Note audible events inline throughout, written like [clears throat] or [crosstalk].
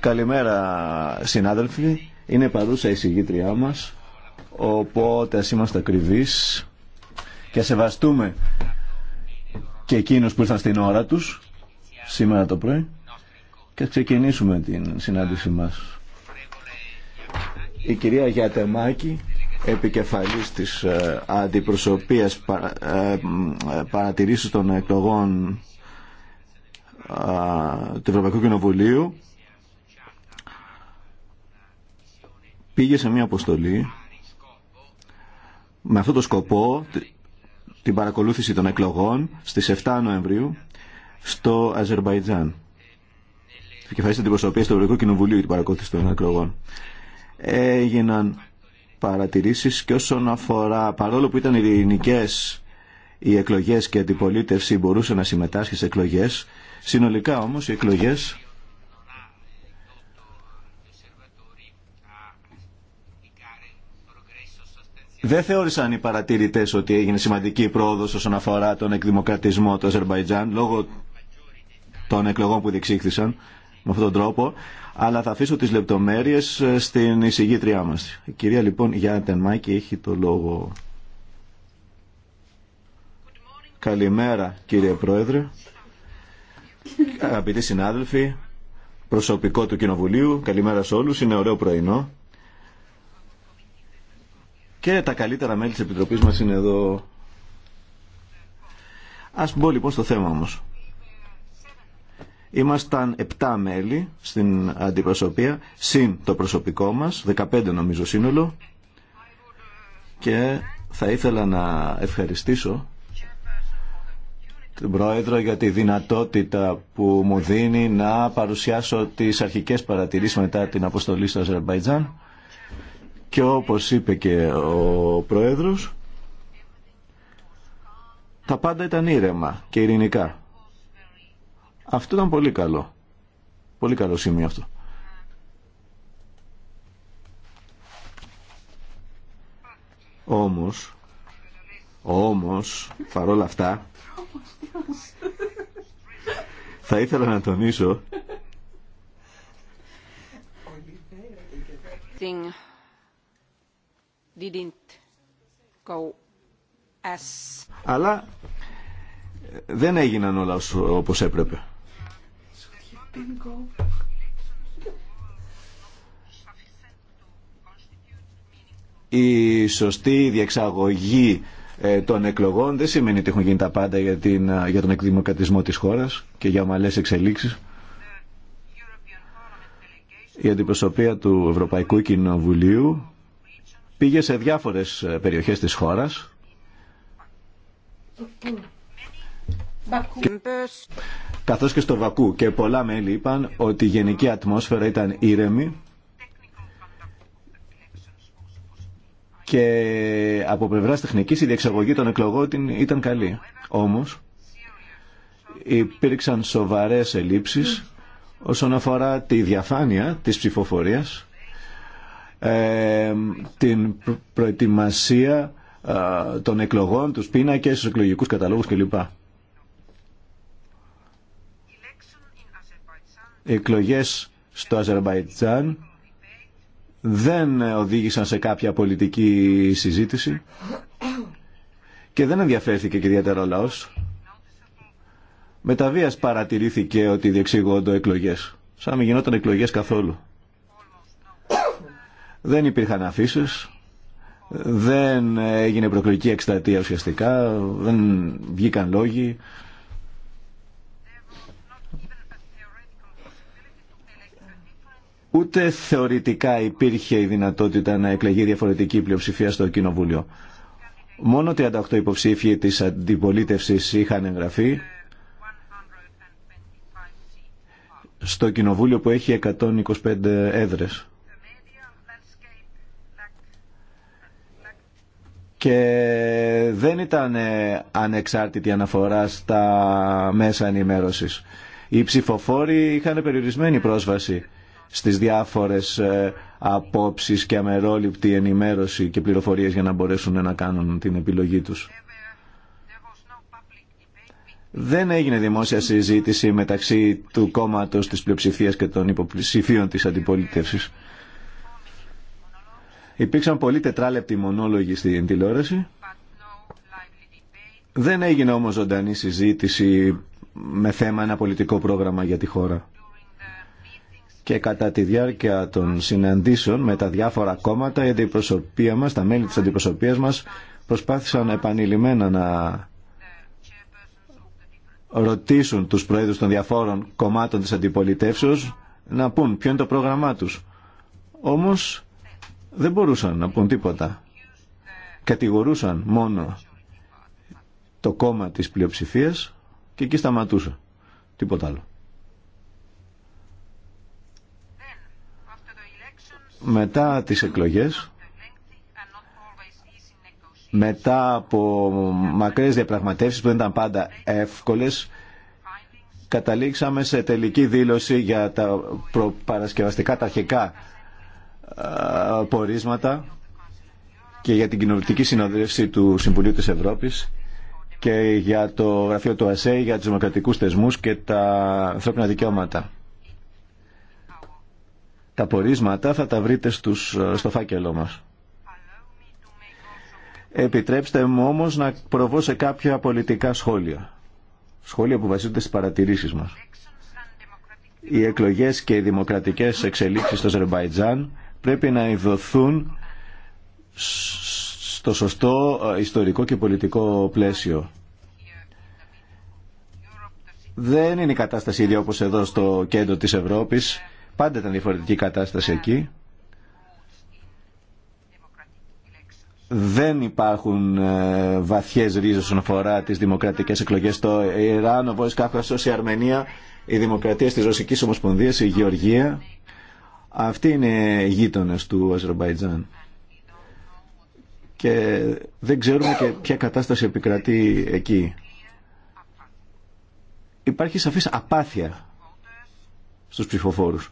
Καλημέρα συνάδελφοι, είναι παρούσα η συγγήτριά μας, οπότε ας είμαστε ακριβείς και σεβαστούμε και εκείνους που ήρθαν στην ώρα τους σήμερα το πρωί και ξεκινήσουμε την συνάντησή μας. Η κυρία Γιατεμάκη, επικεφαλής της ε, αντιπροσωπείας ε, ε, παρατηρήσεων των εκλογών του Ευρωπαϊκού Κοινοβουλίου πήγε σε μια αποστολή με αυτό το σκοπό την παρακολούθηση των εκλογών στις 7 Νοεμβρίου στο Αζερβαϊτζάν. Ευχαριστώ την προσωπία στο Ευρωπαϊκό Κοινοβουλίο για την παρακολούθηση των εκλογών. Έγιναν παρατηρήσεις και όσον αφορά, παρόλο που ήταν ειρηνικές οι εκλογές και η αντιπολίτευση μπορούσε να συμμετάσχει σε εκλογές, Συνολικά όμως οι εκλογές Δεν θεώρησαν οι παρατηρητέ ότι έγινε σημαντική πρόοδο όσον αφορά τον εκδημοκρατισμό του Αζερβαϊτζάν λόγω των εκλογών που διεξήχθησαν με αυτόν τον τρόπο. Αλλά θα αφήσω τις λεπτομέρειες ε, στην εισηγήτριά μα. Η κυρία λοιπόν Γιάννη Τενμάκη έχει το λόγο. Καλημέρα κύριε Πρόεδρε. Αγαπητοί συνάδελφοι, προσωπικό του Κοινοβουλίου, καλημέρα σε όλους, είναι ωραίο πρωινό. Και τα καλύτερα μέλη της Επιτροπής μας είναι εδώ. Ας μπω λοιπόν στο θέμα όμως. Ήμασταν 7 μέλη στην αντιπροσωπεία, συν το προσωπικό μας, 15 νομίζω σύνολο. Και θα ήθελα να ευχαριστήσω τον Πρόεδρο για τη δυνατότητα που μου δίνει να παρουσιάσω τις αρχικές παρατηρήσεις μετά την αποστολή στο Αζερμπαϊτζάν και όπως είπε και ο Πρόεδρος τα πάντα ήταν ήρεμα και ειρηνικά. Αυτό ήταν πολύ καλό. Πολύ καλό σημείο αυτό. Όμως, όμως, παρόλα αυτά, θα ήθελα να τονίσω αλλά δεν έγιναν όλα όπως έπρεπε. Η σωστή διεξαγωγή ε, των εκλογών δεν σημαίνει ότι έχουν γίνει τα πάντα για, την, ε, για τον εκδημοκρατισμό της χώρας και για ομαλές εξελίξεις. Η αντιπροσωπεία του Ευρωπαϊκού Κοινοβουλίου πήγε σε διάφορες ε, περιοχές της χώρας καθώς και στο Βακού και πολλά μέλη είπαν ότι η γενική ατμόσφαιρα ήταν ήρεμη και από πλευρά τεχνική η διεξαγωγή των εκλογών ήταν καλή. Όμω υπήρξαν σοβαρέ ελλείψει όσον αφορά τη διαφάνεια της ψηφοφορία ε, την προετοιμασία ε, των εκλογών, τους πίνακες, του εκλογικού καταλόγους κλπ. Οι εκλογές στο Αζερβαϊτζάν δεν οδήγησαν σε κάποια πολιτική συζήτηση και δεν ενδιαφέρθηκε και ιδιαίτερα ο λαός. Με τα βίας παρατηρήθηκε ότι διεξήγονται εκλογές. Σαν μην γινόταν εκλογές καθόλου. δεν υπήρχαν αφήσει. Δεν έγινε προκλητική εκστατεία ουσιαστικά. Δεν βγήκαν λόγοι. ούτε θεωρητικά υπήρχε η δυνατότητα να εκλεγεί διαφορετική πλειοψηφία στο Κοινοβούλιο. Μόνο 38 υποψήφοι της αντιπολίτευσης είχαν εγγραφεί στο Κοινοβούλιο που έχει 125 έδρες. και δεν ήταν ανεξάρτητη αναφορά στα μέσα ενημέρωσης. Οι ψηφοφόροι είχαν περιορισμένη πρόσβαση στις διάφορες ε, απόψεις και αμερόληπτη ενημέρωση και πληροφορίες για να μπορέσουν να κάνουν την επιλογή τους. Δεν έγινε δημόσια συζήτηση μεταξύ του κόμματος της πλειοψηφίας και των υποψηφίων της αντιπολίτευσης. Υπήρξαν πολλοί τετράλεπτοι μονόλογοι στην τηλεόραση. Δεν έγινε όμως ζωντανή συζήτηση με θέμα ένα πολιτικό πρόγραμμα για τη χώρα και κατά τη διάρκεια των συναντήσεων με τα διάφορα κόμματα η αντιπροσωπεία μας, τα μέλη της αντιπροσωπείας μας προσπάθησαν επανειλημμένα να ρωτήσουν τους προέδρους των διαφόρων κομμάτων της αντιπολιτεύσεως να πούν ποιο είναι το πρόγραμμά τους. Όμως δεν μπορούσαν να πούν τίποτα. Κατηγορούσαν μόνο το κόμμα της πλειοψηφίας και εκεί σταματούσαν. Τίποτα άλλο. μετά τις εκλογές, μετά από μακρές διαπραγματεύσεις που δεν ήταν πάντα εύκολες, καταλήξαμε σε τελική δήλωση για τα παρασκευαστικά τα αρχικά ε, πορίσματα και για την κοινοβουλευτική συνοδεύση του Συμβουλίου της Ευρώπης και για το γραφείο του ΑΣΕΙ, για τους δημοκρατικούς θεσμούς και τα ανθρώπινα δικαιώματα. Τα πορίσματα θα τα βρείτε στους, στο φάκελό μας. Επιτρέψτε μου όμως να προβώ σε κάποια πολιτικά σχόλια. Σχόλια που βασίζονται στις παρατηρήσεις μας. Οι εκλογές και οι δημοκρατικές εξελίξεις στο Ζερβαϊτζάν πρέπει να ειδωθούν στο σωστό ε, ιστορικό και πολιτικό πλαίσιο. Δεν είναι η κατάσταση ίδια όπως εδώ στο κέντρο της Ευρώπης. Πάντα ήταν διαφορετική κατάσταση εκεί. δεν υπάρχουν ε, βαθιές ρίζες όσον αφορά τι δημοκρατικέ εκλογές στο Ιράν, ο Βόρειο Κάφκασο, η Αρμενία, η δημοκρατία τη Ρωσική Ομοσπονδία, η Γεωργία. Αυτοί είναι γείτονε του Αζερμπαϊτζάν. Και δεν ξέρουμε και ποια κατάσταση επικρατεί εκεί. Υπάρχει σαφής απάθεια στους ψηφοφόρους.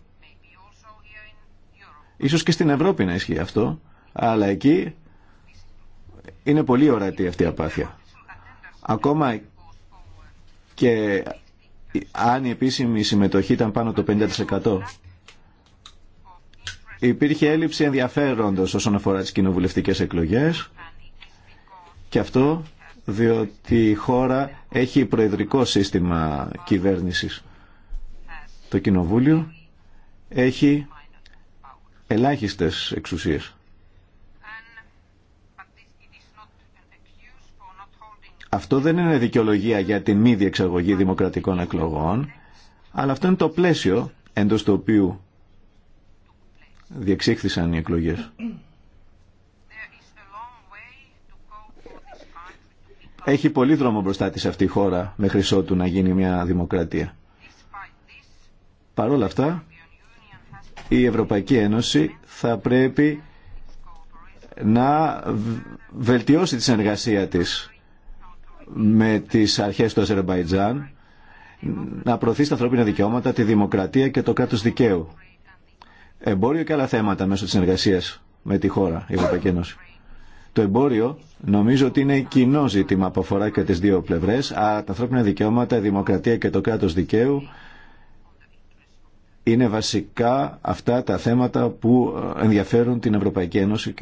Ίσως και στην Ευρώπη να ισχύει αυτό, αλλά εκεί είναι πολύ ορατή αυτή η απάθεια. Ακόμα και αν η επίσημη συμμετοχή ήταν πάνω το 50%. Υπήρχε έλλειψη ενδιαφέροντος όσον αφορά τις κοινοβουλευτικές εκλογές και αυτό διότι η χώρα έχει προεδρικό σύστημα κυβέρνησης. Το κοινοβούλιο έχει ελάχιστες εξουσίες. Αυτό δεν είναι δικαιολογία για την μη διεξαγωγή δημοκρατικών εκλογών, αλλά αυτό είναι το πλαίσιο εντός του οποίου διεξήχθησαν οι εκλογές. Έχει πολύ δρόμο μπροστά της αυτή η χώρα μέχρι ότου να γίνει μια δημοκρατία. Παρ' όλα αυτά, η Ευρωπαϊκή Ένωση θα πρέπει να βελτιώσει τη συνεργασία της με τις αρχές του Αζερμπαϊτζάν, να προωθεί τα ανθρώπινα δικαιώματα, τη δημοκρατία και το κράτος δικαίου. Εμπόριο και άλλα θέματα μέσω της συνεργασίας με τη χώρα, η Ευρωπαϊκή Ένωση. Το εμπόριο νομίζω ότι είναι κοινό ζήτημα που αφορά και τις δύο πλευρές, αλλά τα ανθρώπινα δικαιώματα, η δημοκρατία και το κράτος δικαίου είναι βασικά αυτά τα θέματα που ε, ενδιαφέρουν την Ευρωπαϊκή Ένωση.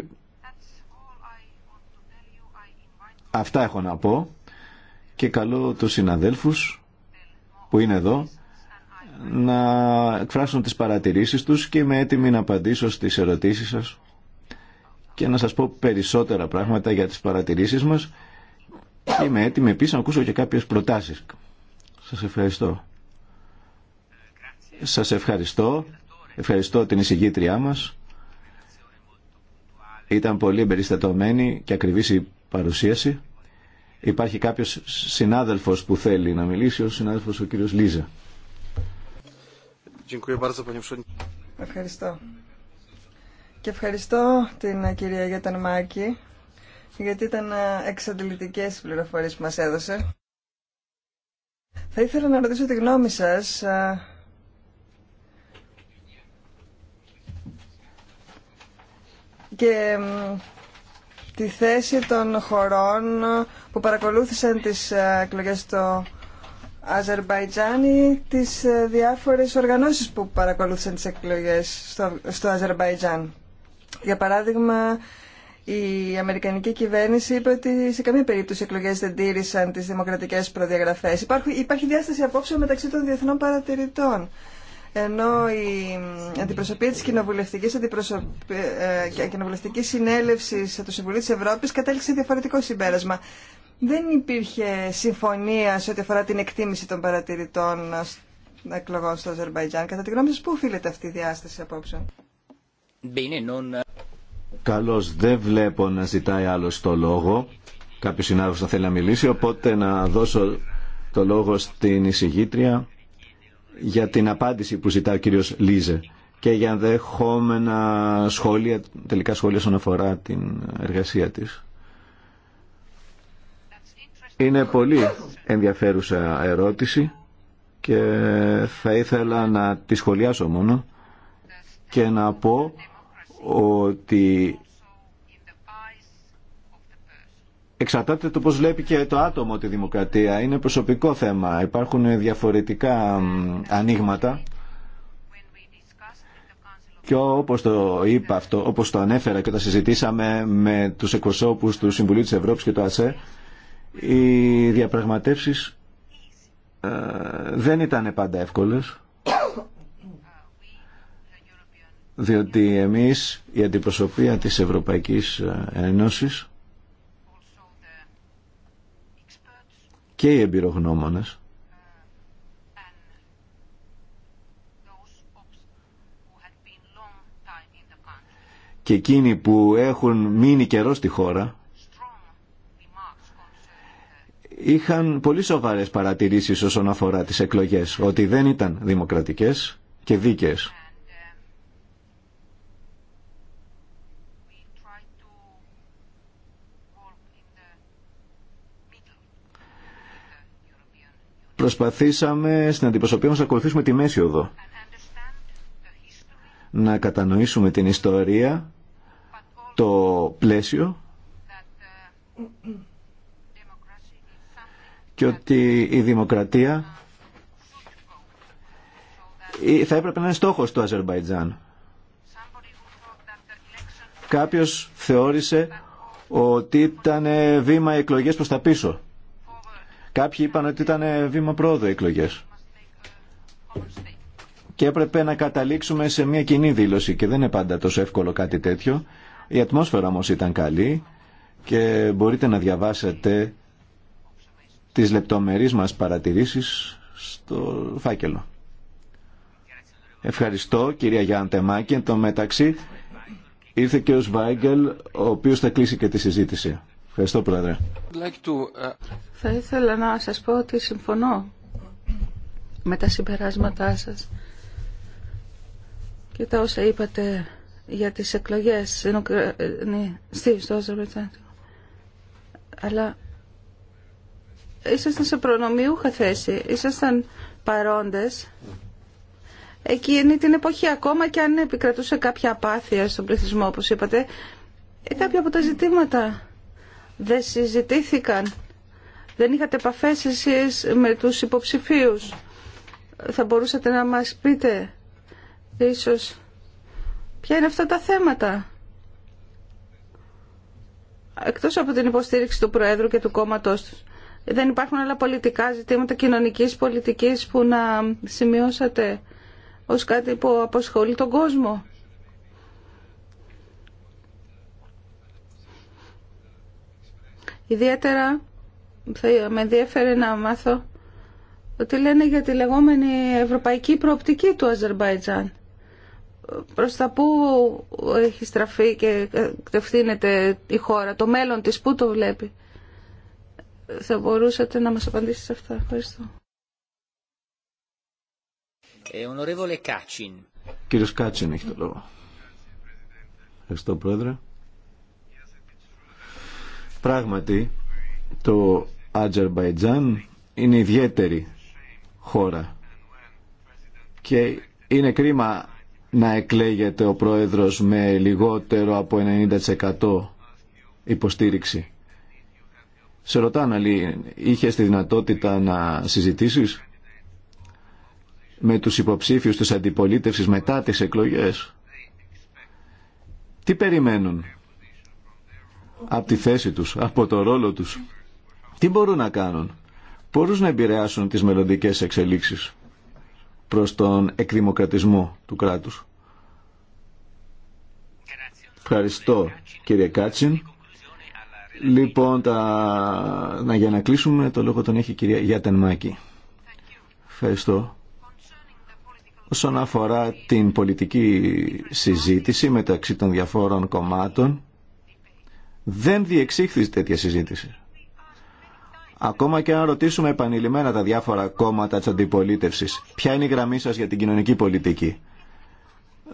Αυτά έχω να πω και καλώ τους συναδέλφους που είναι εδώ να εκφράσουν τις παρατηρήσεις τους και είμαι έτοιμη να απαντήσω στις ερωτήσεις σας και να σας πω περισσότερα πράγματα για τις παρατηρήσεις μας και είμαι έτοιμη επίσης να ακούσω και κάποιες προτάσεις. Σας ευχαριστώ. Σας ευχαριστώ. Ευχαριστώ την εισηγήτριά μας. Ήταν πολύ εμπεριστατωμένη και ακριβής η παρουσίαση. Υπάρχει κάποιος συνάδελφος που θέλει να μιλήσει, ο συνάδελφος ο κύριος Λίζα. Ευχαριστώ. Και ευχαριστώ την κυρία Μάκη γιατί ήταν εξαντλητικές οι πληροφορίες που μας έδωσε. Θα ήθελα να ρωτήσω τη γνώμη σας και τη θέση των χωρών που παρακολούθησαν τις ε, εκλογές στο Αζερμπαϊτζάν ή τις ε, διάφορες οργανώσεις που παρακολούθησαν τις εκλογές στο, στο Αζερβαϊτζάν. Για παράδειγμα, η Αμερικανική κυβέρνηση είπε ότι σε καμία περίπτωση οι εκλογές δεν τήρησαν τις δημοκρατικές προδιαγραφές. Υπάρχει, υπάρχει διάσταση απόψεων μεταξύ των διεθνών παρατηρητών ενώ η αντιπροσωπεία της κοινοβουλευτικής, ε, κοινοβουλευτικής συνέλευσης του Συμβουλίου της Ευρώπης κατέληξε διαφορετικό συμπέρασμα. Δεν υπήρχε συμφωνία σε ό,τι αφορά την εκτίμηση των παρατηρητών εκλογών στο Αζερβαϊτζάν. Κατά τη γνώμη σας, πού οφείλεται αυτή η διάσταση απόψε. Ε, Καλώς δεν βλέπω να ζητάει άλλο το λόγο. Κάποιος συνάδελφος θα θέλει να μιλήσει, οπότε να δώσω το λόγο στην εισηγήτρια για την απάντηση που ζητά ο κύριος Λίζε και για δεχόμενα σχόλια, τελικά σχόλια όσον αφορά την εργασία της. Είναι πολύ ενδιαφέρουσα ερώτηση και θα ήθελα να τη σχολιάσω μόνο και να πω ότι Εξαρτάται το πώς βλέπει και το άτομο τη δημοκρατία. Είναι προσωπικό θέμα. Υπάρχουν διαφορετικά ανοίγματα. Και όπως το είπα αυτό, όπως το ανέφερα και όταν συζητήσαμε με τους εκπροσώπους του Συμβουλίου της Ευρώπης και του ΑΣΕ, οι διαπραγματεύσεις ε, δεν ήταν πάντα εύκολες διότι εμείς η αντιπροσωπεία της Ευρωπαϊκής ε, Ένωσης και οι εμπειρογνώμονες και εκείνοι που έχουν μείνει καιρό στη χώρα είχαν πολύ σοβαρές παρατηρήσεις όσον αφορά τις εκλογές, ότι δεν ήταν δημοκρατικές και δίκαιες. προσπαθήσαμε στην αντιπροσωπεία μας να ακολουθήσουμε τη μέση οδό. Να κατανοήσουμε την ιστορία, το πλαίσιο και ότι η δημοκρατία θα έπρεπε να είναι στόχος του Αζερμπαϊτζάν. Κάποιος θεώρησε ότι ήταν βήμα εκλογές προς τα πίσω. Κάποιοι είπαν ότι ήταν ε, βήμα πρόοδο εκλογέ. Και έπρεπε να καταλήξουμε σε μια κοινή δήλωση και δεν είναι πάντα τόσο εύκολο κάτι τέτοιο. Η ατμόσφαιρα όμως ήταν καλή και μπορείτε να διαβάσετε τις λεπτομερείς μας παρατηρήσεις στο φάκελο. Ευχαριστώ κυρία Γιάννη Τεμάκη. Εν τω μεταξύ ήρθε και ο Σβάγκελ ο οποίος θα κλείσει και τη συζήτηση. Ευχαριστώ, Πρόεδρε. Uh, Θα ήθελα να σας πω ότι συμφωνώ με τα συμπεράσματά σας και τα όσα είπατε για τις εκλογές στην Ουκρανία, στο Αζερβαϊτζάν. Αλλά ήσασταν σε προνομιούχα θέση, ήσασταν παρόντες εκείνη την εποχή ακόμα και αν επικρατούσε κάποια απάθεια στον πληθυσμό όπως είπατε κάποια από τα ζητήματα δεν συζητήθηκαν. Δεν είχατε επαφές εσείς με τους υποψηφίους. Θα μπορούσατε να μας πείτε ίσως ποια είναι αυτά τα θέματα. Εκτός από την υποστήριξη του Προέδρου και του κόμματός τους. Δεν υπάρχουν άλλα πολιτικά ζητήματα κοινωνικής πολιτικής που να σημειώσατε ως κάτι που αποσχολεί τον κόσμο. Ιδιαίτερα θα με ενδιαφέρει να μάθω ότι λένε για τη λεγόμενη ευρωπαϊκή προοπτική του Αζερμπαϊτζάν. Προς τα πού έχει στραφεί και κατευθύνεται η χώρα, το μέλλον της, πού το βλέπει. Θα μπορούσατε να μας απαντήσετε σε αυτά. Ευχαριστώ. Ε, Κύριος Κάτσιν έχει το λόγο. Ευχαριστώ Πρόεδρε. Πράγματι, το Αζερμπαϊτζάν είναι ιδιαίτερη χώρα και είναι κρίμα να εκλέγεται ο πρόεδρος με λιγότερο από 90% υποστήριξη. Σε ρωτάνε, Αλή, είχες τη δυνατότητα να συζητήσεις με τους υποψήφιους της αντιπολίτευσης μετά τις εκλογές. Τι περιμένουν από τη θέση τους, από το ρόλο τους. Τι μπορούν να κάνουν. Μπορούν να επηρεάσουν τις μελλοντικέ εξελίξεις προς τον εκδημοκρατισμό του κράτους. Ευχαριστώ κύριε Κάτσιν. Λοιπόν, να, για να κλείσουμε, το λόγο τον έχει η κυρία Γιατενμάκη. Ευχαριστώ. Όσον αφορά την πολιτική συζήτηση μεταξύ των διαφόρων κομμάτων, δεν διεξήχθη τέτοια συζήτηση. Ακόμα και αν ρωτήσουμε επανειλημμένα τα διάφορα κόμματα της αντιπολίτευσης, ποια είναι η γραμμή σας για την κοινωνική πολιτική.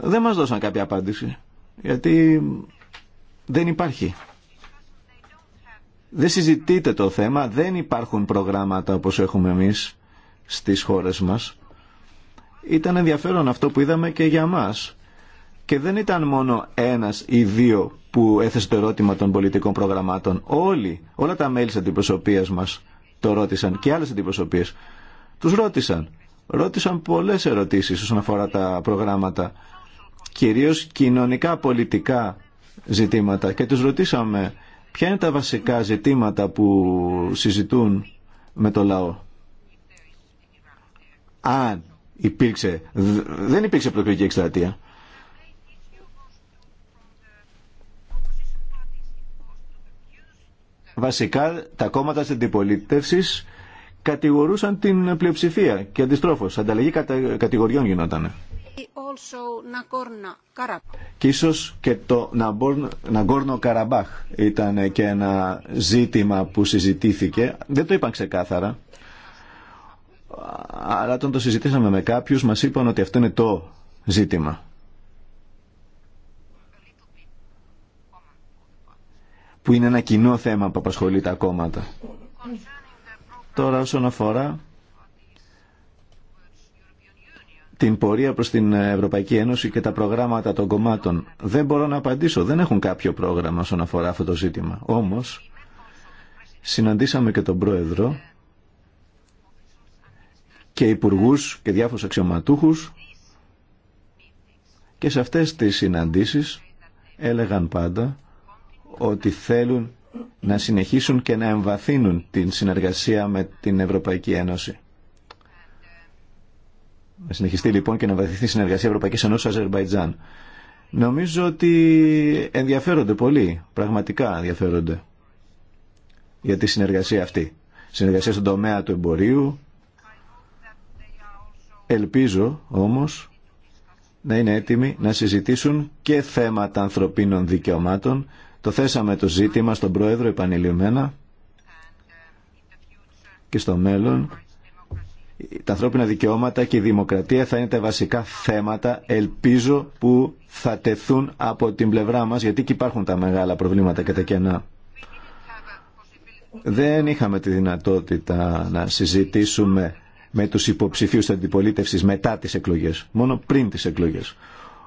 Δεν μας δώσαν κάποια απάντηση, γιατί δεν υπάρχει. Δεν συζητείτε το θέμα, δεν υπάρχουν προγράμματα όπως έχουμε εμείς στις χώρες μας. Ήταν ενδιαφέρον αυτό που είδαμε και για μας. Και δεν ήταν μόνο ένας ή δύο που έθεσε το ερώτημα των πολιτικών προγραμμάτων. Όλοι, όλα τα μέλη της αντιπροσωπείας μας το ρώτησαν και άλλες αντιπροσωπείες. Τους ρώτησαν. Ρώτησαν πολλές ερωτήσεις όσον αφορά τα προγράμματα. Κυρίως κοινωνικά πολιτικά ζητήματα. Και τους ρωτήσαμε ποια είναι τα βασικά ζητήματα που συζητούν με το λαό. Αν υπήρξε, δεν υπήρξε προκριτική εκστρατεία. Βασικά τα κόμματα της αντιπολίτευσης κατηγορούσαν την πλειοψηφία και αντιστρόφως, ανταλλαγή κατηγοριών γινόταν. Και ίσως και το Ναγκόρνο Καραμπάχ ήταν και ένα ζήτημα που συζητήθηκε. Δεν το είπαν ξεκάθαρα, αλλά όταν το συζητήσαμε με κάποιους μας είπαν ότι αυτό είναι το ζήτημα. που είναι ένα κοινό θέμα που απασχολεί τα κόμματα. Τώρα όσον αφορά την πορεία προς την Ευρωπαϊκή Ένωση και τα προγράμματα των κομμάτων. Δεν μπορώ να απαντήσω, δεν έχουν κάποιο πρόγραμμα όσον αφορά αυτό το ζήτημα. Όμως, συναντήσαμε και τον Πρόεδρο και υπουργού και διάφορους αξιωματούχους και σε αυτές τις συναντήσεις έλεγαν πάντα ότι θέλουν να συνεχίσουν και να εμβαθύνουν την συνεργασία με την Ευρωπαϊκή Ένωση. Να συνεχιστεί λοιπόν και να βαθυθεί η συνεργασία Ευρωπαϊκή Ένωση Αζερβαϊτζάν. Νομίζω ότι ενδιαφέρονται πολύ, πραγματικά ενδιαφέρονται για τη συνεργασία αυτή. Συνεργασία στον τομέα του εμπορίου. Ελπίζω όμως να είναι έτοιμοι να συζητήσουν και θέματα ανθρωπίνων δικαιωμάτων το θέσαμε το ζήτημα στον Πρόεδρο επανειλημμένα και στο μέλλον τα ανθρώπινα δικαιώματα και η δημοκρατία θα είναι τα βασικά θέματα, ελπίζω, που θα τεθούν από την πλευρά μας, γιατί και υπάρχουν τα μεγάλα προβλήματα και τα κενά. Δεν είχαμε τη δυνατότητα να συζητήσουμε με τους υποψηφίους της αντιπολίτευσης μετά τις εκλογές, μόνο πριν τις εκλογές.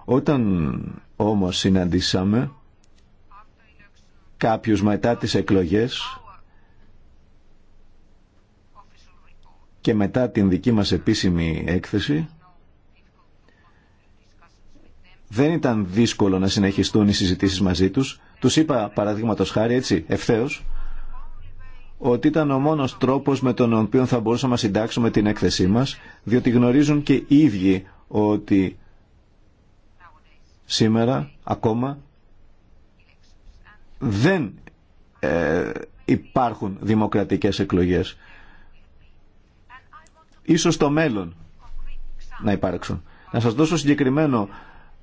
Όταν όμως συναντήσαμε, κάποιους μετά τις εκλογές και μετά την δική μας επίσημη έκθεση δεν ήταν δύσκολο να συνεχιστούν οι συζητήσεις μαζί τους. Τους είπα παραδείγματος χάρη έτσι ευθέως ότι ήταν ο μόνος τρόπος με τον οποίο θα μπορούσαμε να συντάξουμε την έκθεσή μας, διότι γνωρίζουν και οι ίδιοι ότι σήμερα ακόμα δεν ε, υπάρχουν δημοκρατικές εκλογές. Ίσως στο μέλλον να υπάρξουν. Να σας δώσω συγκεκριμένο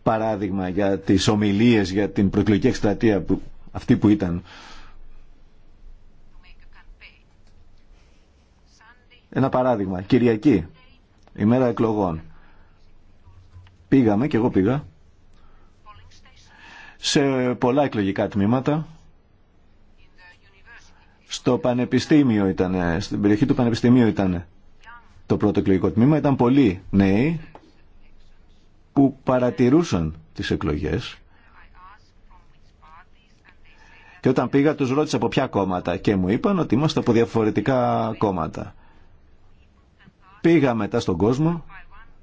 παράδειγμα για τις ομιλίες για την προεκλογική εκστρατεία αυτή που ήταν. Ένα παράδειγμα. Κυριακή, ημέρα εκλογών. Πήγαμε και εγώ πήγα σε πολλά εκλογικά τμήματα. Στο πανεπιστήμιο ήταν, στην περιοχή του πανεπιστημίου ήταν το πρώτο εκλογικό τμήμα. Ήταν πολλοί νέοι που παρατηρούσαν τις εκλογές. Και όταν πήγα τους ρώτησα από ποια κόμματα και μου είπαν ότι είμαστε από διαφορετικά κόμματα. Πήγα μετά στον κόσμο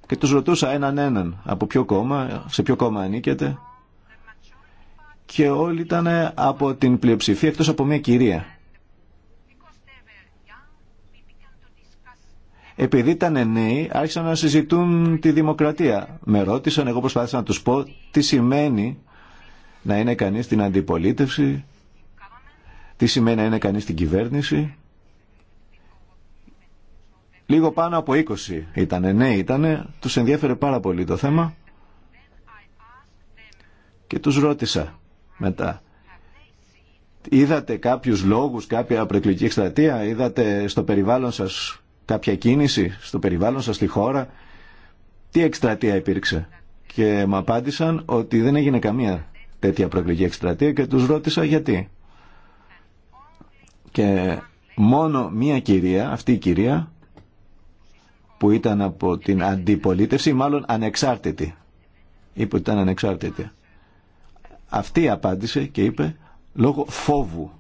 και τους ρωτούσα έναν έναν από ποιο κόμμα, σε ποιο κόμμα ανήκετε και όλοι ήταν από την πλειοψηφία εκτός από μια κυρία. Επειδή ήταν νέοι, άρχισαν να συζητούν τη δημοκρατία. Με ρώτησαν, εγώ προσπάθησα να τους πω τι σημαίνει να είναι κανείς στην αντιπολίτευση, τι σημαίνει να είναι κανείς στην κυβέρνηση. Λίγο πάνω από 20 ήταν νέοι, ήταν, τους ενδιέφερε πάρα πολύ το θέμα και τους ρώτησα μετά. Είδατε κάποιους λόγους, κάποια προεκλογική εκστρατεία, είδατε στο περιβάλλον σας κάποια κίνηση, στο περιβάλλον σας στη χώρα. Τι εκστρατεία υπήρξε. Και μου απάντησαν ότι δεν έγινε καμία τέτοια προεκλογική εκστρατεία και τους ρώτησα γιατί. Και μόνο μία κυρία, αυτή η κυρία, που ήταν από την αντιπολίτευση, μάλλον ανεξάρτητη, είπε ότι ήταν ανεξάρτητη. Αυτή απάντησε και είπε λόγω φόβου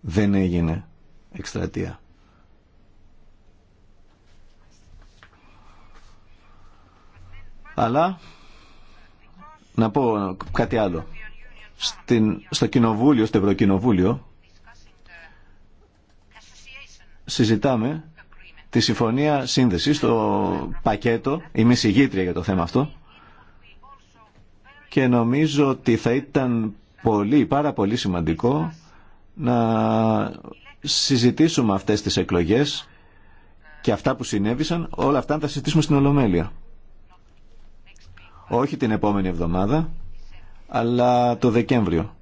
δεν έγινε εκστρατεία. Αλλά να πω κάτι άλλο. Στην, στο κοινοβούλιο, στο Ευρωκοινοβούλιο συζητάμε τη συμφωνία σύνδεσης, το πακέτο, είμαι συγγήτρια για το θέμα αυτό και νομίζω ότι θα ήταν πολύ, πάρα πολύ σημαντικό να συζητήσουμε αυτές τις εκλογές και αυτά που συνέβησαν, όλα αυτά θα συζητήσουμε στην Ολομέλεια. Όχι την επόμενη εβδομάδα, αλλά το Δεκέμβριο.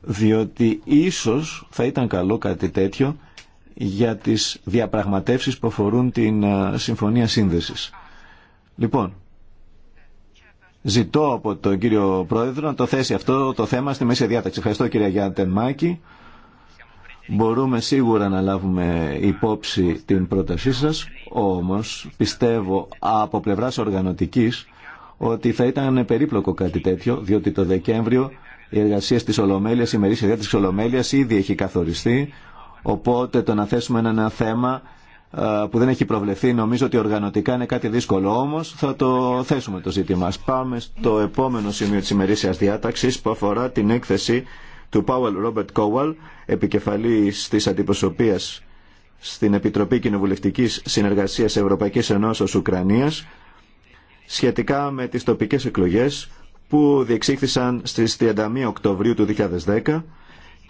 Διότι ίσως θα ήταν καλό κάτι τέτοιο για τις διαπραγματεύσεις που αφορούν την ε, Συμφωνία Σύνδεσης. Λοιπόν, Ζητώ από τον κύριο Πρόεδρο να το θέσει αυτό το θέμα στη μέση διάταξη. Ευχαριστώ κύριε Γιάννη Μάκη. Μπορούμε σίγουρα να λάβουμε υπόψη την πρότασή σας, όμως πιστεύω από πλευράς οργανωτικής ότι θα ήταν περίπλοκο κάτι τέτοιο, διότι το Δεκέμβριο η εργασία της Ολομέλειας, η μερίσια της Ολομέλειας ήδη έχει καθοριστεί, οπότε το να θέσουμε ένα θέμα που δεν έχει προβλεφθεί. Νομίζω ότι οργανωτικά είναι κάτι δύσκολο, όμως θα το θέσουμε το ζήτημα. πάμε στο επόμενο σημείο της ημερήσιας διάταξης που αφορά την έκθεση του Πάουελ Ρόμπερτ Κόουαλ επικεφαλής της αντιπροσωπείας στην Επιτροπή Κοινοβουλευτικής Συνεργασίας Ευρωπαϊκής Ενώσεως Ουκρανίας σχετικά με τις τοπικές εκλογές που διεξήχθησαν στις 31 Οκτωβρίου του 2010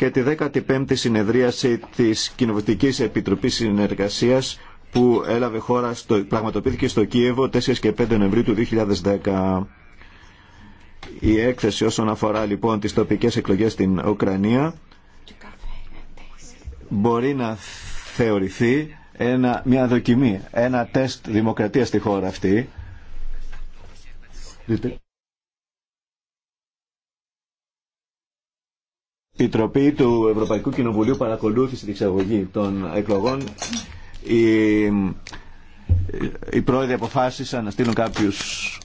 και τη 15η συνεδρίαση της Κοινοβουλευτικής Επιτροπής Συνεργασίας που έλαβε χώρα, στο, πραγματοποιήθηκε στο Κίεβο 4 και 5 Νοεμβρίου του 2010. Η έκθεση όσον αφορά λοιπόν τις τοπικές εκλογές στην Ουκρανία μπορεί να θεωρηθεί ένα, μια δοκιμή, ένα τεστ δημοκρατίας στη χώρα αυτή. Η Επιτροπή του Ευρωπαϊκού Κοινοβουλίου παρακολούθησε την εξαγωγή των εκλογών. Οι, οι πρόεδροι αποφάσισαν να στείλουν κάποιους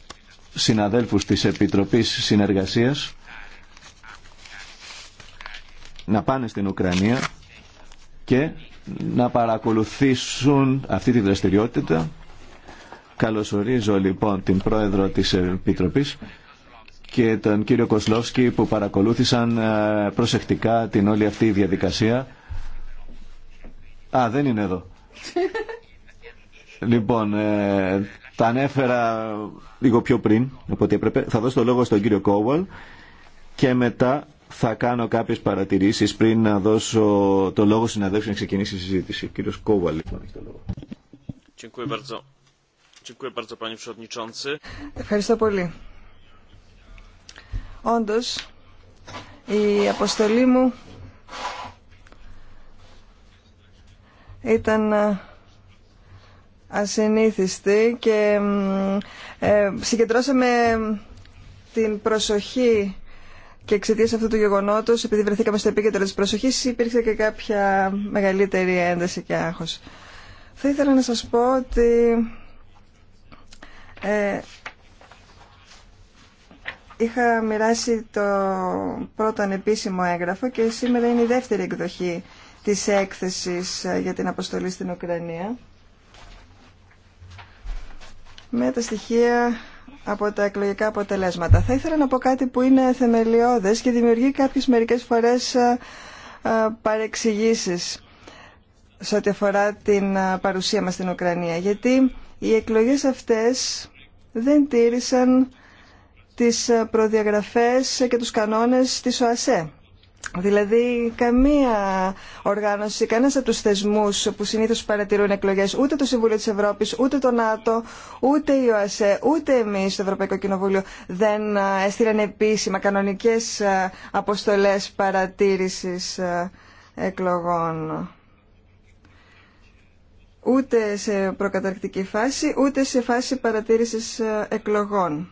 συναδέλφους της Επιτροπής Συνεργασίας να πάνε στην Ουκρανία και να παρακολουθήσουν αυτή τη δραστηριότητα. Καλωσορίζω λοιπόν την πρόεδρο της Επιτροπής και τον κύριο Κοσλόφσκι που παρακολούθησαν ε, προσεκτικά την όλη αυτή διαδικασία. Α, δεν είναι εδώ. [laughs] λοιπόν, ε, τα ανέφερα λίγο πιο πριν, οπότε έπρεπε. Θα δώσω το λόγο στον κύριο Κόουαλ και μετά θα κάνω κάποιες παρατηρήσεις πριν να δώσω το λόγο συναδέλφου να ξεκινήσει η συζήτηση. Κύριο κύριος λοιπόν, έχει το λόγο. Ευχαριστώ πολύ. Όντως, η αποστολή μου ήταν ε, ασυνήθιστη και ε, συγκεντρώσαμε την προσοχή και εξαιτία αυτού του γεγονότο, επειδή βρεθήκαμε στο επίκεντρο τη προσοχή, υπήρξε και κάποια μεγαλύτερη ένταση και άγχος. Θα ήθελα να σα πω ότι ε, Είχα μοιράσει το πρώτο ανεπίσημο έγγραφο και σήμερα είναι η δεύτερη εκδοχή της έκθεσης ε, για την αποστολή στην Ουκρανία με τα στοιχεία από τα εκλογικά αποτελέσματα. Θα ήθελα να πω κάτι που είναι θεμελιώδες και δημιουργεί κάποιες μερικές φορές ε, ε, παρεξηγήσεις σε ό,τι αφορά την παρουσία μας στην Ουκρανία. Γιατί οι εκλογές αυτές δεν τήρησαν τις προδιαγραφές και τους κανόνες της ΟΑΣΕ. Δηλαδή, καμία οργάνωση, κανένα από του θεσμού που συνήθω παρατηρούν εκλογέ, ούτε το Συμβούλιο τη Ευρώπη, ούτε το ΝΑΤΟ, ούτε η ΟΑΣΕ, ούτε εμεί στο Ευρωπαϊκό Κοινοβούλιο δεν ε, έστειλαν επίσημα κανονικέ ε, αποστολέ παρατήρηση ε, εκλογών. Ούτε σε προκαταρκτική φάση, ούτε σε φάση παρατήρησης εκλογών.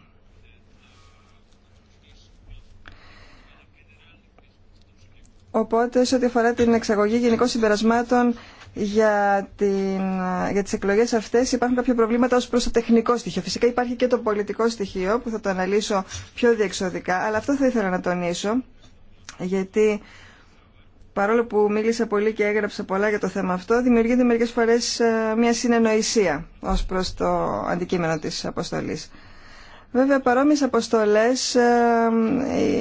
Οπότε, σε ό,τι αφορά την εξαγωγή γενικών συμπερασμάτων για, την, για τις εκλογές αυτές υπάρχουν κάποια προβλήματα ως προς το τεχνικό στοιχείο. Φυσικά υπάρχει και το πολιτικό στοιχείο που θα το αναλύσω πιο διεξοδικά, αλλά αυτό θα ήθελα να τονίσω, γιατί παρόλο που μίλησα πολύ και έγραψα πολλά για το θέμα αυτό, δημιουργείται μερικές φορές ε, μια συνεννοησία ως προς το αντικείμενο της αποστολής. Βέβαια παρόμοιες αποστολές ε,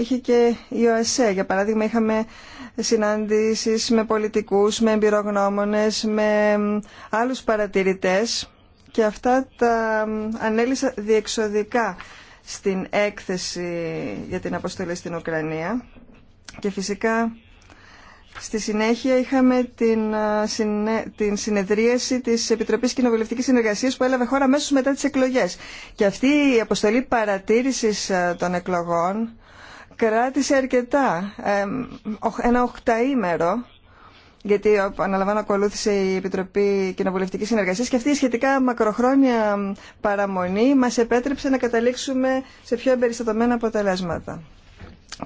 είχε και η ΟΑΣΕ. Για παράδειγμα είχαμε συναντήσεις με πολιτικούς, με εμπειρογνώμονες, με άλλους παρατηρητές και αυτά τα ανέλησα διεξοδικά στην έκθεση για την αποστολή στην Ουκρανία και φυσικά στη συνέχεια είχαμε την, την συνεδρίαση της Επιτροπής Κοινοβουλευτικής Συνεργασίας που έλαβε χώρα αμέσως μετά τις εκλογές και αυτή η αποστολή παρατήρησης των εκλογών κράτησε αρκετά, ένα οκταήμερο, γιατί αναλαμβάνω ακολούθησε η Επιτροπή Κοινοβουλευτικής Συνεργασίας και αυτή η σχετικά μακροχρόνια παραμονή μας επέτρεψε να καταλήξουμε σε πιο εμπεριστατωμένα αποτελέσματα.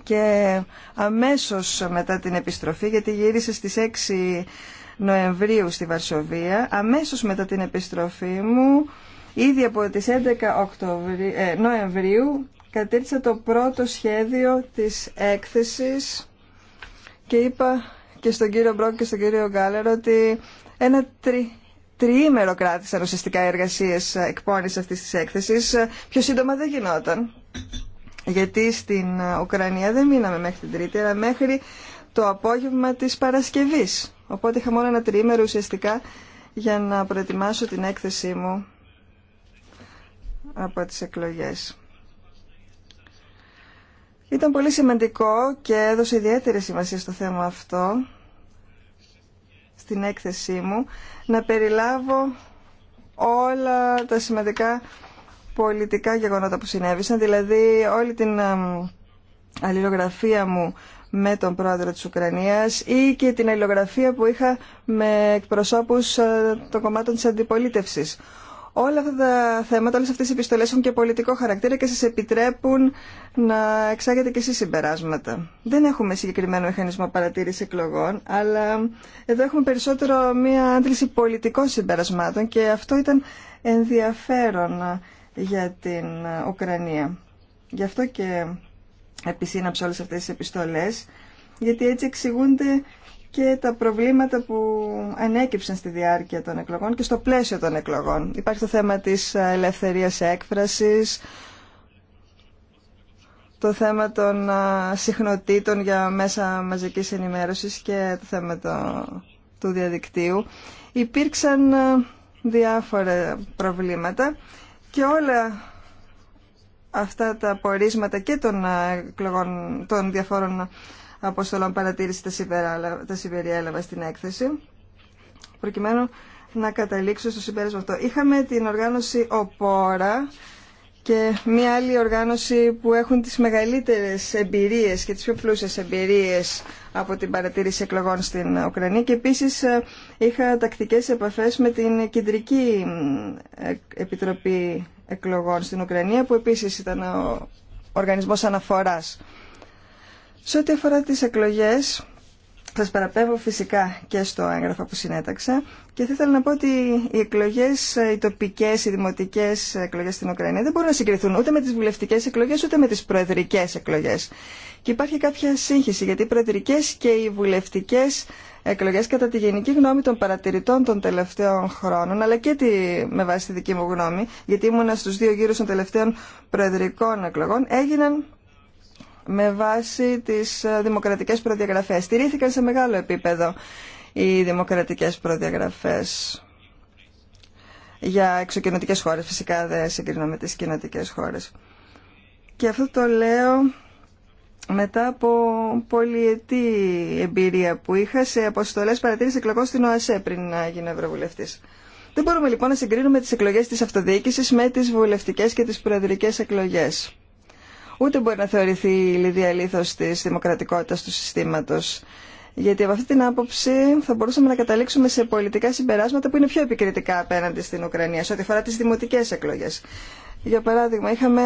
Και αμέσως μετά την επιστροφή, γιατί γύρισε στις 6 Νοεμβρίου στη Βαρσοβία, αμέσως μετά την επιστροφή μου, ήδη από τις 11 ε, Νοεμβρίου κατήρτισα το πρώτο σχέδιο της έκθεσης και είπα και στον κύριο Μπρόκ και στον κύριο Γκάλερ ότι ένα τρι, τριήμερο κράτησαν ουσιαστικά οι εργασίες εκπόνησης αυτής της έκθεσης. Πιο σύντομα δεν γινόταν, γιατί στην Ουκρανία δεν μείναμε μέχρι την Τρίτη, αλλά μέχρι το απόγευμα της Παρασκευής. Οπότε είχα μόνο ένα τριήμερο ουσιαστικά για να προετοιμάσω την έκθεσή μου από τις εκλογές. Ήταν πολύ σημαντικό και έδωσε ιδιαίτερη σημασία στο θέμα αυτό στην έκθεσή μου να περιλάβω όλα τα σημαντικά πολιτικά γεγονότα που συνέβησαν, δηλαδή όλη την αλληλογραφία μου με τον πρόεδρο της Ουκρανίας ή και την αλληλογραφία που είχα με εκπροσώπους ε, των κομμάτων της αντιπολίτευσης. Όλα αυτά τα θέματα, όλες αυτές οι επιστολές έχουν και πολιτικό χαρακτήρα και σας επιτρέπουν να εξάγετε και εσείς συμπεράσματα. Δεν έχουμε συγκεκριμένο μηχανισμό παρατήρηση εκλογών, αλλά εδώ έχουμε περισσότερο μία άντληση πολιτικών συμπερασμάτων και αυτό ήταν ενδιαφέρον για την Ουκρανία. Γι' αυτό και επισύναψε όλες αυτές τις επιστολές, γιατί έτσι εξηγούνται και τα προβλήματα που ανέκυψαν στη διάρκεια των εκλογών και στο πλαίσιο των εκλογών. Υπάρχει το θέμα της ελευθερίας έκφρασης, το θέμα των συχνοτήτων για μέσα μαζικής ενημέρωσης και το θέμα του διαδικτύου. Υπήρξαν διάφορα προβλήματα και όλα αυτά τα πορίσματα και των, εκλογών, των διαφόρων αποστολών παρατήρηση τα έλαβα στην έκθεση, προκειμένου να καταλήξω στο συμπέρασμα αυτό. Είχαμε την οργάνωση ΟΠΟΡΑ και μια άλλη οργάνωση που έχουν τις μεγαλύτερες εμπειρίες και τις πιο πλούσιες εμπειρίες από την παρατήρηση εκλογών στην Ουκρανία και επίσης ε, είχα τακτικές επαφές με την Κεντρική ε, Επιτροπή Εκλογών στην Ουκρανία που επίσης ήταν ο οργανισμός αναφοράς. Σε ό,τι αφορά τις εκλογές, σας παραπέμπω φυσικά και στο έγγραφο που συνέταξα και θα ήθελα να πω ότι οι εκλογές, οι τοπικές, οι δημοτικές εκλογές στην Ουκρανία δεν μπορούν να συγκριθούν ούτε με τις βουλευτικές εκλογές ούτε με τις προεδρικές εκλογές. Και υπάρχει κάποια σύγχυση γιατί οι προεδρικές και οι βουλευτικές εκλογές κατά τη γενική γνώμη των παρατηρητών των τελευταίων χρόνων αλλά και τη, με βάση τη δική μου γνώμη γιατί ήμουνα στους δύο γύρους των τελευταίων προεδρικών εκλογών έγιναν με βάση τις ε, δημοκρατικές προδιαγραφές. Στηρίθηκαν σε μεγάλο επίπεδο οι δημοκρατικές προδιαγραφές για εξωκοινωτικές χώρες. Φυσικά δεν συγκρινώ με τις κοινωτικές χώρες. Και αυτό το λέω μετά από πολυετή εμπειρία που είχα σε αποστολές παρατήρησης εκλογών στην ΟΑΣΕ πριν να γίνω Ευρωβουλευτής. Δεν μπορούμε λοιπόν να συγκρίνουμε τις εκλογές της αυτοδιοίκησης με τις βουλευτικές και τις προεδρικές εκλογές ούτε μπορεί να θεωρηθεί η Λιδία της δημοκρατικότητας του συστήματος. Γιατί από αυτή την άποψη θα μπορούσαμε να καταλήξουμε σε πολιτικά συμπεράσματα που είναι πιο επικριτικά απέναντι στην Ουκρανία σε ό,τι αφορά τις δημοτικές εκλογές. Για παράδειγμα, είχαμε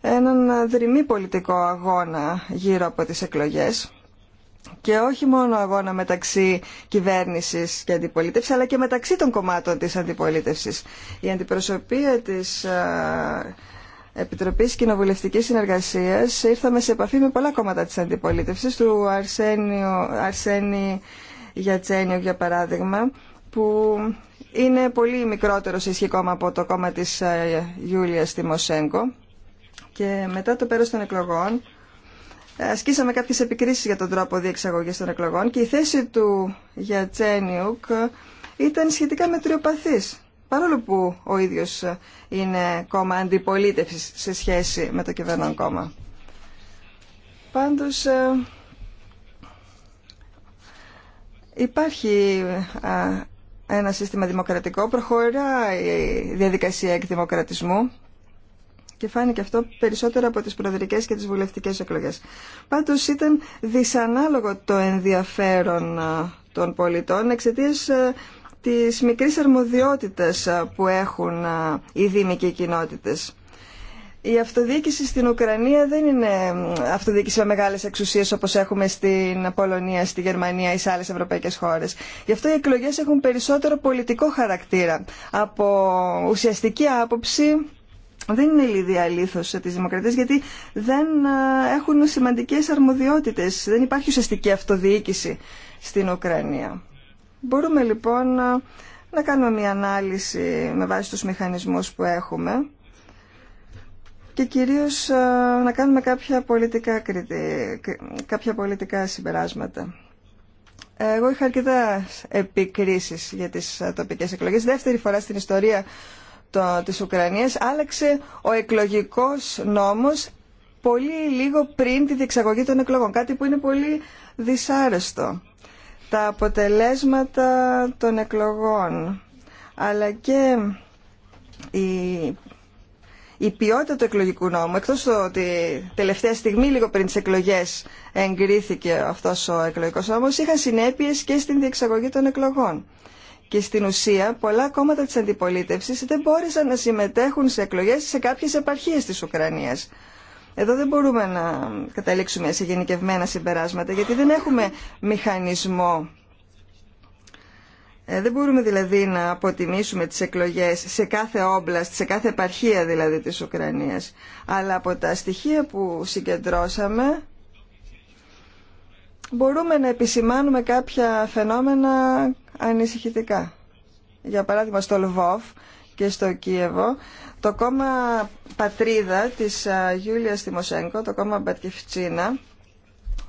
έναν δρυμή πολιτικό αγώνα γύρω από τις εκλογές και όχι μόνο αγώνα μεταξύ κυβέρνησης και αντιπολίτευσης αλλά και μεταξύ των κομμάτων της αντιπολίτευσης. Η αντιπροσωπεία της ε, Επιτροπής Κοινοβουλευτικής Συνεργασίας ήρθαμε σε επαφή με πολλά κόμματα της αντιπολίτευσης, του Αρσένιο, Αρσένη Γιατσένιο για παράδειγμα, που είναι πολύ μικρότερο σε από το κόμμα της ε, Γιούλιας Τιμοσέγκο και μετά το πέρα των εκλογών ε, ασκήσαμε κάποιες επικρίσεις για τον τρόπο διεξαγωγής των εκλογών και η θέση του Γιατσένιουκ ήταν σχετικά μετριοπαθής παρόλο που ο ίδιος είναι κόμμα αντιπολίτευσης σε σχέση με το κυβερνόν κόμμα. Πάντως ε, υπάρχει ε, ένα σύστημα δημοκρατικό, προχωρά η διαδικασία εκδημοκρατισμού και φάνηκε αυτό περισσότερο από τις προεδρικές και τις βουλευτικές εκλογές. Πάντως ήταν δυσανάλογο το ενδιαφέρον ε, των πολιτών εξαιτία της μικρής αρμοδιότητας που έχουν οι δήμοι και οι κοινότητες. Η αυτοδιοίκηση στην Ουκρανία δεν είναι αυτοδιοίκηση με μεγάλες εξουσίες όπως έχουμε στην Πολωνία, στη Γερμανία ή σε άλλες ευρωπαϊκές χώρες. Γι' αυτό οι εκλογές έχουν περισσότερο πολιτικό χαρακτήρα. Από ουσιαστική άποψη δεν είναι λίδια λίθος της δημοκρατίας γιατί δεν έχουν σημαντικές αρμοδιότητες. Δεν υπάρχει ουσιαστική αυτοδιοίκηση στην Ουκρανία. Μπορούμε λοιπόν να κάνουμε μια ανάλυση με βάση τους μηχανισμούς που έχουμε και κυρίως ε, να κάνουμε κάποια πολιτικά, κάποια πολιτικά συμπεράσματα. Εγώ είχα αρκετά επικρίσεις για τις ε, τοπικές εκλογές. Δεύτερη φορά στην ιστορία το, της Ουκρανίας άλλαξε ο εκλογικός νόμος πολύ λίγο πριν τη διεξαγωγή των εκλογών. Κάτι που είναι πολύ δυσάρεστο τα αποτελέσματα των εκλογών αλλά και η, η ποιότητα του εκλογικού νόμου εκτός του ότι τελευταία στιγμή λίγο πριν τις εκλογές εγκρίθηκε αυτός ο εκλογικός νόμος είχαν συνέπειες και στην διεξαγωγή των εκλογών και στην ουσία πολλά κόμματα της αντιπολίτευσης δεν μπόρεσαν να συμμετέχουν σε εκλογές σε κάποιες επαρχίες της Ουκρανίας εδώ δεν μπορούμε να καταλήξουμε σε γενικευμένα συμπεράσματα γιατί δεν έχουμε μηχανισμό. Ε, δεν μπορούμε δηλαδή να αποτιμήσουμε τις εκλογές σε κάθε όμπλαστ, σε κάθε επαρχία δηλαδή της Ουκρανίας. Αλλά από τα στοιχεία που συγκεντρώσαμε μπορούμε να επισημάνουμε κάποια φαινόμενα ανησυχητικά. Για παράδειγμα στο Λβόβ και στο Κίεβο, το κόμμα πατρίδα της Γιούλια Τιμοσέγκο, το κόμμα Μπατκεφτσίνα,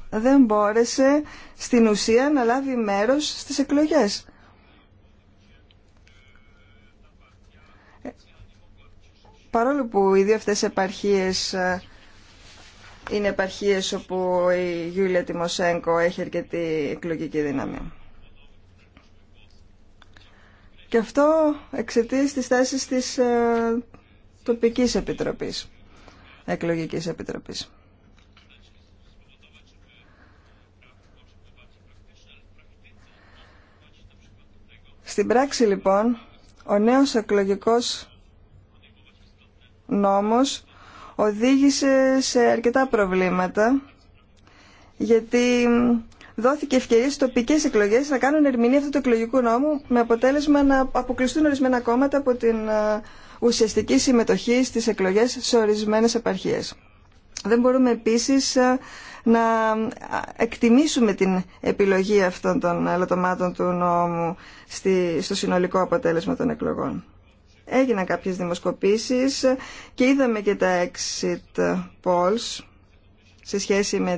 δεν μπόρεσε στην ουσία να λάβει μέρος στις εκλογές. Παρόλο που οι δύο αυτές επαρχίες είναι επαρχίες όπου η Γιούλια Τιμοσέγκο έχει αρκετή εκλογική δύναμη. Και αυτό τη της τη της ε, τοπική επιτροπή, εκλογικής επιτροπή. Στην πράξη λοιπόν, ο νέος εκλογικός νόμος οδήγησε σε αρκετά προβλήματα γιατί δόθηκε ευκαιρία στι τοπικέ εκλογέ να κάνουν ερμηνεία αυτού του εκλογικού νόμου με αποτέλεσμα να αποκλειστούν ορισμένα κόμματα από την ε, ουσιαστική συμμετοχή στι εκλογέ σε ορισμένε επαρχίε. Δεν μπορούμε επίση ε, να ε, εκτιμήσουμε την επιλογή αυτών των ελαττωμάτων του νόμου στο συνολικό αποτέλεσμα των εκλογών. Έγιναν κάποιες δημοσκοπήσεις και είδαμε και τα exit polls σε σχέση με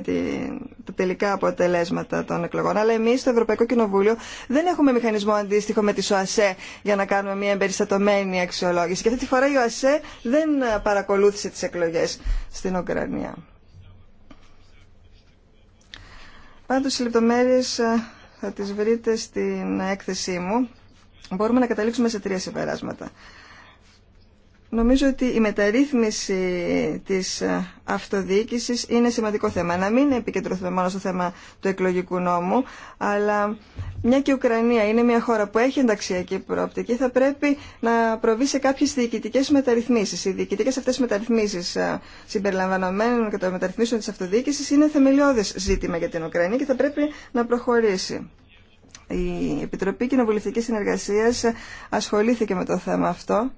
τα τελικά αποτελέσματα των εκλογών. Αλλά εμεί στο Ευρωπαϊκό Κοινοβούλιο δεν έχουμε μηχανισμό αντίστοιχο με τη ΣΟΑΣΕ για να κάνουμε μια εμπεριστατωμένη αξιολόγηση. Και αυτή τη φορά η ΟΑΣΕ δεν παρακολούθησε τι εκλογέ στην Ουκρανία. Πάντω οι λεπτομέρειες ε, θα τις βρείτε στην έκθεσή μου. Μπορούμε να καταλήξουμε σε τρία συμπεράσματα. Νομίζω ότι η μεταρρύθμιση της ε, αυτοδιοίκησης είναι σημαντικό θέμα. Να μην επικεντρωθούμε μόνο στο θέμα του εκλογικού νόμου, αλλά μια και η Ουκρανία είναι μια χώρα που έχει ενταξιακή προοπτική, θα πρέπει να προβεί σε κάποιες διοικητικές μεταρρυθμίσεις. Οι διοικητικές αυτές μεταρρυθμίσεις ε, συμπεριλαμβανομένων και των μεταρρυθμίσεων της αυτοδιοίκησης είναι θεμελιώδες ζήτημα για την Ουκρανία και θα πρέπει να προχωρήσει. Η Επιτροπή Κοινοβουλευτικής συνεργασία ασχολήθηκε με το θέμα αυτό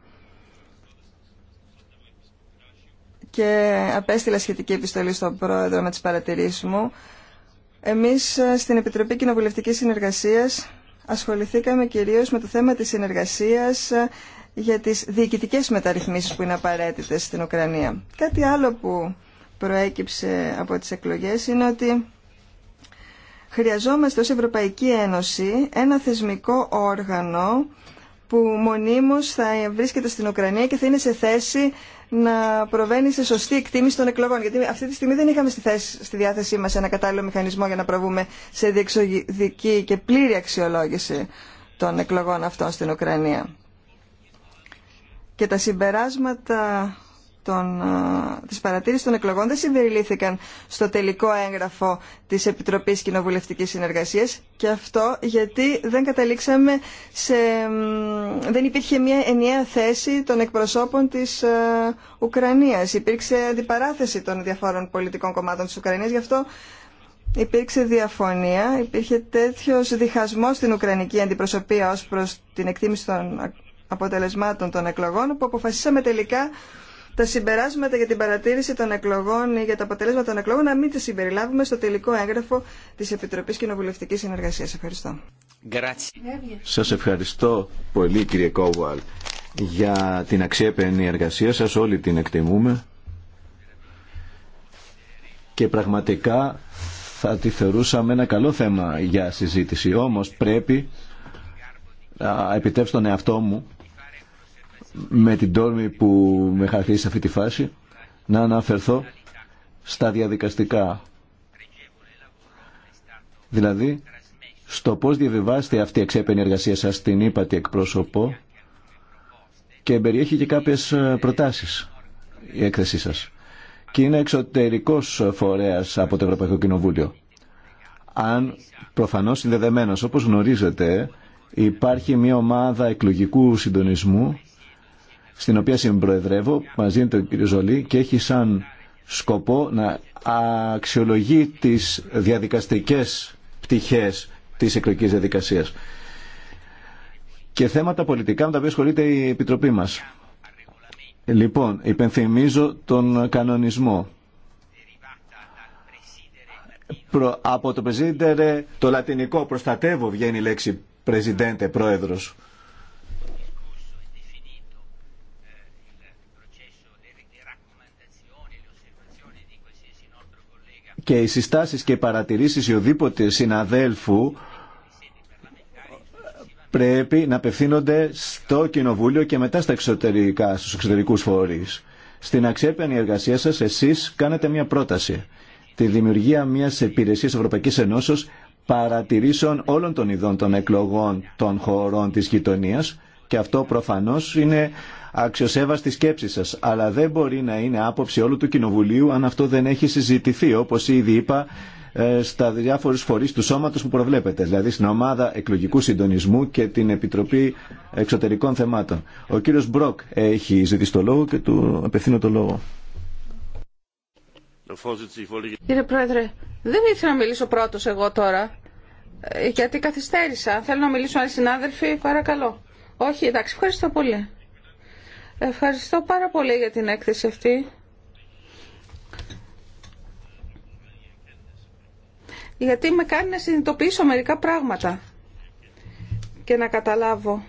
και απέστειλα σχετική επιστολή στον πρόεδρο με τις παρατηρήσεις μου. Εμείς ε, στην Επιτροπή Κοινοβουλευτικής Συνεργασίας ασχοληθήκαμε κυρίως με το θέμα της συνεργασίας ε, για τις διοικητικές μεταρρυθμίσεις που είναι απαραίτητες στην Ουκρανία. Κάτι άλλο που προέκυψε από τις εκλογές είναι ότι χρειαζόμαστε ως Ευρωπαϊκή Ένωση ένα θεσμικό όργανο που μονίμως θα βρίσκεται στην Ουκρανία και θα είναι σε θέση να προβαίνει σε σωστή εκτίμηση των εκλογών. Γιατί αυτή τη στιγμή δεν είχαμε στη, στη διάθεσή μας ένα κατάλληλο μηχανισμό για να προβούμε σε διεξοδική και πλήρη αξιολόγηση των εκλογών αυτών στην Ουκρανία. Και τα συμπεράσματα των, ε, της παρατήρησης των εκλογών δεν συμπεριλήθηκαν στο τελικό έγγραφο της Επιτροπής Κοινοβουλευτικής Συνεργασίας και αυτό γιατί δεν καταλήξαμε σε... δεν υπήρχε μια ενιαία θέση των εκπροσώπων της ε, Ουκρανίας. Υπήρξε αντιπαράθεση των διαφόρων πολιτικών κομμάτων της Ουκρανίας, γι' αυτό υπήρξε διαφωνία, υπήρχε τέτοιος διχασμός στην Ουκρανική αντιπροσωπεία ως προς την εκτίμηση των αποτελεσμάτων των εκλογών που αποφασίσαμε τελικά τα συμπεράσματα για την παρατήρηση των εκλογών ή για τα αποτελέσματα των εκλογών να μην τις συμπεριλάβουμε στο τελικό έγγραφο της Επιτροπής Κοινοβουλευτικής Συνεργασίας. Ευχαριστώ. Σας ευχαριστώ πολύ κύριε Κόβουαλ για την αξιέπαινη εργασία σας. Όλοι την εκτιμούμε και πραγματικά θα τη θεωρούσαμε ένα καλό θέμα για συζήτηση. Όμως πρέπει να επιτρέψω τον εαυτό μου με την τόρμη που με χαρακτηρίζει σε αυτή τη φάση να αναφερθώ στα διαδικαστικά. Δηλαδή, στο πώς διαβιβάζεται αυτή η εξέπαινη εργασία σας στην ύπατη εκπρόσωπο και περιέχει και κάποιες ε, προτάσεις η έκθεσή σας. Και είναι εξωτερικός φορέας από το Ευρωπαϊκό Κοινοβούλιο. Αν προφανώς συνδεδεμένος, όπως γνωρίζετε, υπάρχει μια ομάδα εκλογικού συντονισμού στην οποία συμπροεδρεύω, μαζί με τον κύριο Ζολή και έχει σαν σκοπό να αξιολογεί τις διαδικαστικές πτυχές της εκλογικής διαδικασίας και θέματα πολιτικά με τα οποία ασχολείται η Επιτροπή μας. Λοιπόν, υπενθυμίζω τον κανονισμό. Προ, από το πρεζίντερε, το λατινικό προστατεύω βγαίνει η λέξη πρεζιντέντε, πρόεδρος. και οι συστάσεις και οι παρατηρήσεις οδήποτε συναδέλφου πρέπει να απευθύνονται στο Κοινοβούλιο και μετά στα εξωτερικά, στους εξωτερικούς φορείς. Στην αξιέπαινη εργασία σας εσείς κάνετε μια πρόταση. Τη δημιουργία μιας υπηρεσίας Ευρωπαϊκής Ενώσεως παρατηρήσεων όλων των ειδών των εκλογών των χωρών της γειτονίας και αυτό προφανώς είναι αξιοσέβαστη σκέψη σας, αλλά δεν μπορεί να είναι άποψη όλου του Κοινοβουλίου αν αυτό δεν έχει συζητηθεί, όπως ήδη είπα, ε, στα διάφορου φορεί του σώματο που προβλέπετε, δηλαδή στην ομάδα εκλογικού συντονισμού και την Επιτροπή Εξωτερικών Θεμάτων. Ο κύριο Μπροκ έχει ζητήσει το λόγο και του απευθύνω το λόγο. Κύριε Πρόεδρε, δεν ήθελα να μιλήσω πρώτο εγώ τώρα, ε, γιατί καθυστέρησα. Θέλω να μιλήσω άλλοι συνάδελφοι, παρακαλώ. Όχι, εντάξει, ευχαριστώ πολύ. Ευχαριστώ πάρα πολύ για την έκθεση αυτή. Γιατί με κάνει να συνειδητοποιήσω μερικά πράγματα και να καταλάβω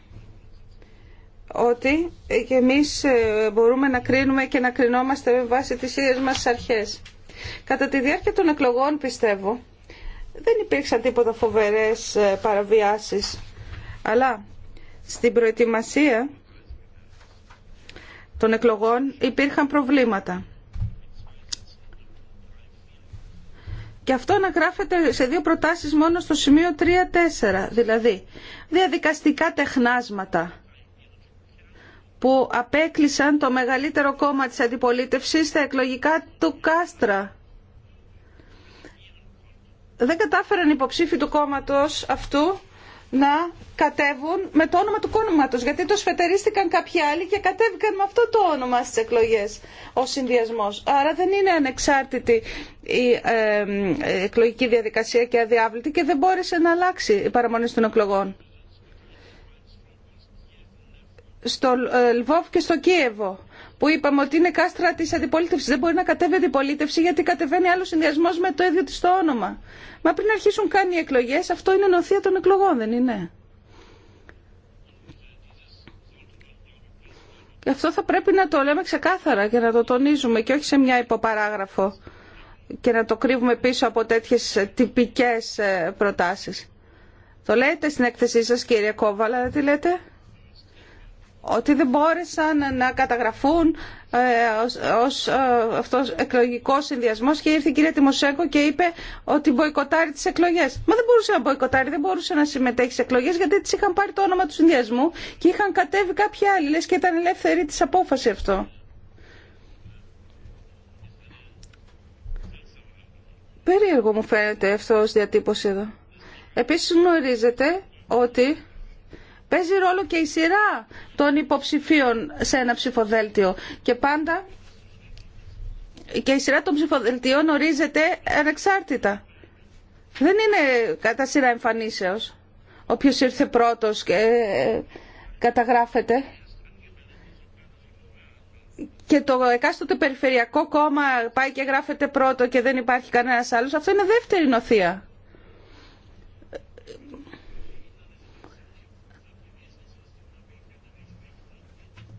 ότι και εμείς ε, μπορούμε να κρίνουμε και να κρινόμαστε με βάση τις ίδιες μας αρχές. Κατά τη διάρκεια των εκλογών πιστεύω δεν υπήρξαν τίποτα φοβερές ε, παραβιάσεις αλλά στην προετοιμασία των εκλογών υπήρχαν προβλήματα. Και αυτό αναγράφεται σε δύο προτάσεις μόνο στο σημείο 3-4, δηλαδή διαδικαστικά τεχνάσματα που απέκλεισαν το μεγαλύτερο κόμμα της αντιπολίτευσης στα εκλογικά του κάστρα. Δεν κατάφεραν υποψήφοι του κόμματος αυτού να κατέβουν με το όνομα του κόμματο. γιατί το σφετερίστηκαν κάποιοι άλλοι και κατέβηκαν με αυτό το όνομα στις εκλογές ο συνδυασμό. Άρα δεν είναι ανεξάρτητη η εκλογική διαδικασία και αδιάβλητη και δεν μπόρεσε να αλλάξει η παραμονή των εκλογών. Στο ε, Λβόβ και στο Κίεβο που είπαμε ότι είναι κάστρα τη αντιπολίτευση. Δεν μπορεί να κατέβει αντιπολίτευση γιατί κατεβαίνει άλλο συνδυασμό με το ίδιο τη το όνομα. Μα πριν αρχίσουν καν οι εκλογέ, αυτό είναι νοθεία των εκλογών, δεν είναι. Και αυτό θα πρέπει να το λέμε ξεκάθαρα και να το τονίζουμε και όχι σε μια υποπαράγραφο και να το κρύβουμε πίσω από τέτοιες τυπικές ε, προτάσεις. Το λέτε στην έκθεσή σας κύριε Κόβαλα, τι λέτε ότι δεν μπόρεσαν να καταγραφούν ε, ως ε, αυτός εκλογικός συνδυασμός και ήρθε η κυρία Τιμοσέκο και είπε ότι μποϊκοτάρει τις εκλογές. Μα δεν μπορούσε να μποϊκοτάρει, δεν μπορούσε να συμμετέχει σε εκλογές γιατί τις είχαν πάρει το όνομα του συνδυασμού και είχαν κατέβει κάποιοι άλλοι, λες, και ήταν ελεύθερη της απόφαση αυτό. Περίεργο μου φαίνεται αυτό ως διατύπωση εδώ. Επίσης γνωρίζετε ότι Παίζει ρόλο και η σειρά των υποψηφίων σε ένα ψηφοδέλτιο και πάντα και η σειρά των ψηφοδελτιών ορίζεται ανεξάρτητα. Δεν είναι κατά σειρά εμφανίσεως όποιος ήρθε πρώτος και ε, καταγράφεται. Και το εκάστοτε περιφερειακό κόμμα πάει και γράφεται πρώτο και δεν υπάρχει κανένας άλλος. Αυτό είναι δεύτερη νοθεία.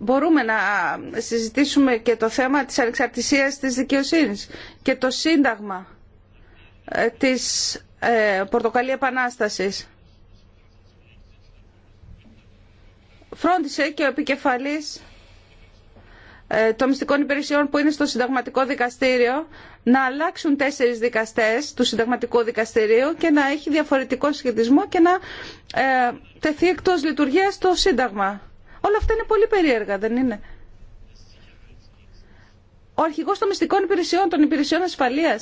μπορούμε να συζητήσουμε και το θέμα της ανεξαρτησίας της δικαιοσύνης και το σύνταγμα ε, της ε, Πορτοκαλί Επανάστασης. Φρόντισε και ο επικεφαλής ε, των μυστικών υπηρεσιών που είναι στο συνταγματικό δικαστήριο να αλλάξουν τέσσερις δικαστές του συνταγματικού δικαστηρίου και να έχει διαφορετικό σχετισμό και να τεθεί εκτός λειτουργίας το σύνταγμα. Όλα αυτά είναι πολύ περίεργα, δεν είναι. Ο αρχηγός των μυστικών υπηρεσιών, των υπηρεσιών ασφαλεία.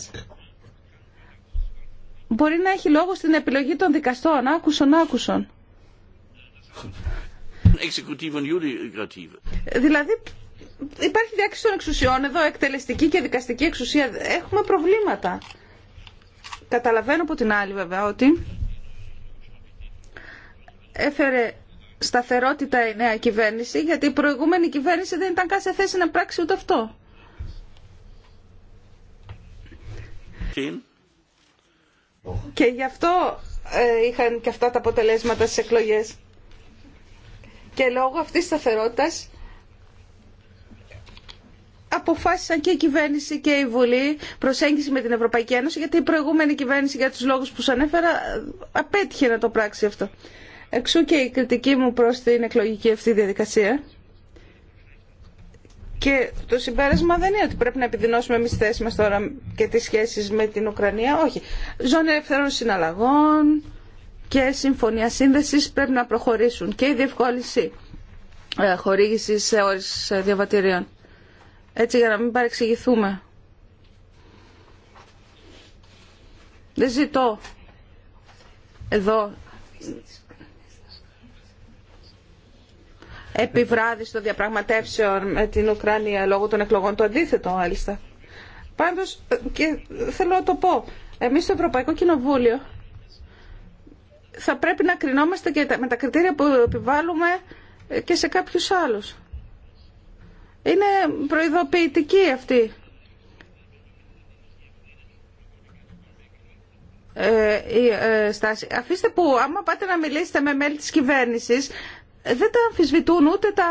μπορεί να έχει λόγο στην επιλογή των δικαστών. Άκουσον, άκουσον. Δηλαδή υπάρχει διάκριση των εξουσιών εδώ, εκτελεστική και δικαστική εξουσία. Έχουμε προβλήματα. Καταλαβαίνω από την άλλη βέβαια ότι έφερε σταθερότητα η νέα κυβέρνηση, γιατί η προηγούμενη κυβέρνηση δεν ήταν καν σε θέση να πράξει ούτε αυτό. Και γι' αυτό ε, είχαν και αυτά τα αποτελέσματα στις εκλογές. Και λόγω αυτής της σταθερότητας αποφάσισαν και η κυβέρνηση και η Βουλή προσέγγιση με την Ευρωπαϊκή Ένωση γιατί η προηγούμενη κυβέρνηση για τους λόγους που σας ανέφερα απέτυχε να το πράξει αυτό. Εξού και η κριτική μου προς την εκλογική αυτή διαδικασία. Και το συμπέρασμα δεν είναι ότι πρέπει να επιδεινώσουμε εμεί θέσει μας τώρα και τις σχέσεις με την Ουκρανία. Όχι. Ζώνη ελευθερών συναλλαγών και συμφωνία σύνδεσης πρέπει να προχωρήσουν και η διευκόλυνση ε, χορήγηση σε διαβατηρίων. Έτσι για να μην παρεξηγηθούμε. Δεν ζητώ εδώ επιβράδυση των διαπραγματεύσεων με την Ουκρανία λόγω των εκλογών. Το αντίθετο, μάλιστα. Πάντως, ε, και θέλω να το πω, εμείς στο Ευρωπαϊκό Κοινοβούλιο θα πρέπει να κρινόμαστε και με τα κριτήρια που επιβάλλουμε ε, και σε κάποιους άλλους. Είναι προειδοποιητική αυτή ε, η στάση. Αφήστε που άμα πάτε να μιλήσετε με μέλη της κυβέρνησης δεν τα αμφισβητούν ούτε τα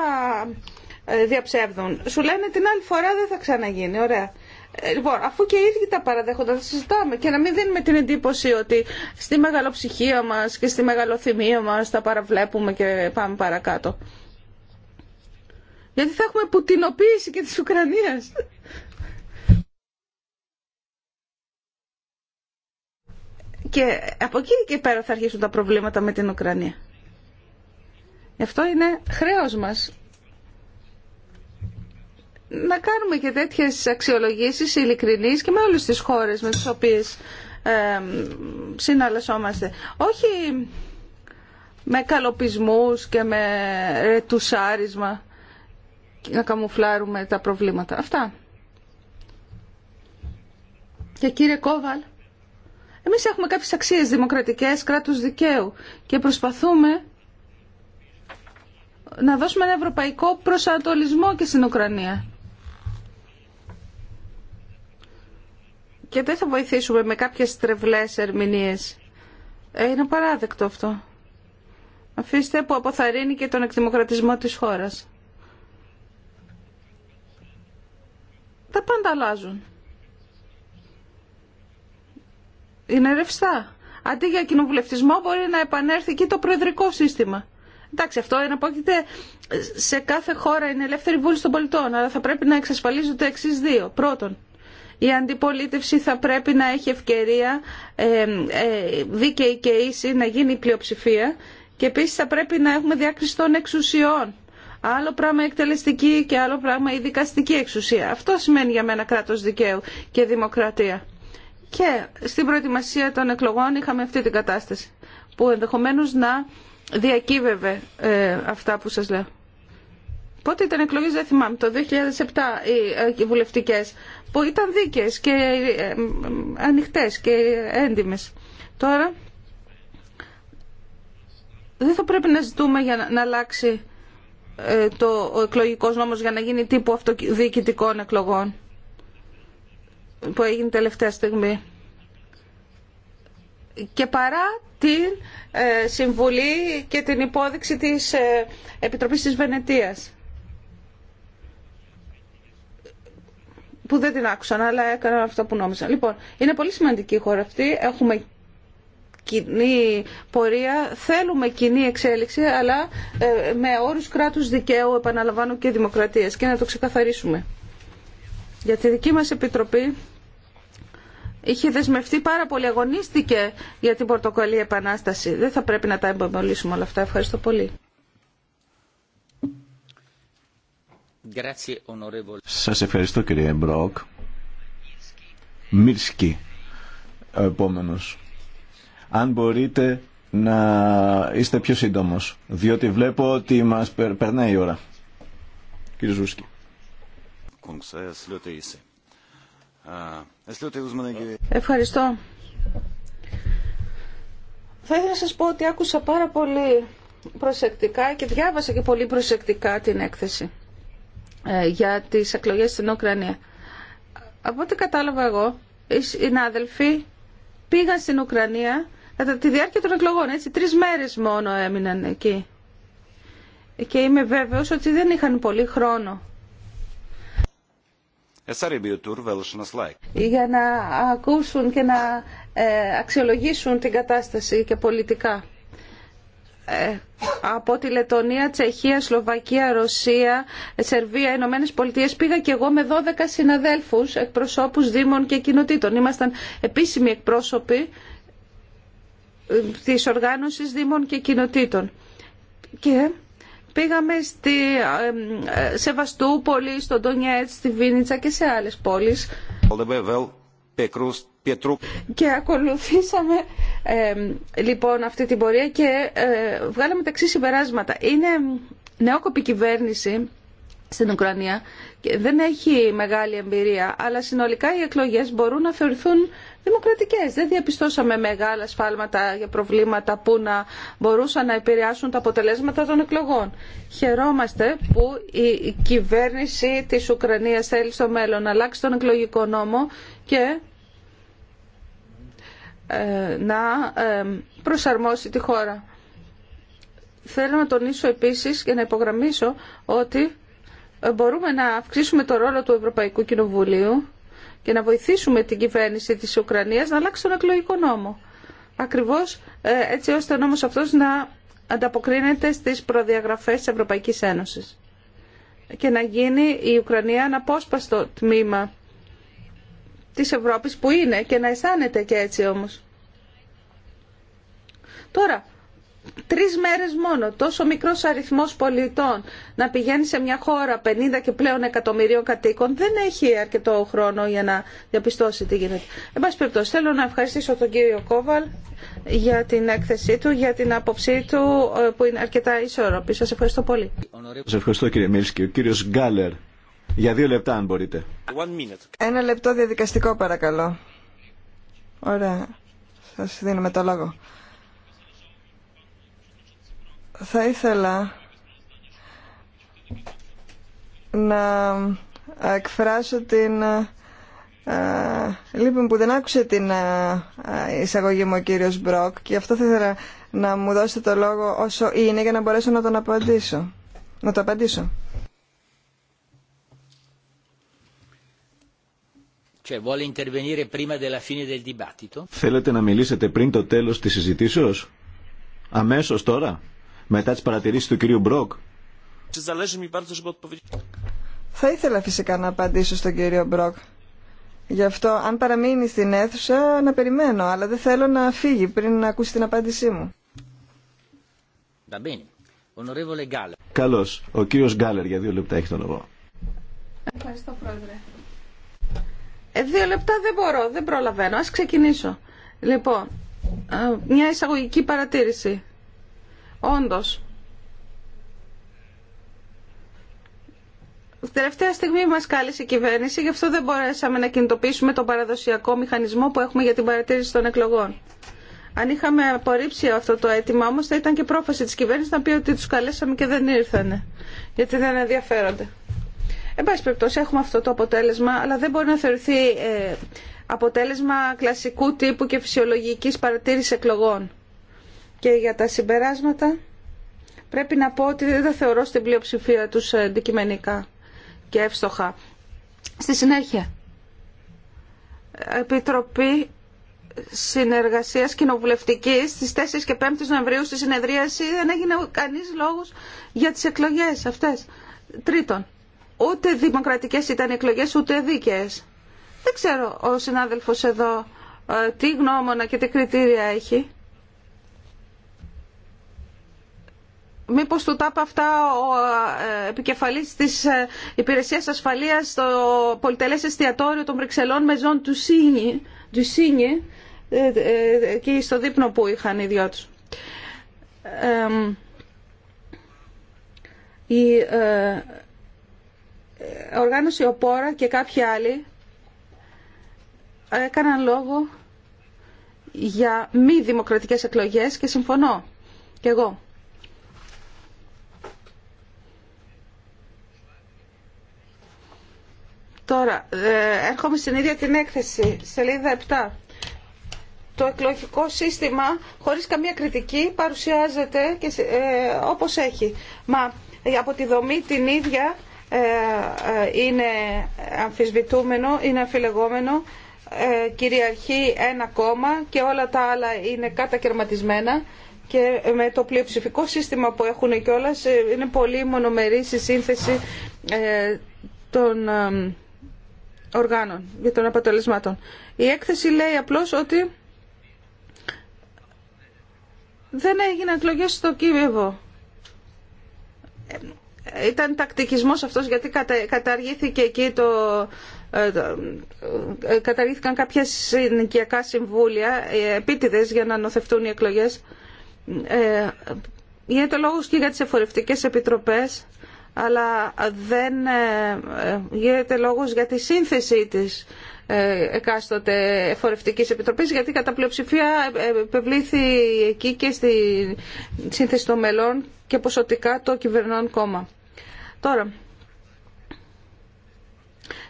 ε, διαψεύδουν. Σου λένε την άλλη φορά δεν θα ξαναγίνει. Ωραία. Ε, λοιπόν, αφού και οι ίδιοι τα παραδέχονται, θα συζητάμε και να μην δίνουμε την εντύπωση ότι στη μεγαλοψυχία μα και στη μεγαλοθυμία μα τα παραβλέπουμε και πάμε παρακάτω. Γιατί θα έχουμε πουτινοποίηση και της Ουκρανίας. Και από εκεί και πέρα θα αρχίσουν τα προβλήματα με την Ουκρανία. Αυτό είναι χρέος μας. Να κάνουμε και τέτοιες αξιολογήσεις ειλικρινείς και με όλες τις χώρες με τις οποίες ε, συναλλασσόμαστε. Όχι με καλοπισμούς και με ρετουσάρισμα να καμουφλάρουμε τα προβλήματα. Αυτά. Και κύριε Κόβαλ, εμείς έχουμε κάποιες αξίες δημοκρατικές, κράτους δικαίου και προσπαθούμε να δώσουμε ένα ευρωπαϊκό προσανατολισμό και στην Ουκρανία. Και δεν θα βοηθήσουμε με κάποιες τρευλές ερμηνείες. Ε, είναι παράδεκτο αυτό. Αφήστε που αποθαρρύνει και τον εκδημοκρατισμό της χώρας. Τα πάντα αλλάζουν. Είναι ρευστά. Αντί για κοινοβουλευτισμό μπορεί να επανέλθει και το προεδρικό σύστημα. Εντάξει, αυτό εναπόκειται σε κάθε χώρα είναι ελεύθερη Βούλη των πολιτών, αλλά θα πρέπει να εξασφαλίζονται εξή δύο. Πρώτον, η αντιπολίτευση θα πρέπει να έχει ευκαιρία ε, ε, δίκαιη και ίση να γίνει η πλειοψηφία και επίσης θα πρέπει να έχουμε διάκριση των εξουσιών. Άλλο πράγμα εκτελεστική και άλλο πράγμα η δικαστική εξουσία. Αυτό σημαίνει για μένα κράτος δικαίου και δημοκρατία. Και στην προετοιμασία των εκλογών είχαμε αυτή την κατάσταση που ενδεχομένως να διακύβευε ε, αυτά που σας λέω. Πότε ήταν εκλογέ δεν θυμάμαι, το 2007 ε, οι βουλευτικές, που ήταν δίκες και ε, ανοιχτές και έντιμες. Τώρα δεν θα πρέπει να ζητούμε για να αλλάξει το, ο εκλογικός νόμος για να γίνει τύπου αυτοδιοικητικών εκλογών που έγινε τελευταία στιγμή και παρά την ε, συμβουλή και την υπόδειξη της ε, Επιτροπής της Βενετίας. Που δεν την άκουσαν, αλλά έκαναν αυτό που νόμιζαν. Λοιπόν, είναι πολύ σημαντική η χώρα αυτή. Έχουμε κοινή πορεία, θέλουμε κοινή εξέλιξη, αλλά ε, με όρους κράτους δικαίου, επαναλαμβάνω, και δημοκρατίας. Και να το ξεκαθαρίσουμε. Για τη δική μας Επιτροπή είχε δεσμευτεί πάρα πολύ, αγωνίστηκε για την Πορτοκαλή Επανάσταση. Δεν θα πρέπει να τα εμπομολήσουμε όλα αυτά. Ευχαριστώ πολύ. Σας ευχαριστώ κύριε Μπρόκ. Μίρσκι, ο επόμενος. Αν μπορείτε να είστε πιο σύντομος, διότι βλέπω ότι μας περνάει η ώρα. Κύριε Ζούσκι. Ευχαριστώ. Θα ήθελα να σας πω ότι άκουσα πάρα πολύ προσεκτικά και διάβασα και πολύ προσεκτικά την έκθεση ε, για τις εκλογές στην Ουκρανία. Από ό,τι κατάλαβα εγώ, οι συνάδελφοι πήγαν στην Ουκρανία κατά τη διάρκεια των εκλογών, έτσι, τρεις μέρες μόνο έμειναν εκεί. Και είμαι βέβαιος ότι δεν είχαν πολύ χρόνο ε, για να ακούσουν και να ε, αξιολογήσουν την κατάσταση και πολιτικά. Ε, από τη Λετωνία, Τσεχία, Σλοβακία, Ρωσία, Σερβία, Ηνωμένε Πολιτείε πήγα και εγώ με 12 συναδέλφου, εκπροσώπου Δήμων και κοινοτήτων. Ήμασταν επίσημοι εκπρόσωποι τη οργάνωση Δήμων και κοινοτήτων. Και Πήγαμε στη ε, Σεβαστούπολη, στο Ντονιέτ, στη Βίνιτσα και σε άλλες πόλεις. Και ακολουθήσαμε ε, λοιπόν αυτή την πορεία και ε, βγάλαμε τα εξή συμπεράσματα. Είναι νεόκοπη κυβέρνηση στην Ουκρανία και δεν έχει μεγάλη εμπειρία, αλλά συνολικά οι εκλογές μπορούν να θεωρηθούν δημοκρατικές. Δεν διαπιστώσαμε μεγάλα σφάλματα για προβλήματα που να μπορούσαν να επηρεάσουν τα αποτελέσματα των εκλογών. Χαιρόμαστε που η κυβέρνηση της Ουκρανίας θέλει στο μέλλον να αλλάξει τον εκλογικό νόμο και ε, να ε, προσαρμόσει τη χώρα. Θέλω να τονίσω επίσης και να υπογραμμίσω ότι μπορούμε να αυξήσουμε το ρόλο του Ευρωπαϊκού Κοινοβουλίου και να βοηθήσουμε την κυβέρνηση της Ουκρανίας να αλλάξει τον εκλογικό νόμο. Ακριβώς ε, έτσι ώστε ο νόμος αυτός να ανταποκρίνεται στις προδιαγραφές της Ευρωπαϊκής Ένωσης και να γίνει η Ουκρανία ένα πόσπαστο τμήμα της Ευρώπης που είναι και να αισθάνεται και έτσι όμως. Τώρα, τρεις μέρες μόνο τόσο μικρός αριθμός πολιτών να πηγαίνει σε μια χώρα 50 και πλέον εκατομμυρίων κατοίκων δεν έχει αρκετό χρόνο για να διαπιστώσει τι γίνεται. Εν πάση περιπτώσει θέλω να ευχαριστήσω τον κύριο Κόβαλ για την έκθεσή του, για την άποψή του ε, που είναι αρκετά ισορροπή. Σας ευχαριστώ πολύ. Σας ευχαριστώ κύριε Μίρσκι. Ο κύριος Γκάλερ για δύο λεπτά αν μπορείτε. Ένα λεπτό διαδικαστικό παρακαλώ. Ωραία. Σας δίνουμε το λόγο. Θα ήθελα να εκφράσω την ε, λύπη που δεν άκουσε την ε, εισαγωγή μου ο κύριος Μπροκ και αυτό θα ήθελα να μου δώσετε το λόγο όσο είναι για να μπορέσω να τον απαντήσω. Να το απαντήσω. Θέλετε να μιλήσετε πριν το τέλος της συζητήσεως? Αμέσως τώρα? μετά τις παρατηρήσεις του κυρίου Μπροκ. Θα ήθελα φυσικά να απαντήσω στον κύριο Μπροκ. Γι' αυτό αν παραμείνει στην αίθουσα να περιμένω, αλλά δεν θέλω να φύγει πριν να ακούσει την απάντησή μου. Καλώς. Ο κύριος Γκάλερ για δύο λεπτά έχει τον λόγο. Ευχαριστώ πρόεδρε. Ε, δύο λεπτά δεν μπορώ, δεν προλαβαίνω. Ας ξεκινήσω. Λοιπόν, μια εισαγωγική παρατήρηση. Όντως, Τελευταία στιγμή μας κάλεσε η κυβέρνηση, γι' αυτό δεν μπορέσαμε να κινητοποιήσουμε τον παραδοσιακό μηχανισμό που έχουμε για την παρατήρηση των εκλογών. Αν είχαμε απορρίψει αυτό το αίτημα όμως θα ήταν και πρόφαση της κυβέρνησης να πει ότι τους καλέσαμε και δεν ήρθανε, γιατί δεν ενδιαφέρονται. Εν πάση περιπτώσει έχουμε αυτό το αποτέλεσμα, αλλά δεν μπορεί να θεωρηθεί ε, αποτέλεσμα κλασικού τύπου και φυσιολογικής παρατήρησης εκλογών. Και για τα συμπεράσματα πρέπει να πω ότι δεν τα θεωρώ στην πλειοψηφία τους αντικειμενικά και εύστοχα. Στη συνέχεια, Επιτροπή συνεργασία κοινοβουλευτική στις 4 και 5 Νοεμβρίου στη συνεδρίαση δεν έγινε κανείς λόγος για τις εκλογές αυτές. Τρίτον, ούτε δημοκρατικές ήταν οι εκλογές ούτε δίκαιες. Δεν ξέρω ο συνάδελφος εδώ ε, τι γνώμονα και τι κριτήρια έχει. Μήπως του είπε αυτά ο ε, επικεφαλής της ε, Υπηρεσίας Ασφαλείας στο πολυτελές εστιατόριο των Βρυξελών μεζών του Σίνι, του Σίνι ε, και στο δείπνο που είχαν οι δυο τους. η οργάνωση Οπόρα και κάποιοι άλλοι έκαναν λόγο για μη δημοκρατικές εκλογές και συμφωνώ και εγώ. Τώρα, ε, έρχομαι στην ίδια την έκθεση, σελίδα 7. Το εκλογικό σύστημα, χωρίς καμία κριτική, παρουσιάζεται και, ε, όπως έχει. Μα ε, από τη δομή την ίδια είναι αμφισβητούμενο, είναι αμφιλεγόμενο, κυριαρχεί ένα κόμμα και όλα τα άλλα είναι κατακαιρματισμένα και με το πλειοψηφικό σύστημα που έχουν κιόλας είναι πολύ μονομερή η σύνθεση των οργάνων για των αποτελεσμάτων. Η έκθεση λέει απλώς ότι δεν έγιναν εκλογέ στο Κίβεβο. Ήταν τακτικισμός αυτός γιατί καταργήθηκε εκεί το, ε, ε, καταργήθηκαν κάποια συνοικιακά συμβούλια ε, επίτηδες για να νοθευτούν οι εκλογές. Ε, γίνεται λόγος και για τις εφορευτικές επιτροπές αλλά δεν ε, ε, γίνεται λόγος για τη σύνθεσή της ε, εκάστοτε εφορευτικής επιτροπής γιατί κατά πλειοψηφία επευλήθη εκεί και στη σύνθεση των μελών και ποσοτικά το κυβερνών κόμμα. Τώρα,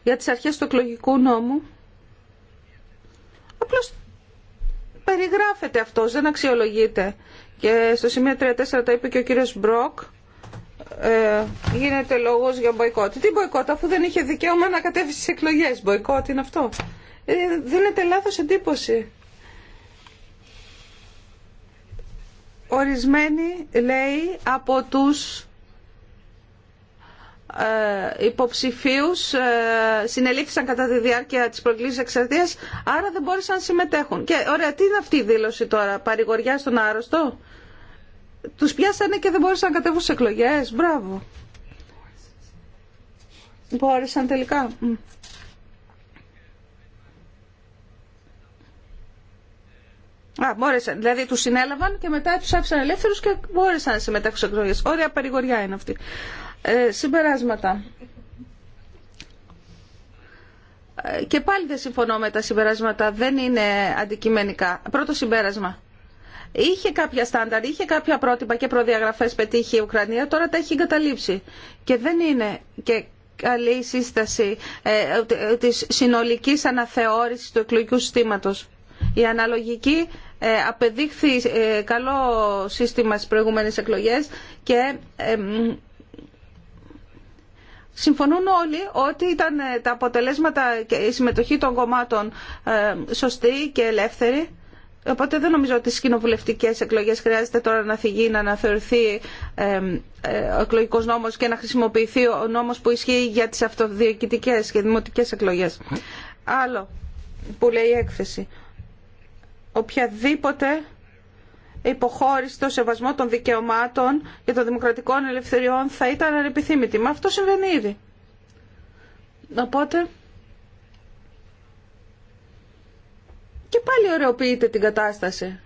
για τις αρχές του εκλογικού νόμου απλώς περιγράφεται αυτός, δεν αξιολογείται και στο σημείο 34 τα είπε και ο κύριος Μπροκ ε, γίνεται λόγος για μποϊκότ. Τι μποϊκότ, αφού δεν είχε δικαίωμα να κατέβει στις εκλογές. Μποϊκότ είναι αυτό. Ε, δίνεται λάθος εντύπωση. Ορισμένοι, λέει, από τους ε, υποψηφίους ε, συνελήφθησαν κατά τη διάρκεια της προκλήσης εξαρτίας, άρα δεν μπόρεσαν να συμμετέχουν. Και ωραία, τι είναι αυτή η δήλωση τώρα, παρηγοριά στον άρρωστο τους πιάσανε και δεν μπόρεσαν να κατέβουν σε εκλογές. Μπράβο. Μπόρεσαν τελικά. Α, μπόρεσαν. Δηλαδή του συνέλαβαν και μετά του άφησαν ελεύθερου και μπόρεσαν να συμμετέχουν σε εκλογέ. Ωραία παρηγοριά είναι αυτή. Ε, συμπεράσματα. Ε, και πάλι δεν συμφωνώ με τα συμπεράσματα. Δεν είναι αντικειμενικά. Πρώτο συμπέρασμα. Είχε κάποια στάνταρ, είχε κάποια πρότυπα και προδιαγραφές πετύχει η Ουκρανία, τώρα τα έχει εγκαταλείψει. Και δεν είναι και καλή η σύσταση ε, της συνολικής αναθεώρησης του εκλογικού συστήματος. Η αναλογική ε, απεδείχθη ε, καλό σύστημα στι προηγούμενε εκλογές και συμφωνούν όλοι ότι ήταν ε, τα αποτελέσματα και η συμμετοχή των κομμάτων σωστή και ελεύθερη Οπότε δεν νομίζω ότι στι κοινοβουλευτικέ εκλογέ χρειάζεται τώρα να θυγεί, να αναθεωρηθεί ε, ο εκλογικό νόμο και να χρησιμοποιηθεί ο νόμο που ισχύει για τι αυτοδιοικητικέ και δημοτικέ εκλογέ. Άλλο που λέει η έκθεση. Οποιαδήποτε υποχώρηση στο σεβασμό των δικαιωμάτων και των δημοκρατικών ελευθεριών θα ήταν ανεπιθύμητη. Μα αυτό συμβαίνει ήδη. Οπότε Και πάλι ωραιοποιείται την κατάσταση.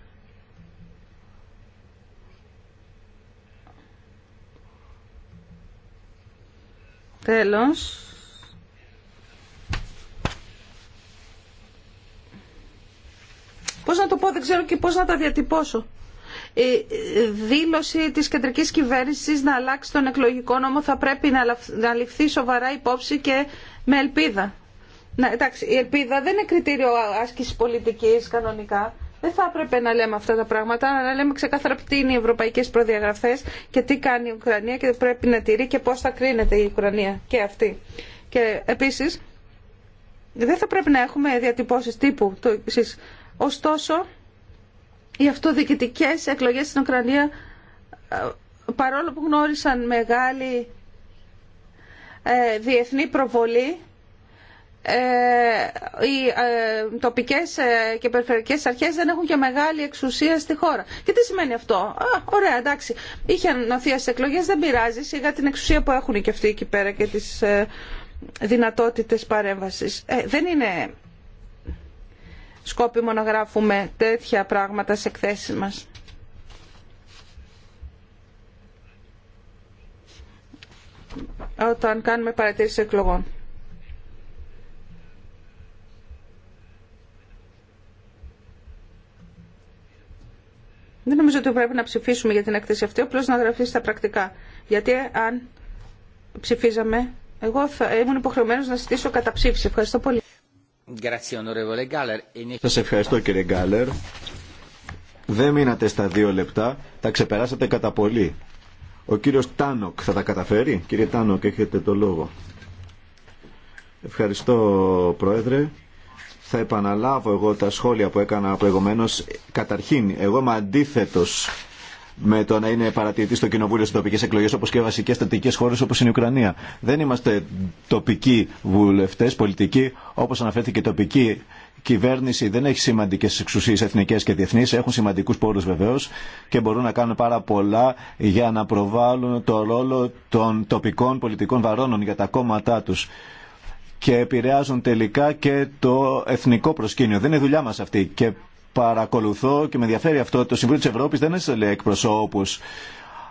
Τέλος. Πώς να το πω, δεν ξέρω και πώς να τα διατυπώσω. Η δήλωση της κεντρικής κυβέρνησης να αλλάξει τον εκλογικό νόμο θα πρέπει να ληφθεί σοβαρά υπόψη και με ελπίδα. Ναι, εντάξει, η ελπίδα δεν είναι κριτήριο άσκηση πολιτική κανονικά. Δεν θα έπρεπε να λέμε αυτά τα πράγματα, αλλά να λέμε ξεκάθαρα τι είναι οι ευρωπαϊκέ προδιαγραφέ και τι κάνει η Ουκρανία και πρέπει να τηρεί και πώ θα κρίνεται η Ουκρανία και αυτή. Και επίση, δεν θα πρέπει να έχουμε διατυπώσει τύπου το Ωστόσο, οι αυτοδιοικητικέ εκλογέ στην Ουκρανία, ε, παρόλο που γνώρισαν μεγάλη ε, διεθνή προβολή, ε, οι ε, τοπικές ε, και περιφερειακές αρχές δεν έχουν και μεγάλη εξουσία στη χώρα. Και τι σημαίνει αυτό. Α, ωραία, εντάξει. Είχε νοθεία στις εκλογές, δεν πειράζει. Σιγά την εξουσία που έχουν και αυτοί εκεί πέρα και τις δυνατότητες παρέμβασης. δεν είναι σκόπιμο να γράφουμε τέτοια πράγματα σε εκθέσεις μας. Όταν κάνουμε παρατήρηση εκλογών. Δεν νομίζω ότι πρέπει να ψηφίσουμε για την έκθεση αυτή, απλώ να γραφεί στα πρακτικά. Γιατί αν ψηφίζαμε, εγώ θα ήμουν υποχρεωμένο να ζητήσω καταψήφιση. Ευχαριστώ πολύ. Σα ευχαριστώ κύριε Γκάλερ. Δεν μείνατε στα δύο λεπτά, τα ξεπεράσατε κατά πολύ. Ο κύριος Τάνοκ θα τα καταφέρει. Κύριε Τάνοκ, έχετε το λόγο. Ευχαριστώ, Πρόεδρε θα επαναλάβω εγώ τα σχόλια που έκανα προηγουμένω. Καταρχήν, εγώ είμαι αντίθετο με το να είναι παρατηρητή στο κοινοβούλιο στι τοπικέ εκλογέ όπω και βασικέ στρατηγικέ χώρε όπω είναι η Ουκρανία. Δεν είμαστε τοπικοί βουλευτέ, πολιτικοί, όπω αναφέρθηκε η τοπική κυβέρνηση δεν έχει σημαντικέ εξουσίε εθνικέ και διεθνεί, έχουν σημαντικού πόρου βεβαίω και μπορούν να κάνουν πάρα πολλά για να προβάλλουν το ρόλο των τοπικών πολιτικών βαρώνων για τα κόμματά του και επηρεάζουν τελικά και το εθνικό προσκήνιο. Δεν είναι δουλειά μας αυτή και παρακολουθώ και με ενδιαφέρει αυτό ότι το Συμβούλιο της Ευρώπης δεν έστειλε εκπροσώπους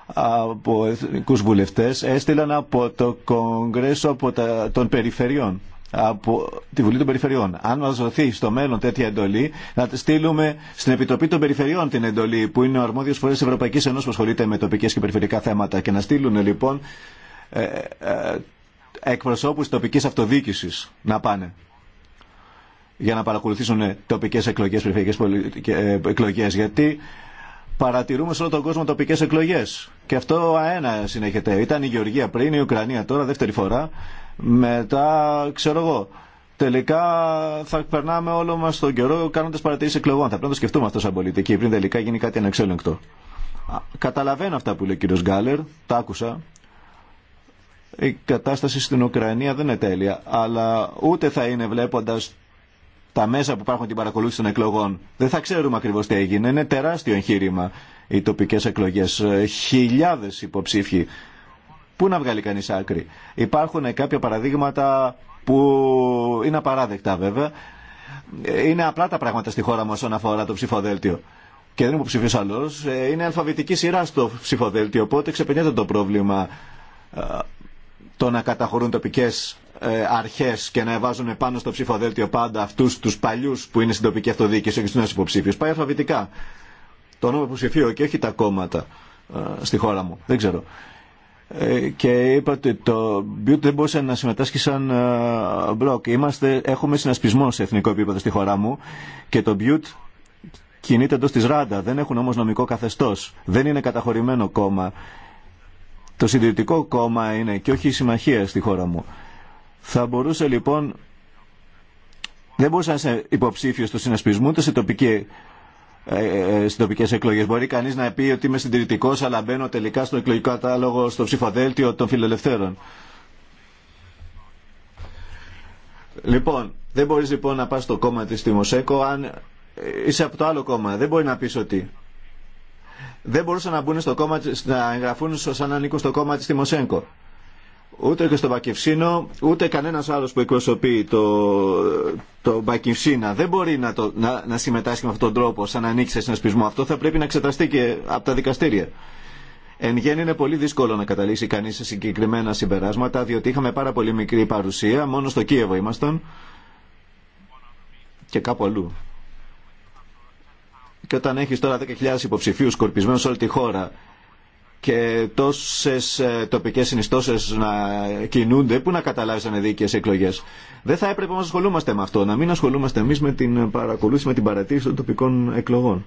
από εθνικούς βουλευτές, έστειλαν από το Κογκρέσο από τα, των Περιφερειών από τη Βουλή των Περιφερειών. Αν μα δοθεί στο μέλλον τέτοια εντολή, να τη στείλουμε στην Επιτροπή των Περιφερειών την εντολή, που είναι ο αρμόδιος φορέας Ευρωπαϊκή Ένωση που ασχολείται με τοπικέ και περιφερειακά θέματα, και να στείλουν λοιπόν ε, ε, εκπροσώπους τοπικής αυτοδιοίκησης να πάνε για να παρακολουθήσουν τοπικές εκλογές, περιφερειακές ε, εκλογές, γιατί παρατηρούμε σε όλο τον κόσμο τοπικές εκλογές. Και αυτό αένα συνέχεται. Ήταν η Γεωργία πριν, η Ουκρανία τώρα, δεύτερη φορά, μετά ξέρω εγώ. Τελικά θα περνάμε όλο μα τον καιρό κάνοντα παρατηρήσει εκλογών. Θα πρέπει να το σκεφτούμε αυτό σαν πολιτική πριν τελικά γίνει κάτι ανεξέλεγκτο. Καταλαβαίνω αυτά που λέει ο κύριο Γκάλερ, τα άκουσα η κατάσταση στην Ουκρανία δεν είναι τέλεια, αλλά ούτε θα είναι βλέποντα τα μέσα που υπάρχουν την παρακολούθηση των εκλογών. Δεν θα ξέρουμε ακριβώ τι έγινε. Είναι τεράστιο εγχείρημα οι τοπικέ εκλογέ. Χιλιάδε υποψήφοι. Πού να βγάλει κανεί άκρη. Υπάρχουν κάποια παραδείγματα που να βγαλει κανει απαράδεκτα βέβαια. Είναι απλά τα πράγματα στη χώρα μα όσον αφορά το ψηφοδέλτιο. Και δεν είναι υποψηφίο άλλο. Ε, είναι αλφαβητική σειρά στο ψηφοδέλτιο, οπότε ξεπερνιέται το πρόβλημα. Ε, το να καταχωρούν τοπικές ε, αρχέ και να βάζουν πάνω στο ψηφοδέλτιο πάντα αυτού του παλιού που είναι στην τοπική αυτοδιοίκηση και στους νέου υποψήφιους. Πάει αλφαβητικά το όνομα υποψηφίου και όχι τα κόμματα ε, στη χώρα μου. Δεν ξέρω. Ε, και είπα ότι το Μπιούτ δεν μπορούσε να συμμετάσχει σαν μπλοκ. Είμαστε, έχουμε συνασπισμό σε εθνικό επίπεδο στη χώρα μου και το Μπιούτ κινείται εντό τη Ράντα. Δεν έχουν όμω νομικό καθεστώ. Δεν είναι καταχωρημένο κόμμα. Το συντηρητικό κόμμα είναι και όχι η συμμαχία στη χώρα μου. Θα μπορούσε λοιπόν, δεν μπορούσε να είσαι υποψήφιος του συνασπισμού, ούτε σε τοπική ε, ε, ε, στι τοπικέ εκλογέ. Μπορεί κανεί να πει ότι είμαι συντηρητικό, αλλά μπαίνω τελικά στο εκλογικό κατάλογο, στο ψηφοδέλτιο των φιλελευθέρων. Λοιπόν, δεν μπορεί λοιπόν να πα στο κόμμα τη Τιμοσέκο αν είσαι από το άλλο κόμμα. Δεν μπορεί να πει ότι δεν μπορούσαν να, μπουν στο κόμμα, να εγγραφούν σαν να ανήκουν στο κόμμα της Τιμοσέγκο. Ούτε και στο Μπακευσίνο, ούτε κανένας άλλος που εκπροσωπεί το, το Μπακευσίνα δεν μπορεί να, το, να, να συμμετάσχει με αυτόν τον τρόπο σαν να ανήκει σε συνασπισμό. Αυτό θα πρέπει να εξεταστεί και από τα δικαστήρια. Εν γέννη είναι πολύ δύσκολο να καταλήξει κανεί σε συγκεκριμένα συμπεράσματα, διότι είχαμε πάρα πολύ μικρή παρουσία, μόνο στο Κίεβο ήμασταν και κάπου αλλού. Και όταν έχεις τώρα 10.000 υποψηφίους κορπισμένους σε όλη τη χώρα και τόσες ε, τοπικές συνιστώσεις να κινούνται, πού να καταλάβεις αν είναι εκλογές. Δεν θα έπρεπε να ασχολούμαστε με αυτό, να μην ασχολούμαστε εμείς με την παρακολούθηση, με την παρατήρηση των τοπικών εκλογών.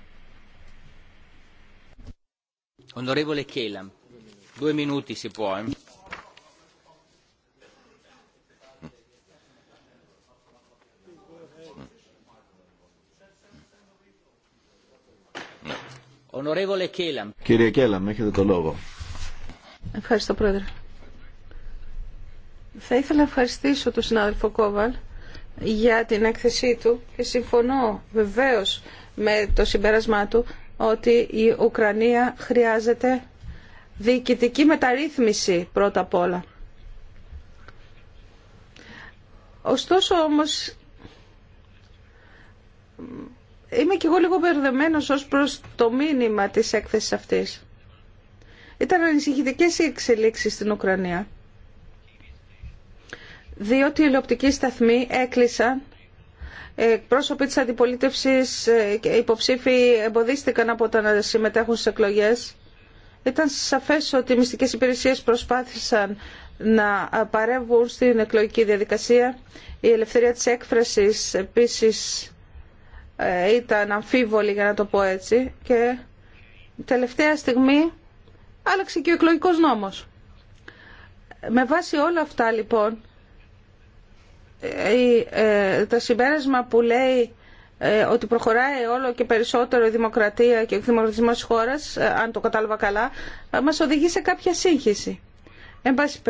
Κύριε Κέλαμ, έχετε το λόγο. Ευχαριστώ, Πρόεδρε. Θα ήθελα να ευχαριστήσω τον συνάδελφο Κόβαλ για την έκθεσή του και συμφωνώ βεβαίως με το συμπέρασμά του ότι η Ουκρανία χρειάζεται διοικητική μεταρρύθμιση πρώτα απ' όλα. Ωστόσο όμως Είμαι και εγώ λίγο μπερδεμένο ως προς το μήνυμα της έκθεσης αυτής. Ήταν ανησυχητικές οι εξελίξεις στην Ουκρανία. διότι οι τηλεοπτικοί σταθμοί έκλεισαν ε, πρόσωποι της αντιπολίτευσης ε, και υποψήφοι εμποδίστηκαν από το να συμμετέχουν στις εκλογές. Ήταν σαφές ότι οι μυστικές υπηρεσίες προσπάθησαν να παρεύουν στην εκλογική διαδικασία. Η ελευθερία της έκφρασης επίσης ε, ήταν αμφίβολη για να το πω έτσι και τελευταία στιγμή άλλαξε και ο εκλογικός νόμος. Με βάση όλα αυτά λοιπόν ε, ε, το συμπέρασμα που λέει ότι προχωράει όλο και περισσότερο η δημοκρατία και ο δημοκρατισμός της χώρας, αν το κατάλαβα καλά, μας οδηγεί σε κάποια σύγχυση. Εν πάση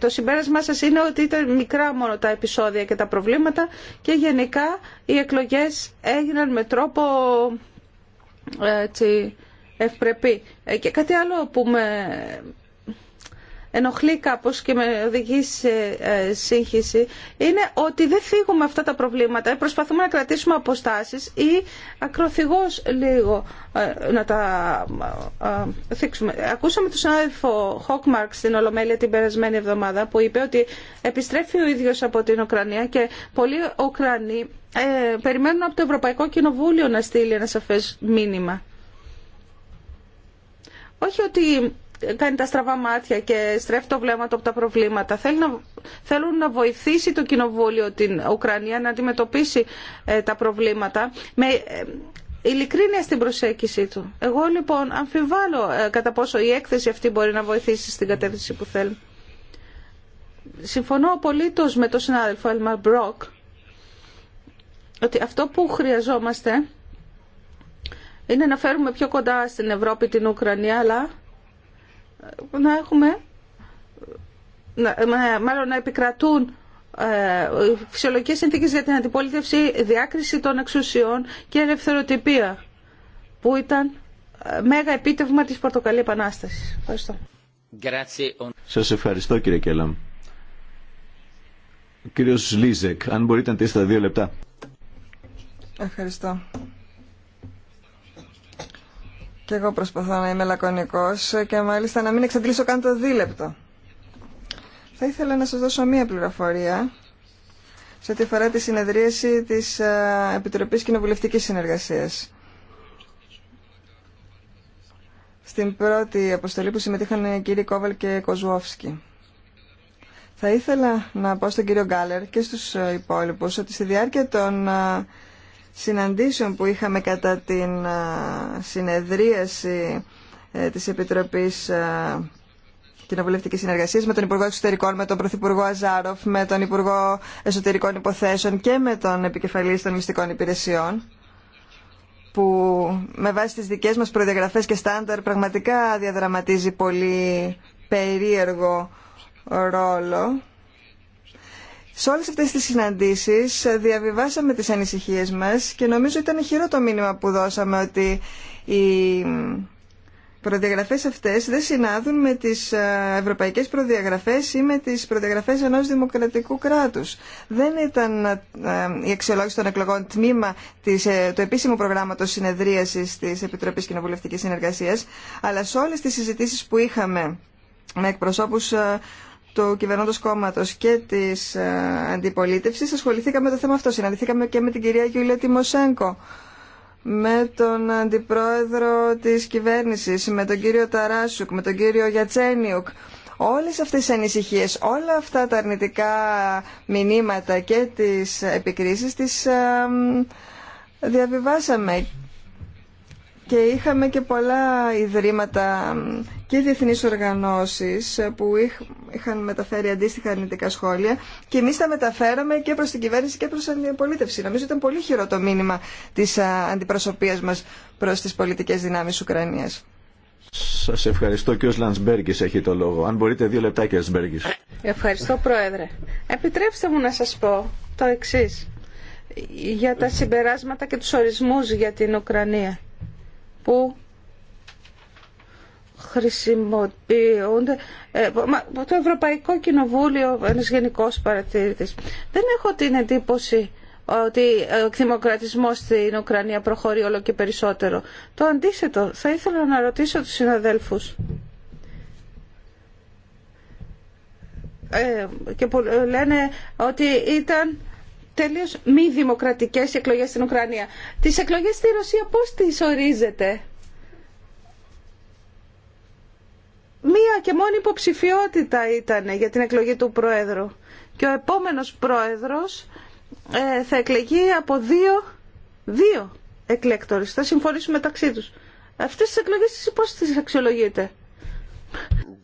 το συμπέρασμά σας είναι ότι ήταν μικρά μόνο τα επεισόδια και τα προβλήματα και γενικά οι εκλογές έγιναν με τρόπο ε, έτσι, ευπρεπή. Ε, και κάτι άλλο που με ενοχλεί κάπως και με οδηγεί σε ε, σύγχυση είναι ότι δεν φύγουμε αυτά τα προβλήματα. Ε, προσπαθούμε να κρατήσουμε αποστάσεις ή ακροθυγώς λίγο ε, να τα θίξουμε. Ακούσαμε τον συνάδελφο Χόκμαρκ στην Ολομέλεια την περασμένη εβδομάδα που είπε ότι επιστρέφει ο ίδιος από την Ουκρανία και πολλοί Ουκρανοί περιμένουν από το Ευρωπαϊκό Κοινοβούλιο να στείλει ένα σαφές μήνυμα. Όχι ότι κάνει τα στραβά μάτια και στρέφει το βλέμμα του από τα προβλήματα. Θέλουν να, θέλουν να βοηθήσει το Κοινοβούλιο την Ουκρανία να αντιμετωπίσει ε, τα προβλήματα με ε, ειλικρίνεια στην προσέγγιση του. Εγώ λοιπόν αμφιβάλλω ε, κατά πόσο η έκθεση αυτή μπορεί να βοηθήσει στην κατεύθυνση που θέλουν. Συμφωνώ απολύτω με τον συνάδελφο Έλμαρ Μπρόκ ότι αυτό που χρειαζόμαστε είναι να φέρουμε πιο κοντά στην Ευρώπη την Ουκρανία, αλλά να έχουμε, μάλλον να επικρατούν ε, φυσιολογικές συνθήκες για την αντιπολίτευση, διάκριση των εξουσιών και ελευθεροτυπία, που ήταν ε, μέγα επίτευγμα της Πορτοκαλή Επανάστασης. Ευχαριστώ. Σας ευχαριστώ κύριε Κέλαμ. Κύριος Λίζεκ, αν μπορείτε να τέσσετε δύο λεπτά. Ευχαριστώ. Και εγώ προσπαθώ να είμαι λακωνικός και μάλιστα να μην εξαντλήσω καν το δίλεπτο. Θα ήθελα να σας δώσω μία πληροφορία σε ό,τι αφορά τη συνεδρίαση της ε, Επιτροπής Κοινοβουλευτικής Συνεργασίας. Στην πρώτη αποστολή που συμμετείχαν οι κύριοι Κόβαλ και Κοζουόφσκι. Θα ήθελα να πω στον κύριο Γκάλερ και στους ε, υπόλοιπους ότι στη διάρκεια των ε, συναντήσεων που είχαμε κατά την συνεδρίαση ε, της Επιτροπής Κοινοβουλευτική Συνεργασία με τον Υπουργό Εξωτερικών, με τον Πρωθυπουργό Αζάροφ, με τον Υπουργό Εσωτερικών Υποθέσεων και με τον Επικεφαλή των Μυστικών Υπηρεσιών που με βάση τις δικές μας προδιαγραφές και στάνταρ πραγματικά διαδραματίζει πολύ περίεργο ρόλο σε όλες αυτές τις συναντήσεις ε, διαβιβάσαμε τις ανησυχίες μας και νομίζω ήταν χειρό το μήνυμα που δώσαμε ότι οι προδιαγραφές αυτές δεν συνάδουν με τις ε, ευρωπαϊκές προδιαγραφές ή με τις προδιαγραφές ενός δημοκρατικού κράτους. Δεν ήταν ε, η αξιολόγηση των εκλογών τμήμα του επίσημου προγράμματος συνεδρίασης της Επιτροπής Κοινοβουλευτικής Συνεργασίας, αλλά σε όλες τις συζητήσεις που είχαμε με εκπροσώπους του κυβερνώντο κόμματο και τη ε, αντιπολίτευση ασχοληθήκαμε με το θέμα αυτό. Συναντηθήκαμε και με την κυρία Γιούλια Τιμοσέγκο, με τον αντιπρόεδρο τη κυβέρνηση, με τον κύριο Ταράσουκ, με τον κύριο Γιατσένιουκ. Όλε αυτέ οι ανησυχίε, όλα αυτά τα αρνητικά μηνύματα και τι επικρίσει τι ε, διαβιβάσαμε και είχαμε και πολλά ιδρύματα και διεθνείς οργανώσεις που είχαν μεταφέρει αντίστοιχα αρνητικά σχόλια και εμείς τα μεταφέραμε και προς την κυβέρνηση και προς την αντιπολίτευση. Νομίζω ήταν πολύ χειρό το μήνυμα της αντιπροσωπείας μας προς τις πολιτικές δυνάμεις Ουκρανίας. Σας ευχαριστώ και ο Λαντσμπέργκης έχει το λόγο. Αν μπορείτε δύο λεπτά ο Λαντσμπέργκης. Ευχαριστώ Πρόεδρε. Επιτρέψτε μου να σας πω το εξής για τα συμπεράσματα και του ορισμού για την Ουκρανία που χρησιμοποιούνται. Ε, το Ευρωπαϊκό Κοινοβούλιο, ένα γενικό παρατηρητή. Δεν έχω την εντύπωση ότι ο εκδημοκρατισμό στην Ουκρανία προχωρεί όλο και περισσότερο. Το αντίθετο, θα ήθελα να ρωτήσω τους συναδέλφους. Ε, και που λένε ότι ήταν τελείως μη δημοκρατικές εκλογές στην Ουκρανία. Τις εκλογές στη Ρωσία πώς τις ορίζετε. Μία και μόνη υποψηφιότητα ήταν για την εκλογή του Πρόεδρου. Και ο επόμενος Πρόεδρος ε, θα εκλεγεί από δύο, δύο εκλέκτορες. Θα συμφωνήσουν μεταξύ του. Αυτές τι εκλογές πώς τις αξιολογείτε.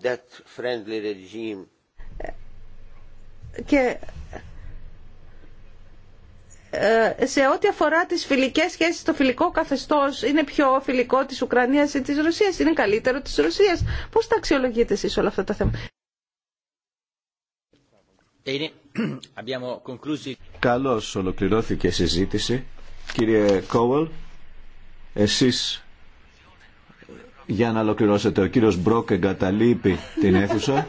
That friendly regime. Και ε, σε ό,τι αφορά τις φιλικές σχέσεις, το φιλικό καθεστώς είναι πιο φιλικό της Ουκρανίας ή της Ρωσίας, είναι καλύτερο της Ρωσίας. Πώς τα αξιολογείτε εσείς όλα αυτά τα θέματα. [clears throat] Καλώς ολοκληρώθηκε η συζήτηση. Κύριε Κόουελ, εσείς για να ολοκληρώσετε. Ο κύριος Μπρόκ εγκαταλείπει την αίθουσα.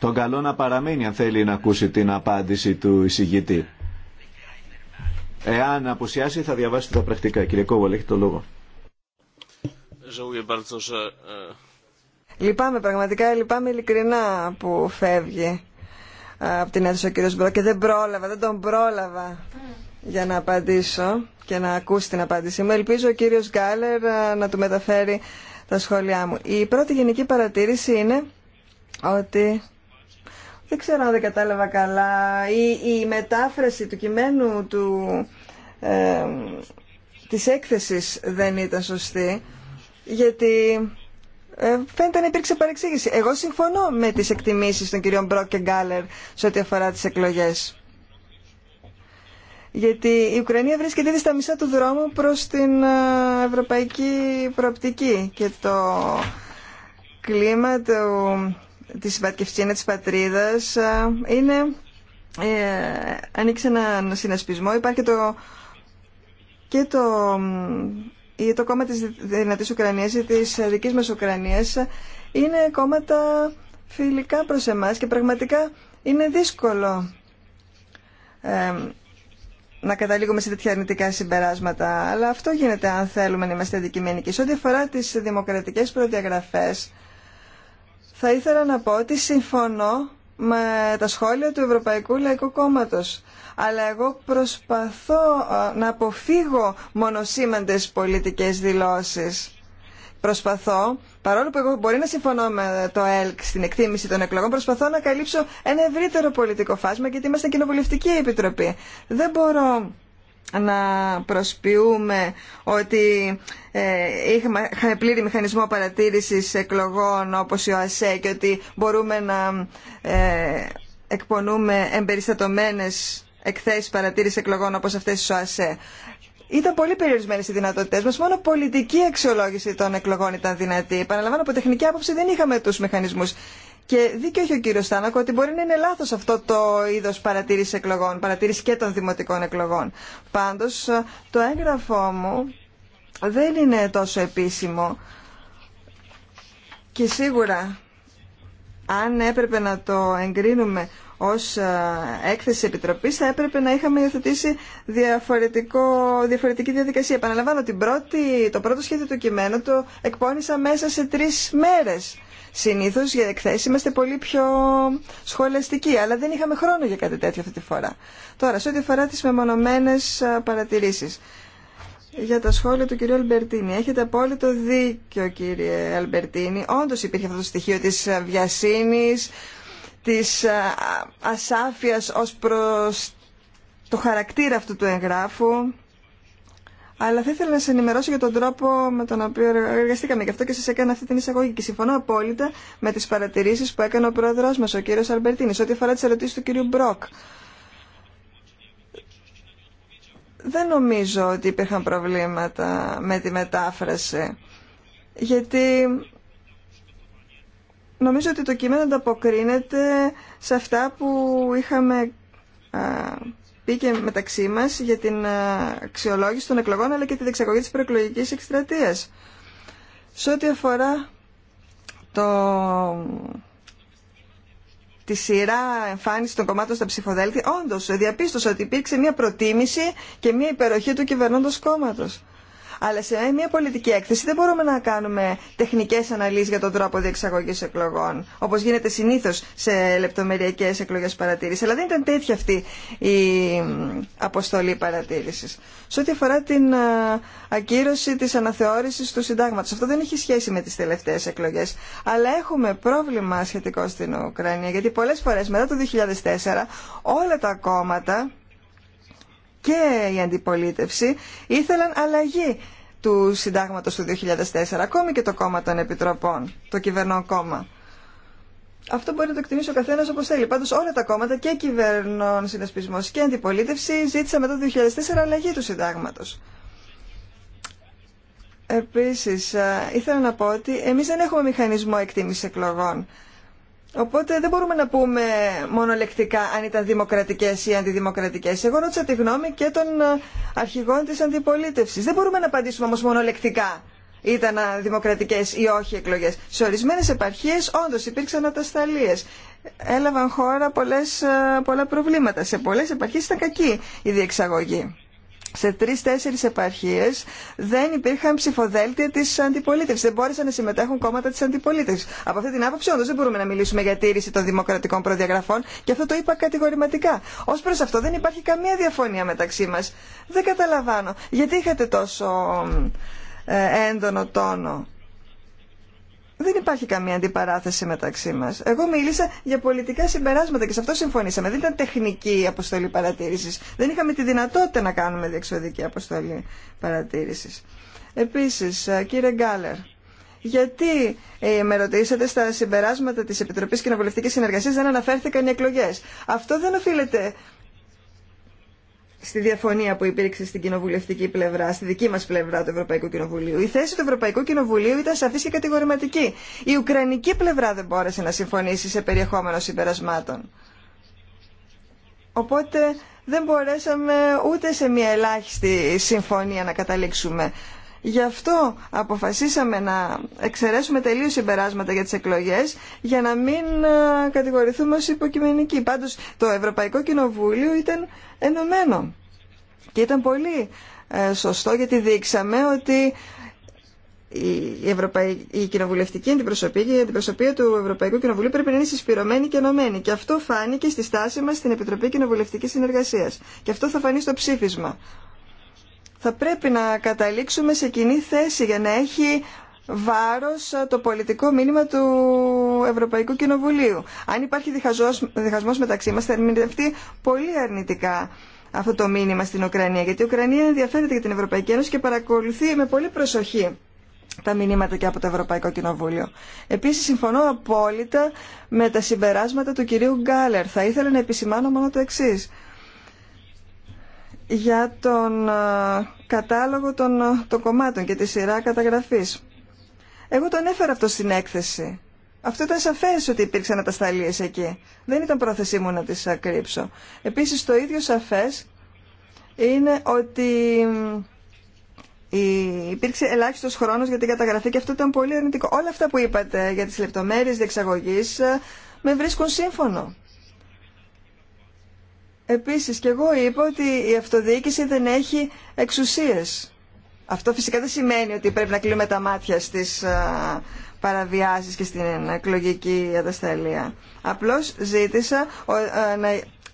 Τον καλό να παραμείνει αν θέλει να ακούσει την απάντηση του εισηγητή. Εάν αποσιάσει θα διαβάσει τα πρακτικά. Κύριε Κόβολ, έχει το λόγο. Ε, ε. Λυπάμαι πραγματικά, λυπάμαι ειλικρινά που φεύγει ε, από την αίθουσα ο κύριος Μπρό και δεν πρόλαβα, δεν τον πρόλαβα για να απαντήσω και να ακούσει την απάντησή μου. Ελπίζω ο κύριος Γκάλερ να του μεταφέρει τα σχόλιά μου. Η πρώτη γενική παρατήρηση είναι ότι δεν ξέρω αν δεν κατάλαβα καλά η μετάφραση του κειμένου του της έκθεσης δεν ήταν σωστή, γιατί ε, φαίνεται να υπήρξε παρεξήγηση. Εγώ συμφωνώ με τις εκτιμήσεις των κυρίων Μπρόκ και Γκάλερ σε ό,τι αφορά τις εκλογές. Γιατί η Ουκρανία βρίσκεται ήδη στα μισά του δρόμου προς την ε, ευρωπαϊκή προοπτική και το κλίμα του, της συμπατκευσίνα της πατρίδας ε, είναι, ε, ανοίξει έναν συνασπισμό. Υπάρχει το και το, ή το κόμμα της Δυνατής Ουκρανίας ή της δικής μας Ουκρανίας είναι κόμματα φιλικά προς εμάς και πραγματικά είναι δύσκολο να καταλήγουμε σε τέτοια αρνητικά συμπεράσματα. Αλλά αυτό γίνεται αν θέλουμε να είμαστε αντικειμενικοί. Σε ό,τι αφορά τις δημοκρατικές προδιαγραφές, θα ήθελα να πω ότι συμφωνώ με τα σχόλια του Ευρωπαϊκού Λαϊκού Κόμματος. Αλλά εγώ προσπαθώ να αποφύγω μονοσήμαντες πολιτικές δηλώσεις. Προσπαθώ, παρόλο που εγώ μπορεί να συμφωνώ με το ΕΛΚ στην εκτίμηση των εκλογών, προσπαθώ να καλύψω ένα ευρύτερο πολιτικό φάσμα γιατί είμαστε κοινοβουλευτική επιτροπή. Δεν μπορώ να προσποιούμε ότι ε, είχαμε πλήρη μηχανισμό παρατήρησης εκλογών όπως η ΟΑΣΕ και ότι μπορούμε να ε, εκπονούμε εμπεριστατωμένες εκθέσεις παρατήρησης εκλογών όπως αυτές της ΟΑΣΕ. Ήταν πολύ περιορισμένε οι δυνατότητέ μα. Μόνο πολιτική αξιολόγηση των εκλογών ήταν δυνατή. Παραλαμβάνω από τεχνική άποψη δεν είχαμε του μηχανισμού. Και δίκιο έχει ο κύριο Στάνακο ότι μπορεί να είναι λάθο αυτό το είδο παρατήρηση εκλογών, παρατήρηση και των δημοτικών εκλογών. Πάντω, το έγγραφό μου δεν είναι τόσο επίσημο. Και σίγουρα, αν έπρεπε να το εγκρίνουμε ως ε, έκθεση επιτροπής θα έπρεπε να είχαμε υιοθετήσει διαφορετικό, διαφορετική διαδικασία. Επαναλαμβάνω την το πρώτο σχέδιο του κειμένου το εκπώνησα μέσα σε τρεις μέρες. Συνήθως για εκθέσει είμαστε πολύ πιο σχολαστικοί, αλλά δεν είχαμε χρόνο για κάτι τέτοιο αυτή τη φορά. Τώρα, σε ό,τι αφορά τις μεμονωμένες ε, παρατηρήσεις. Για τα σχόλια του κυρίου Αλμπερτίνη. Έχετε απόλυτο δίκιο, κύριε Αλμπερτίνη. Όντω υπήρχε αυτό το στοιχείο τη ε, βιασύνη, της ε, ασάφειας ως προς το χαρακτήρα αυτού του εγγράφου. Αλλά θα ήθελα να σε ενημερώσω για τον τρόπο με τον οποίο εργαστήκαμε. Γι' αυτό και σα έκανα αυτή την εισαγωγή. Και συμφωνώ απόλυτα με τις παρατηρήσεις που έκανε ο πρόεδρό μα, ο κύριος Αλμπερτίνη, ό,τι αφορά τι ερωτήσει του κυρίου Μπροκ. Δεν νομίζω ότι υπήρχαν προβλήματα με τη μετάφραση. Γιατί Νομίζω ότι το κείμενο ανταποκρίνεται σε αυτά που είχαμε πει και μεταξύ μας για την αξιολόγηση των εκλογών αλλά και τη δεξαγωγή της προεκλογικής εκστρατείας. Σε ό,τι αφορά το... τη σειρά εμφάνιση των κομμάτων στα ψηφοδέλτια, όντως διαπίστωσα ότι υπήρξε μια προτίμηση και μια υπεροχή του κυβερνώντος κόμματος. Αλλά σε μια πολιτική έκθεση δεν μπορούμε να κάνουμε τεχνικέ αναλύσει για τον τρόπο διεξαγωγή εκλογών, όπω γίνεται συνήθω σε λεπτομεριακέ εκλογέ παρατήρηση. Αλλά δεν ήταν τέτοια αυτή η αποστολή παρατήρηση. Σε ό,τι αφορά την ε, ακύρωση τη αναθεώρηση του συντάγματο, αυτό δεν έχει σχέση με τι τελευταίε εκλογέ. Αλλά έχουμε πρόβλημα σχετικό στην Ουκρανία, γιατί πολλέ φορέ, μετά το 2004 όλα τα κόμματα και η αντιπολίτευση ήθελαν αλλαγή του συντάγματος του 2004, ακόμη και το κόμμα των επιτροπών, το κυβερνόν κόμμα. Αυτό μπορεί να το εκτιμήσει ο καθένα όπω θέλει. Πάντω όλα τα κόμματα και κυβερνών συνασπισμό και αντιπολίτευση ζήτησαν μετά το 2004 αλλαγή του συντάγματο. Επίση, ε, ήθελα να πω ότι εμεί δεν έχουμε μηχανισμό εκτίμηση εκλογών. Οπότε δεν μπορούμε να πούμε μονολεκτικά αν ήταν δημοκρατικές ή αντιδημοκρατικές. Εγώ ρώτησα τη γνώμη και των ε, αρχηγών της αντιπολίτευσης. Δεν μπορούμε να απαντήσουμε όμως μονολεκτικά ήταν όμω ορισμένες επαρχίες όντως υπήρξαν ατασταλίες. Έλαβαν χώρα πολλές, ε, πολλά προβλήματα. Σε πολλές επαρχίες ήταν κακή η οχι εκλογες σε ορισμένε επαρχιες οντως υπηρξαν ατασταλιε ελαβαν χωρα πολλες πολλα προβληματα σε πολλέ επαρχίε ηταν κακη η διεξαγωγη σε τρει-τέσσερι επαρχίε δεν υπήρχαν ψηφοδέλτια τη αντιπολίτευση. Δεν μπόρεσαν να συμμετέχουν κόμματα τη αντιπολίτευση. Από αυτή την άποψη, όντω δεν μπορούμε να μιλήσουμε για τήρηση των δημοκρατικών προδιαγραφών και αυτό το είπα κατηγορηματικά. Ω προ αυτό δεν υπάρχει καμία διαφωνία μεταξύ μα. Δεν καταλαβαίνω. Γιατί είχατε τόσο ε, έντονο τόνο. Δεν υπάρχει καμία αντιπαράθεση μεταξύ μα. Εγώ μίλησα για πολιτικά συμπεράσματα και σε αυτό συμφωνήσαμε. Δεν ήταν τεχνική αποστολή παρατήρηση. Δεν είχαμε τη δυνατότητα να κάνουμε διεξοδική αποστολή παρατήρηση. Επίση, ε, κύριε Γκάλερ, γιατί ε, με ρωτήσατε στα συμπεράσματα τη Επιτροπή Κοινοβουλευτική Συνεργασία δεν αναφέρθηκαν οι εκλογέ. Αυτό δεν οφείλεται στη διαφωνία που υπήρξε στην κοινοβουλευτική πλευρά, στη δική μα πλευρά του Ευρωπαϊκού Κοινοβουλίου. Η θέση του Ευρωπαϊκού Κοινοβουλίου ήταν σαφή και κατηγορηματική. Η Ουκρανική πλευρά δεν μπόρεσε να συμφωνήσει σε περιεχόμενο συμπερασμάτων. Οπότε δεν μπορέσαμε ούτε σε μια ελάχιστη συμφωνία να καταλήξουμε. Γι' αυτό αποφασίσαμε να εξαιρέσουμε τελείως συμπεράσματα για τις εκλογές για να μην ε, κατηγορηθούμε ως υποκειμενικοί. Πάντως το Ευρωπαϊκό Κοινοβούλιο ήταν ενωμένο και ήταν πολύ ε, σωστό γιατί δείξαμε ότι η, Ευρωπαϊ... κοινοβουλευτική αντιπροσωπή και η αντιπροσωπεία του Ευρωπαϊκού Κοινοβουλίου πρέπει να είναι συσπηρωμένη και ενωμένη. Και αυτό φάνηκε στη στάση μα στην Επιτροπή Κοινοβουλευτική Συνεργασία. Και αυτό θα φανεί στο ψήφισμα θα πρέπει να καταλήξουμε σε κοινή θέση για να έχει βάρος το πολιτικό μήνυμα του Ευρωπαϊκού Κοινοβουλίου. Αν υπάρχει διχασμός, διχασμός μεταξύ μας θα ερμηνευτεί πολύ αρνητικά αυτό το μήνυμα στην Ουκρανία γιατί η Ουκρανία ενδιαφέρεται για την Ευρωπαϊκή Ένωση και παρακολουθεί με πολύ προσοχή τα μηνύματα και από το Ευρωπαϊκό Κοινοβούλιο. Επίσης συμφωνώ απόλυτα με τα συμπεράσματα του κυρίου Γκάλερ. Θα ήθελα να επισημάνω μόνο το εξής για τον ε, κατάλογο των, ε, των κομμάτων και τη σειρά καταγραφής. Εγώ τον έφερα αυτό στην έκθεση. Αυτό ήταν σαφές ότι υπήρξαν ατασταλίες εκεί. Δεν ήταν πρόθεσή μου να τις ακρύψω. Επίσης το ίδιο σαφές είναι ότι ε, υπήρξε ελάχιστος χρόνος για την καταγραφή και αυτό ήταν πολύ αρνητικό. Όλα αυτά που είπατε για τις λεπτομέρειες διεξαγωγής με βρίσκουν σύμφωνο. Επίσης και εγώ είπα ότι η αυτοδιοίκηση δεν έχει εξουσίες. Αυτό φυσικά δεν σημαίνει ότι πρέπει να κλείνουμε τα μάτια στις παραβιάσεις και στην εκλογική ατασταλία. Απλώς ζήτησα να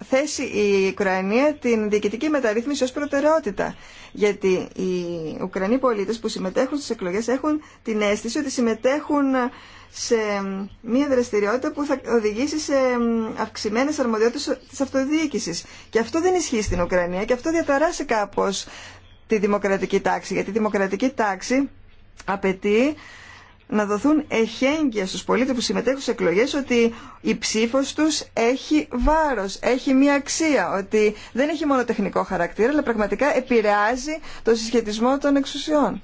θέσει η Ουκρανία την διοικητική μεταρρύθμιση ως προτεραιότητα. Γιατί οι Ουκρανοί πολίτες που συμμετέχουν στις εκλογές έχουν την αίσθηση ότι συμμετέχουν σε μια δραστηριότητα που θα οδηγήσει σε αυξημένες αρμοδιότητες της αυτοδιοίκησης. Και αυτό δεν ισχύει στην Ουκρανία και αυτό διαταράσει κάπως τη δημοκρατική τάξη. Γιατί η δημοκρατική τάξη απαιτεί να δοθούν εχέγγυα στους πολίτες που συμμετέχουν σε εκλογές ότι η ψήφος τους έχει βάρος, έχει μία αξία, ότι δεν έχει μόνο τεχνικό χαρακτήρα, αλλά πραγματικά επηρεάζει το συσχετισμό των εξουσιών.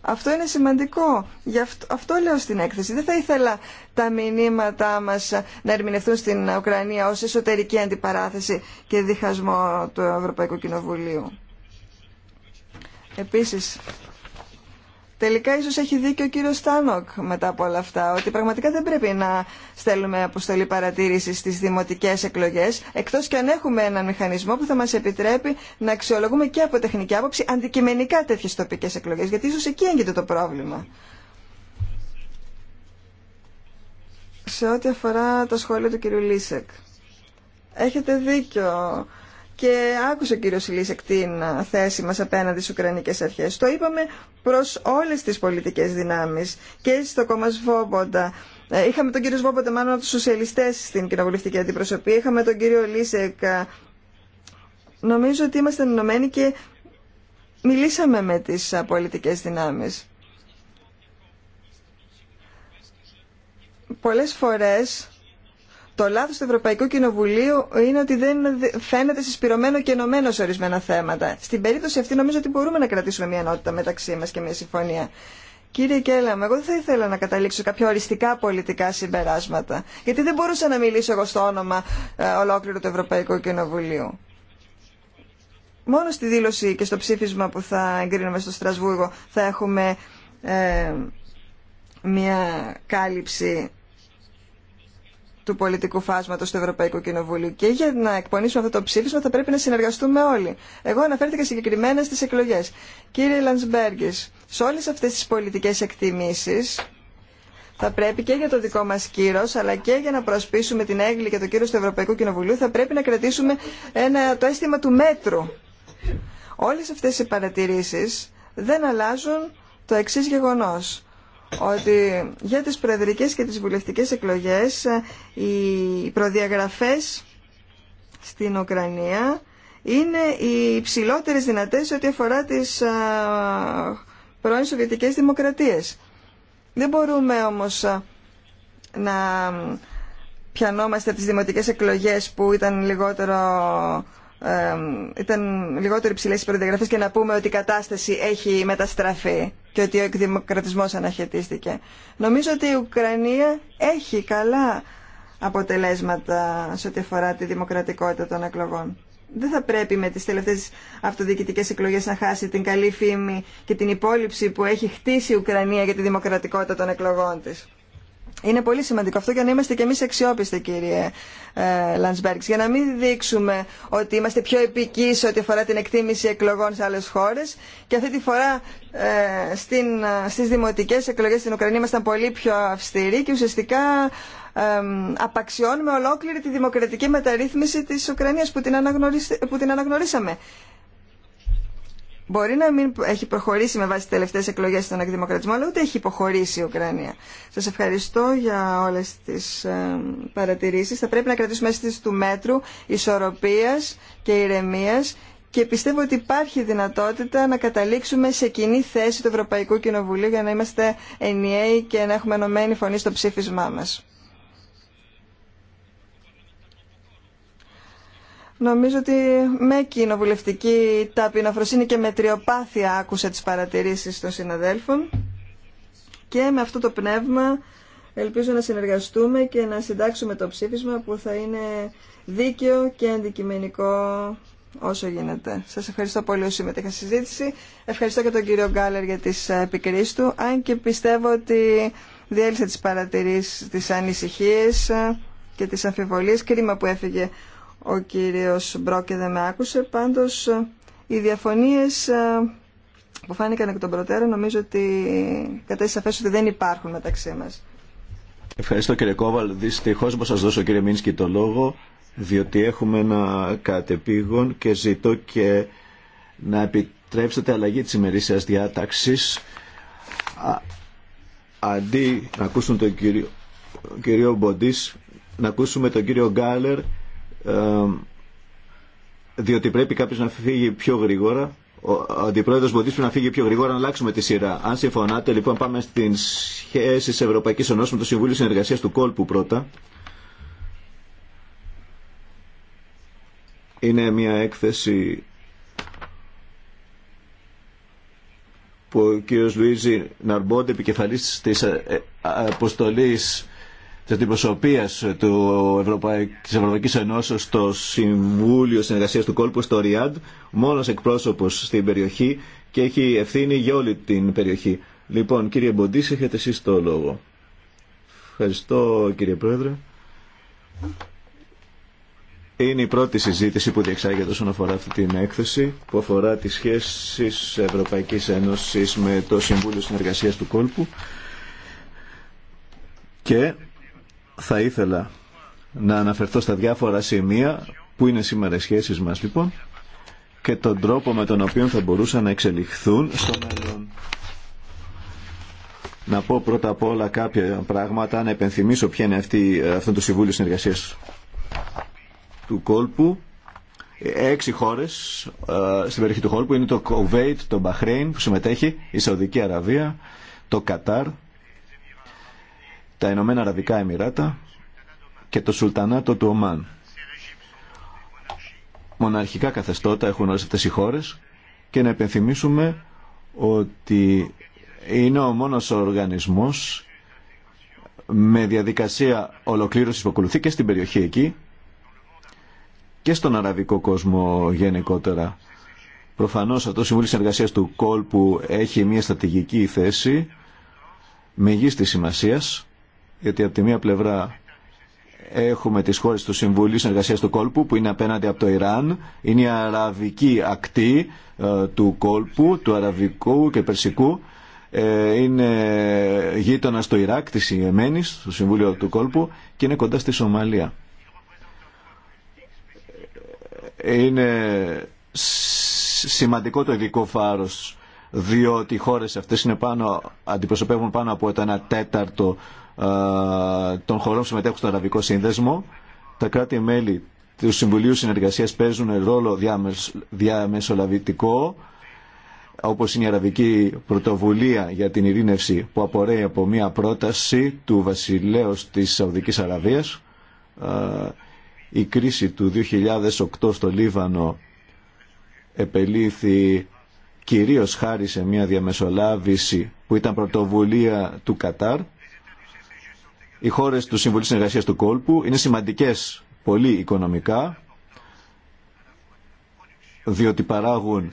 Αυτό είναι σημαντικό. Γι αυτό, αυτό λέω στην έκθεση. Δεν θα ήθελα τα μηνύματά μας να ερμηνευτούν στην Ουκρανία ως εσωτερική αντιπαράθεση και διχασμό του Ευρωπαϊκού Κοινοβουλίου. Επίσης, Τελικά ίσως έχει δίκιο ο κύριος Στάνοκ μετά από όλα αυτά, ότι πραγματικά δεν πρέπει να στέλνουμε αποστολή παρατήρηση στις δημοτικές εκλογές, εκτός και αν έχουμε έναν μηχανισμό που θα μας επιτρέπει να αξιολογούμε και από τεχνική άποψη αντικειμενικά τέτοιες τοπικές εκλογές, γιατί ίσως εκεί έγκυται το πρόβλημα. Σε ό,τι αφορά τα σχόλια του κυρίου Λίσεκ. Έχετε δίκιο και άκουσε ο κύριος Λίσεκ την θέση μας απέναντι στις Ουκρανικές αρχές. Το είπαμε προς όλες τις πολιτικές δυνάμεις και στο κόμμα Σβόμποντα. Ε, είχαμε τον κύριο Σβόμποντα μάλλον από τους σοσιαλιστές στην κοινοβουλευτική αντιπροσωπή. Είχαμε τον κύριο Λίσεκ. Νομίζω ότι είμαστε ενωμένοι και μιλήσαμε με τις πολιτικές δυνάμεις. Πολλές φορές το λάθο του Ευρωπαϊκού Κοινοβουλίου είναι ότι δεν φαίνεται συσπηρωμένο και ενωμένο σε ορισμένα θέματα. Στην περίπτωση αυτή νομίζω ότι μπορούμε να κρατήσουμε μια ενότητα μεταξύ μα και μια συμφωνία. Κύριε Κέλαμ, εγώ δεν θα ήθελα να καταλήξω κάποια οριστικά πολιτικά συμπεράσματα, γιατί δεν μπορούσα να μιλήσω εγώ στο όνομα ε, ολόκληρου του Ευρωπαϊκού Κοινοβουλίου. Μόνο στη δήλωση και στο ψήφισμα που θα εγκρίνουμε στο Στρασβούργο θα έχουμε ε, μια κάλυψη του πολιτικού φάσματο του Ευρωπαϊκού Κοινοβουλίου. Και για να εκπονήσουμε αυτό το ψήφισμα θα πρέπει να συνεργαστούμε όλοι. Εγώ αναφέρθηκα συγκεκριμένα στις εκλογέ. Κύριε Λαντσμπέργκη, σε όλε αυτέ τι πολιτικέ εκτιμήσει θα πρέπει και για το δικό μα κύρος, αλλά και για να προσπίσουμε την έγκλη και το κύρο του Ευρωπαϊκού Κοινοβουλίου, θα πρέπει να κρατήσουμε ένα, το αίσθημα του μέτρου. Όλε αυτέ οι παρατηρήσει δεν αλλάζουν το εξή γεγονός ότι για τις προεδρικές και τις βουλευτικές εκλογές ε, οι προδιαγραφές στην Ουκρανία είναι οι υψηλότερες δυνατές ό,τι αφορά τις ε, πρώην Σοβιετικές Δημοκρατίες. Δεν μπορούμε όμως ε, να πιανόμαστε τις δημοτικές εκλογές που ήταν λιγότερο ήταν λιγότερο υψηλές οι προδιαγραφέ και να πούμε ότι η κατάσταση έχει μεταστραφεί και ότι ο εκδημοκρατισμός αναχαιτίστηκε. Νομίζω ότι η Ουκρανία έχει καλά αποτελέσματα σε ό,τι αφορά τη δημοκρατικότητα των εκλογών. Δεν θα πρέπει με τις τελευταίες αυτοδιοικητικές εκλογές να χάσει την καλή φήμη και την υπόλοιψη που έχει χτίσει η Ουκρανία για τη δημοκρατικότητα των εκλογών της. Είναι πολύ σημαντικό αυτό για να είμαστε και εμείς αξιόπιστοι κύριε ε, για να μην δείξουμε ότι είμαστε πιο σε ό,τι αφορά την εκτίμηση εκλογών σε άλλε χώρε και αυτή τη φορά ε, στην, ε, στις δημοτικές εκλογές στην Ουκρανία ήμασταν πολύ πιο αυστηροί και ουσιαστικά ε, απαξιώνουμε ολόκληρη τη δημοκρατική μεταρρύθμιση τη Ουκρανίας που που την αναγνωρίσαμε. Μπορεί να μην έχει προχωρήσει με βάση τι τελευταίε εκλογέ στον εκδημοκρατισμό, αλλά ούτε έχει υποχωρήσει η Ουκρανία. Σα ευχαριστώ για όλε τι ε, παρατηρήσει. Θα πρέπει να κρατήσουμε αίσθηση του μέτρου, ισορροπία και ηρεμία και πιστεύω ότι υπάρχει δυνατότητα να καταλήξουμε σε κοινή θέση του Ευρωπαϊκού Κοινοβουλίου για να είμαστε ενιαίοι και να έχουμε ενωμένη φωνή στο ψήφισμά μας. Νομίζω ότι με κοινοβουλευτική ταπεινοφροσύνη και με τριοπάθεια άκουσα τις παρατηρήσεις των συναδέλφων και με αυτό το πνεύμα ελπίζω να συνεργαστούμε και να συντάξουμε το ψήφισμα που θα είναι δίκαιο και αντικειμενικό όσο γίνεται. Σας ευχαριστώ πολύ όσοι συμμετείχα στη συζήτηση. Ευχαριστώ και τον κύριο Γκάλερ για τις ε, επικρίσεις του, αν και πιστεύω ότι διέλυσε τις παρατηρήσεις, τις ανησυχίες ε, και τις αμφιβολίες. Κρίμα που έφυγε ο κύριος Μπρόκε δεν με άκουσε. Πάντως ε, οι διαφωνίες ε, που φάνηκαν εκ των προτέρων νομίζω ότι κατέστησε σαφές ότι δεν υπάρχουν μεταξύ μας. Ευχαριστώ κύριε Κόβαλ. Δυστυχώς που σας δώσω κύριε Μίνσκι το λόγο διότι έχουμε ένα κατεπήγον και ζητώ και να επιτρέψετε αλλαγή της ημερήσιας διάταξης αντί να ακούσουν τον κύριο, κύριο Μποντής να ακούσουμε τον κύριο Γκάλερ διότι πρέπει κάποιο να φύγει πιο γρήγορα. Ο αντιπρόεδρο μπορεί να φύγει πιο γρήγορα να αλλάξουμε τη σειρά. Αν συμφωνάτε, λοιπόν, πάμε στην σχέσει Ευρωπαϊκή Ευρωπαϊκής με το Συμβούλιο Συνεργασίας του Κόλπου πρώτα. Είναι μια έκθεση που ο κ. Λουίζη Ναρμπόντ επικεφαλής της ε, ε, αποστολής Τη αντιπροσωπεία του Ευρωπαϊκή Ενώσεω στο Συμβούλιο Συνεργασία του Κόλπου στο Ριάντ, Μόνο εκπρόσωπο στην περιοχή και έχει ευθύνη για όλη την περιοχή. Λοιπόν, κύριε Μποντή, έχετε εσεί το λόγο. Ευχαριστώ, κύριε Πρόεδρε. Είναι η πρώτη συζήτηση που διεξάγεται όσον αφορά αυτή την έκθεση που αφορά τις σχέσεις Ευρωπαϊκής Ένωσης με το Συμβούλιο Συνεργασίας του Κόλπου και θα ήθελα να αναφερθώ στα διάφορα σημεία που είναι σήμερα οι σχέσεις μας λοιπόν και τον τρόπο με τον οποίο θα μπορούσαν να εξελιχθούν στο μέλλον. Να πω πρώτα απ' όλα κάποια πράγματα, να επενθυμίσω ποια είναι αυτή, αυτό το Συμβούλιο Συνεργασίας του Κόλπου. Έξι χώρες ε, στην περιοχή του Κόλπου είναι το Κοβέιτ, το Μπαχρέιν που συμμετέχει, η Σαουδική Αραβία, το Κατάρ, τα Ηνωμένα Αραβικά Εμμυράτα και το Σουλτανάτο του Ομάν. Μοναρχικά καθεστώτα έχουν όλες αυτές οι χώρες και να επενθυμίσουμε ότι είναι ο μόνος οργανισμός με διαδικασία ολοκλήρωσης που ακολουθεί και στην περιοχή εκεί και στον αραβικό κόσμο γενικότερα. Προφανώς αυτό το Συμβούλιο Συνεργασίας του Κόλπου που έχει μια στατηγική θέση μεγίστης σημασίας γιατί από τη μία πλευρά έχουμε τις χώρες του Συμβουλίου Συνεργασίας του Κόλπου που είναι απέναντι από το Ιράν, είναι η αραβική ακτή ε, του κόλπου, του αραβικού και περσικού, ε, είναι γείτονα στο Ιράκ της Ιεμένης, στο Συμβούλιο του Κόλπου και είναι κοντά στη Σομαλία. Είναι σημαντικό το ειδικό φάρος διότι οι χώρες αυτές είναι πάνω, αντιπροσωπεύουν πάνω από ένα τέταρτο των χωρών που συμμετέχουν στον Αραβικό Σύνδεσμο. Τα κράτη-μέλη του Συμβουλίου Συνεργασίας παίζουν ρόλο διαμεσολαβητικό, όπως είναι η Αραβική Πρωτοβουλία για την Ειρήνευση που απορρέει από μια πρόταση του βασιλέως της Σαουδικής Αραβίας. Η κρίση του 2008 στο Λίβανο επελήθη κυρίως χάρη σε μια διαμεσολάβηση που ήταν πρωτοβουλία του Κατάρ οι χώρες του Συμβουλίου συνεργασία του Κόλπου είναι σημαντικές πολύ οικονομικά, διότι παράγουν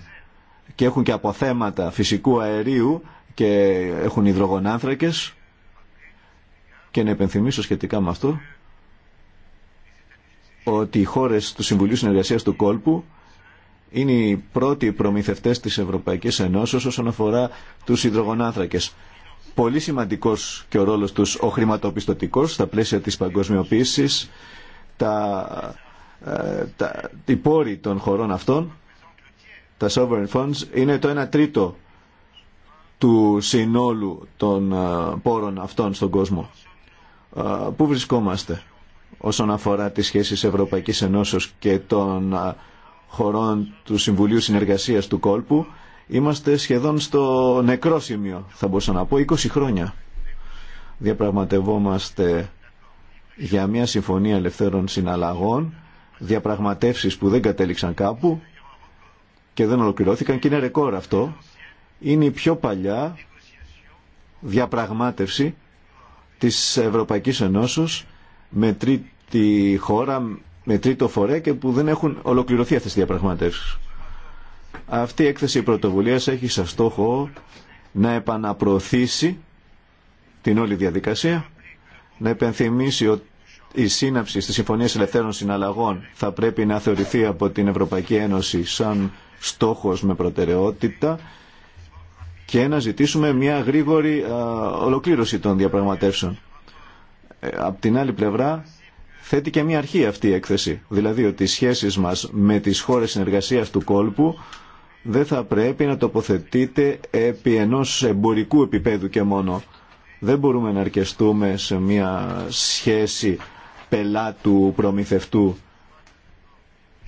και έχουν και αποθέματα φυσικού αερίου και έχουν υδρογονάνθρακες και να επενθυμίσω σχετικά με αυτό ότι οι χώρες του Συμβουλίου Συνεργασίας του Κόλπου είναι οι πρώτοι προμηθευτές της Ευρωπαϊκής Ενώσεως όσον αφορά τους υδρογονάνθρακες. Πολύ σημαντικός και ο ρόλος τους ο χρηματοπιστωτικός στα πλαίσια της παγκοσμιοποίησης. Τα, ε, τα, οι πόροι των χωρών αυτών, τα sovereign funds, είναι το 1 τρίτο του συνόλου των ε, πόρων αυτών στον κόσμο. Ε, πού βρισκόμαστε όσον αφορά τις σχέσεις Ευρωπαϊκής Ενώσεως και των χωρών του Συμβουλίου Συνεργασίας του Κόλπου Είμαστε σχεδόν στο νεκρό σημείο, θα μπορούσα να πω, 20 χρόνια διαπραγματευόμαστε για μια συμφωνία ελευθέρων συναλλαγών, διαπραγματεύσεις που δεν κατέληξαν κάπου και δεν ολοκληρώθηκαν και είναι ρεκόρ αυτό. Είναι η πιο παλιά διαπραγμάτευση της Ευρωπαϊκής Ενώσεως με τρίτη χώρα, με τρίτο φορέ και που δεν έχουν ολοκληρωθεί αυτές οι διαπραγματεύσεις. Αυτή η έκθεση πρωτοβουλίας έχει σαν στόχο να επαναπροωθήσει την όλη διαδικασία, να επενθυμίσει ότι η σύναψη στις Συμφωνίες Ελευθέρων Συναλλαγών θα πρέπει να θεωρηθεί από την Ευρωπαϊκή Ένωση σαν στόχος με προτεραιότητα και να ζητήσουμε μια γρήγορη ολοκλήρωση των διαπραγματεύσεων. Ε, απ' την άλλη πλευρά θέτει και μια αρχή αυτή η έκθεση, δηλαδή ότι οι σχέσεις μας με τις χώρες συνεργασίας του κόλπου δεν θα πρέπει να τοποθετείται επί ενός εμπορικού επίπεδου και μόνο. Δεν μπορούμε να αρκεστούμε σε μια σχέση πελάτου προμηθευτού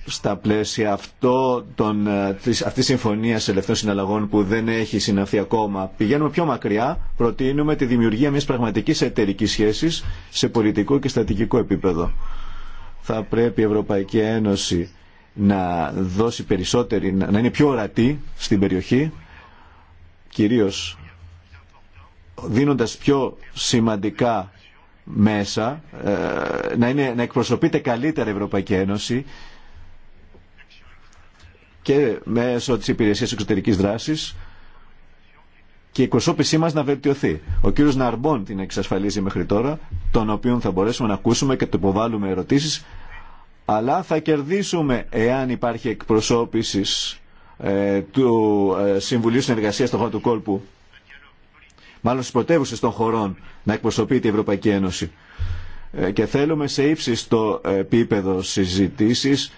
στα πλαίσια αυτό των, ε, της, αυτής συμφωνίας ελευθερών συναλλαγών που δεν έχει συναυθεί ακόμα. Πηγαίνουμε πιο μακριά, προτείνουμε τη δημιουργία μιας πραγματικής εταιρικής σχέσης σε πολιτικό και στατικικό επίπεδο. Θα πρέπει η Ευρωπαϊκή Ένωση να δώσει περισσότερη, να είναι πιο ορατή στην περιοχή, κυρίως δίνοντας πιο σημαντικά μέσα, ε, να, είναι, να εκπροσωπείται καλύτερα η Ευρωπαϊκή Ένωση και μέσω της υπηρεσίας εξωτερικής δράσης και η εκπροσώπησή μας να βελτιωθεί. Ο κύριος Ναρμπόν την εξασφαλίζει μέχρι τώρα, τον οποίον θα μπορέσουμε να ακούσουμε και του υποβάλουμε ερωτήσεις αλλά θα κερδίσουμε εάν υπάρχει εκπροσώπηση ε, του ε, Συμβουλίου Συνεργασίας στον χώρο του κόλπου μάλλον στις πρωτεύουσες των χωρών να εκπροσωπεί την Ευρωπαϊκή Ένωση ε, και θέλουμε σε ύψιστο επίπεδο συζητήσεις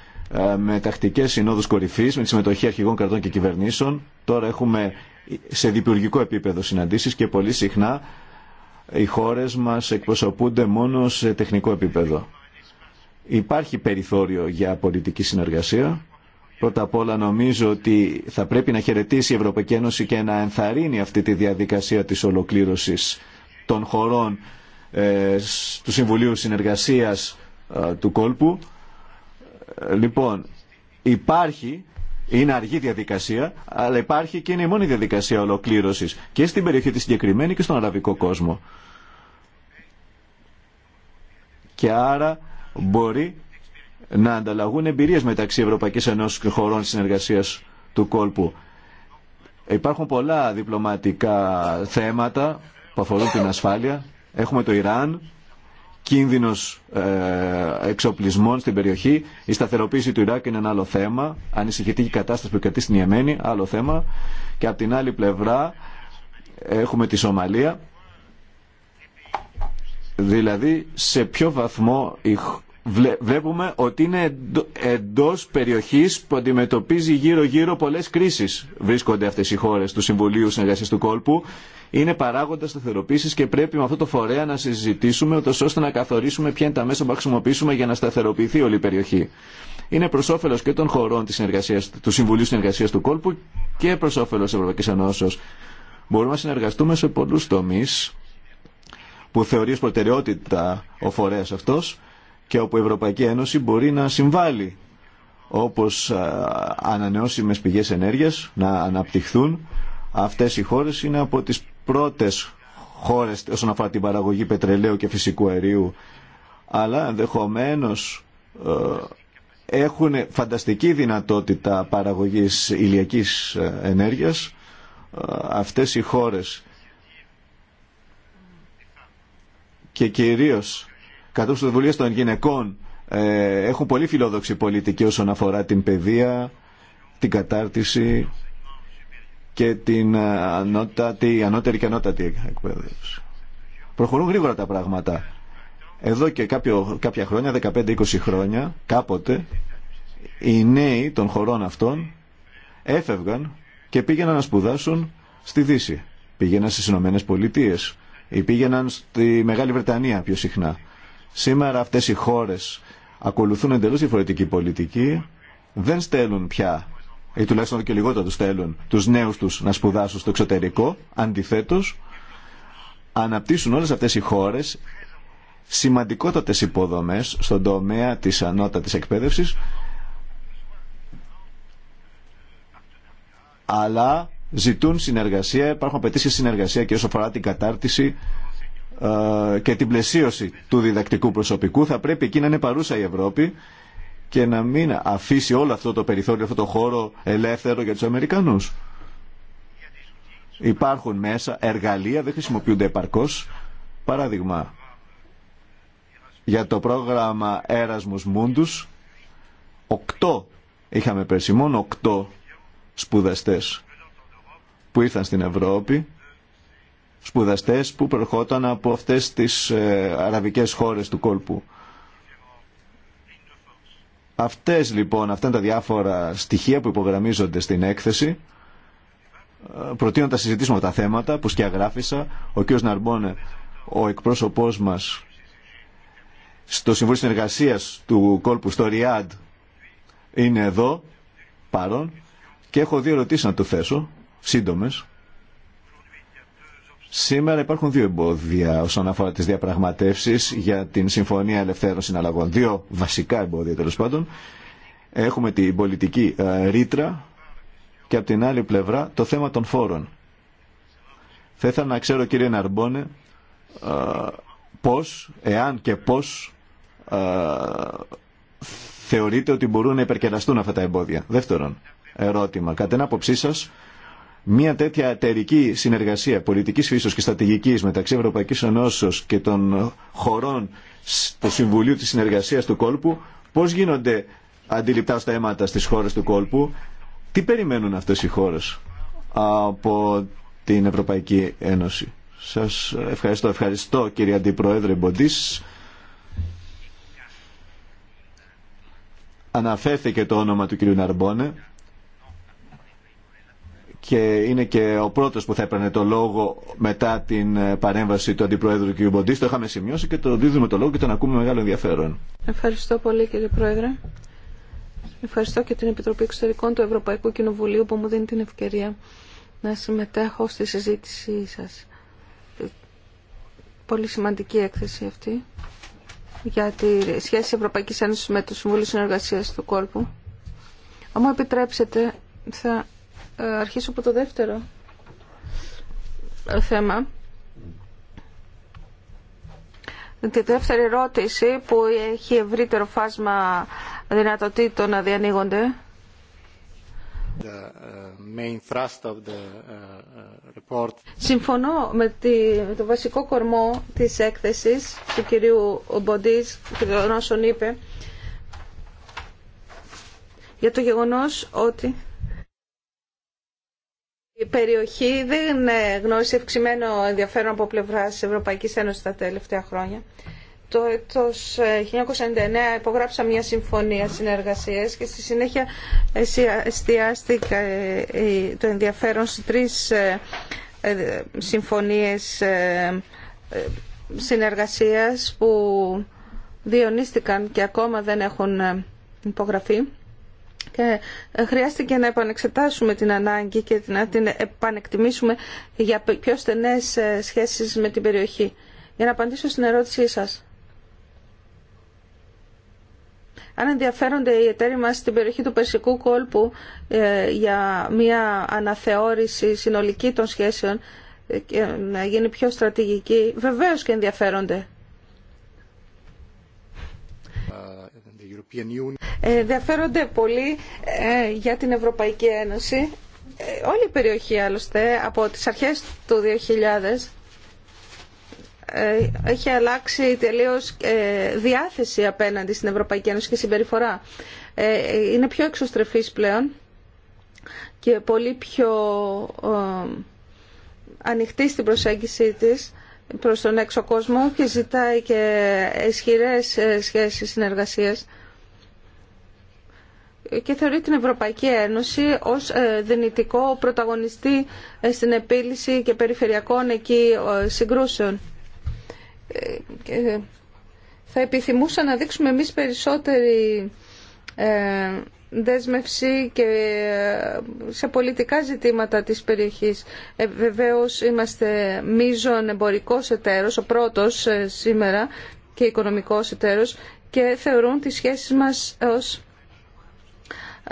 με τακτικές συνόδους κορυφής με τη συμμετοχή αρχηγών κρατών και κυβερνήσεων τώρα έχουμε σε διπουργικό επίπεδο συναντήσεις και πολύ συχνά οι χώρες μας εκπροσωπούνται μόνο σε τεχνικό επίπεδο Υπάρχει περιθώριο για πολιτική συνεργασία. Πρώτα απ' όλα νομίζω ότι θα πρέπει να χαιρετήσει η Ευρωπαϊκή Ένωση και να ενθαρρύνει αυτή τη διαδικασία της ολοκλήρωσης των χωρών ε, του Συμβουλίου Συνεργασίας ε, του Κόλπου. Ε, λοιπόν, υπάρχει, είναι αργή διαδικασία, αλλά υπάρχει και είναι η μόνη διαδικασία ολοκλήρωσης και στην περιοχή της συγκεκριμένη και στον αραβικό κόσμο. Και άρα μπορεί να ανταλλαγούν εμπειρίες μεταξύ Ευρωπαϊκής Ενώσης και χωρών συνεργασίας του κόλπου. Υπάρχουν πολλά διπλωματικά θέματα που αφορούν την ασφάλεια. Έχουμε το Ιράν, κίνδυνος ε, εξοπλισμών στην περιοχή. Η σταθεροποίηση του Ιράκ είναι ένα άλλο θέμα. η κατάσταση που κρατεί στην Ιεμένη, άλλο θέμα. Και από την άλλη πλευρά έχουμε τη Σομαλία. Δηλαδή σε ποιο βαθμό βλέπουμε ότι είναι εντός περιοχής που αντιμετωπίζει γύρω-γύρω πολλές κρίσεις. Βρίσκονται αυτές οι χώρες του Συμβουλίου Συνεργασίας του Κόλπου. Είναι παράγοντα σταθεροποίηση και πρέπει με αυτό το φορέα να συζητήσουμε, ώστε να καθορίσουμε ποια είναι τα μέσα που θα χρησιμοποιήσουμε για να σταθεροποιηθεί όλη η περιοχή. Είναι προ όφελο και των χωρών της συνεργασίας, του Συμβουλίου Συνεργασία του Κόλπου και προ όφελο τη Ευρωπαϊκή Ενώσεω. Μπορούμε να συνεργαστούμε σε πολλού τομεί που θεωρεί προτεραιότητα ο φορέα αυτό και όπου η Ευρωπαϊκή Ένωση μπορεί να συμβάλλει όπως ανανεώσιμες πηγές ενέργειας να αναπτυχθούν. Αυτές οι χώρες είναι από τις πρώτες χώρες όσον αφορά την παραγωγή πετρελαίου και φυσικού αερίου αλλά ενδεχομένω ε, έχουν φανταστική δυνατότητα παραγωγής ηλιακής ε, ενέργειας ε, αυτές οι χώρες και κυρίως κατ' βουλίε των γυναικών ε, έχουν πολύ φιλόδοξη πολιτική όσον αφορά την παιδεία, την κατάρτιση και την ε, ανώτατη, ανώτερη και ανώτατη εκπαίδευση. Προχωρούν γρήγορα τα πράγματα. Εδώ και κάποιο, κάποια χρόνια, 15-20 χρόνια, κάποτε, οι νέοι των χωρών αυτών έφευγαν και πήγαιναν να σπουδάσουν στη Δύση. Πήγαιναν στις Ηνωμένε Πολιτείες ή πήγαιναν στη Μεγάλη Βρετανία πιο συχνά. Σήμερα αυτές οι χώρες ακολουθούν εντελώς διαφορετική πολιτική, δεν στέλνουν πια ή τουλάχιστον και λιγότερο τους στέλνουν τους νέους τους να σπουδάσουν στο εξωτερικό, αντιθέτως αναπτύσσουν όλες αυτές οι χώρες σημαντικότατες υποδομές στον τομέα της ανώτατης εκπαίδευσης αλλά ζητούν συνεργασία, υπάρχουν απαιτήσει συνεργασία και όσο αφορά την κατάρτιση και την πλαισίωση του διδακτικού προσωπικού θα πρέπει εκεί να είναι παρούσα η Ευρώπη και να μην αφήσει όλο αυτό το περιθώριο, αυτό το χώρο ελεύθερο για τους Αμερικανούς. Υπάρχουν μέσα εργαλεία, δεν χρησιμοποιούνται επαρκώς. Παράδειγμα, για το πρόγραμμα Erasmus Mundus, οκτώ είχαμε πέρσι, μόνο οκτώ σπουδαστές που ήρθαν στην Ευρώπη σπουδαστές που προερχόταν από αυτές τις ε, αραβικές χώρες του κόλπου. Αυτές λοιπόν, αυτά τα διάφορα στοιχεία που υπογραμμίζονται στην έκθεση. Ε, προτείνω να τα συζητήσουμε τα θέματα που σκιαγράφησα. Ο κ. Ναρμπόνε, ο εκπρόσωπός μας στο Συμβούλιο συνεργασία του κόλπου στο Ριάντ είναι εδώ, παρόν, και έχω δύο ερωτήσεις να του θέσω, σύντομες. Σήμερα υπάρχουν δύο εμπόδια όσον αφορά τι διαπραγματεύσει για την Συμφωνία Ελευθέρων Συναλλαγών. Δύο βασικά εμπόδια τέλος πάντων. Έχουμε την πολιτική ε, ρήτρα και από την άλλη πλευρά το θέμα των φόρων. Θα ήθελα να ξέρω κύριε Ναρμπόνε ε, πώς, εάν και πώς ε, θεωρείτε ότι μπορούν να υπερκεραστούν αυτά τα εμπόδια. Δεύτερον ερώτημα, κατά την άποψή σας μια τέτοια εταιρική συνεργασία πολιτική φύσεω και στρατηγική μεταξύ Ευρωπαϊκή Ενώσεω και των χωρών του Συμβουλίου τη Συνεργασία του Κόλπου, πώ γίνονται αντιληπτά στα αίματα στι χώρε του κόλπου, τι περιμένουν αυτέ οι χώρε από την Ευρωπαϊκή Ένωση. Σας ευχαριστώ, ευχαριστώ κύριε Αντιπροέδρε Μποντή. Αναφέρθηκε το όνομα του κύριου Ναρμπόνε και είναι και ο πρώτος που θα έπαιρνε το λόγο μετά την ε, παρέμβαση του Αντιπροέδρου κ. Μποντής. Το είχαμε σημειώσει και το δίδουμε το λόγο και τον ακούμε μεγάλο ενδιαφέρον. Ευχαριστώ πολύ κύριε Πρόεδρε. Ευχαριστώ και την Επιτροπή Εξωτερικών του Ευρωπαϊκού Κοινοβουλίου που μου δίνει την ευκαιρία να συμμετέχω στη συζήτησή σας. Πολύ σημαντική έκθεση αυτή για τη σχέση Ευρωπαϊκής Ένωσης με το Συμβούλιο Συνεργασίας του Κόλπου. Αν μου επιτρέψετε, θα ε, αρχίσω από το δεύτερο θέμα. Τη δεύτερη ερώτηση που έχει ευρύτερο φάσμα δυνατοτήτων να διανοίγονται. The ε, main thrust of the ε, Συμφωνώ με, το βασικό κορμό της έκθεσης του κυρίου Μποντής και των όσων είπε για το γεγονός ότι η περιοχή δεν γνώρισε ευξημένο ενδιαφέρον από πλευρά τη Ευρωπαϊκή Ένωση τα τελευταία χρόνια. Το έτος 1999 ε, υπογράψα μια συμφωνία συνεργασίας και στη συνέχεια εστιάστηκα ε, το ενδιαφέρον σε τρεις ε, συμφωνίες συνεργασίας που διονύστηκαν και ακόμα δεν έχουν υπογραφεί και χρειάστηκε να επανεξετάσουμε την ανάγκη και να την επανεκτιμήσουμε για πιο στενές ε, σχέσεις με την περιοχή. Για να απαντήσω στην ερώτησή σας. Αν ενδιαφέρονται οι εταίροι μας στην περιοχή του Περσικού κόλπου ε, για μια αναθεώρηση συνολική των σχέσεων ε, και να γίνει πιο στρατηγική, βεβαίως και ενδιαφέρονται. Ε, ενδιαφέρονται πολύ ε, για την Ευρωπαϊκή Ένωση. Ε, όλη η περιοχή άλλωστε από τις αρχές του 2000 έχει αλλάξει τελείως διάθεση απέναντι στην Ευρωπαϊκή Ένωση και συμπεριφορά. Είναι πιο εξωστρεφής πλέον και πολύ πιο ανοιχτή στην προσέγγιση της προς τον έξω κόσμο και ζητάει και ισχυρές σχέσεις συνεργασίας και θεωρεί την Ευρωπαϊκή Ένωση ως ε, δυνητικό πρωταγωνιστή ε, στην επίλυση και περιφερειακών εκεί ε, συγκρούσεων. Θα επιθυμούσα να δείξουμε εμείς περισσότερη δέσμευση και σε πολιτικά ζητήματα της περιοχής. Ε, βεβαίως είμαστε μίζων εμπορικός εταίρος, ο πρώτος σήμερα και οικονομικός εταίρος και θεωρούν τις σχέσεις μας ως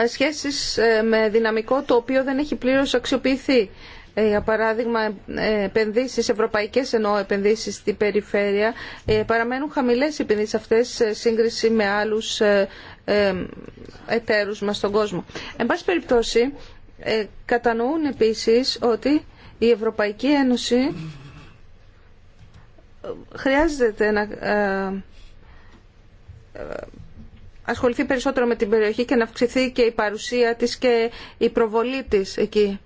σχέσεις ε, με δυναμικό το οποίο δεν έχει πλήρως αξιοποιηθεί. Ε, για παράδειγμα, ε, επενδύσεις, ευρωπαϊκές εννοώ επενδύσεις στην περιφέρεια, παραμένουν χαμηλές οι επενδύσεις αυτές σε σύγκριση με άλλους εταίρους μας στον κόσμο. Εν πάση περιπτώσει, κατανοούν επίσης ότι η Ευρωπαϊκή Ένωση χρειάζεται να ασχοληθεί περισσότερο με την περιοχή και να αυξηθεί και η παρουσία της και η προβολή της εκεί.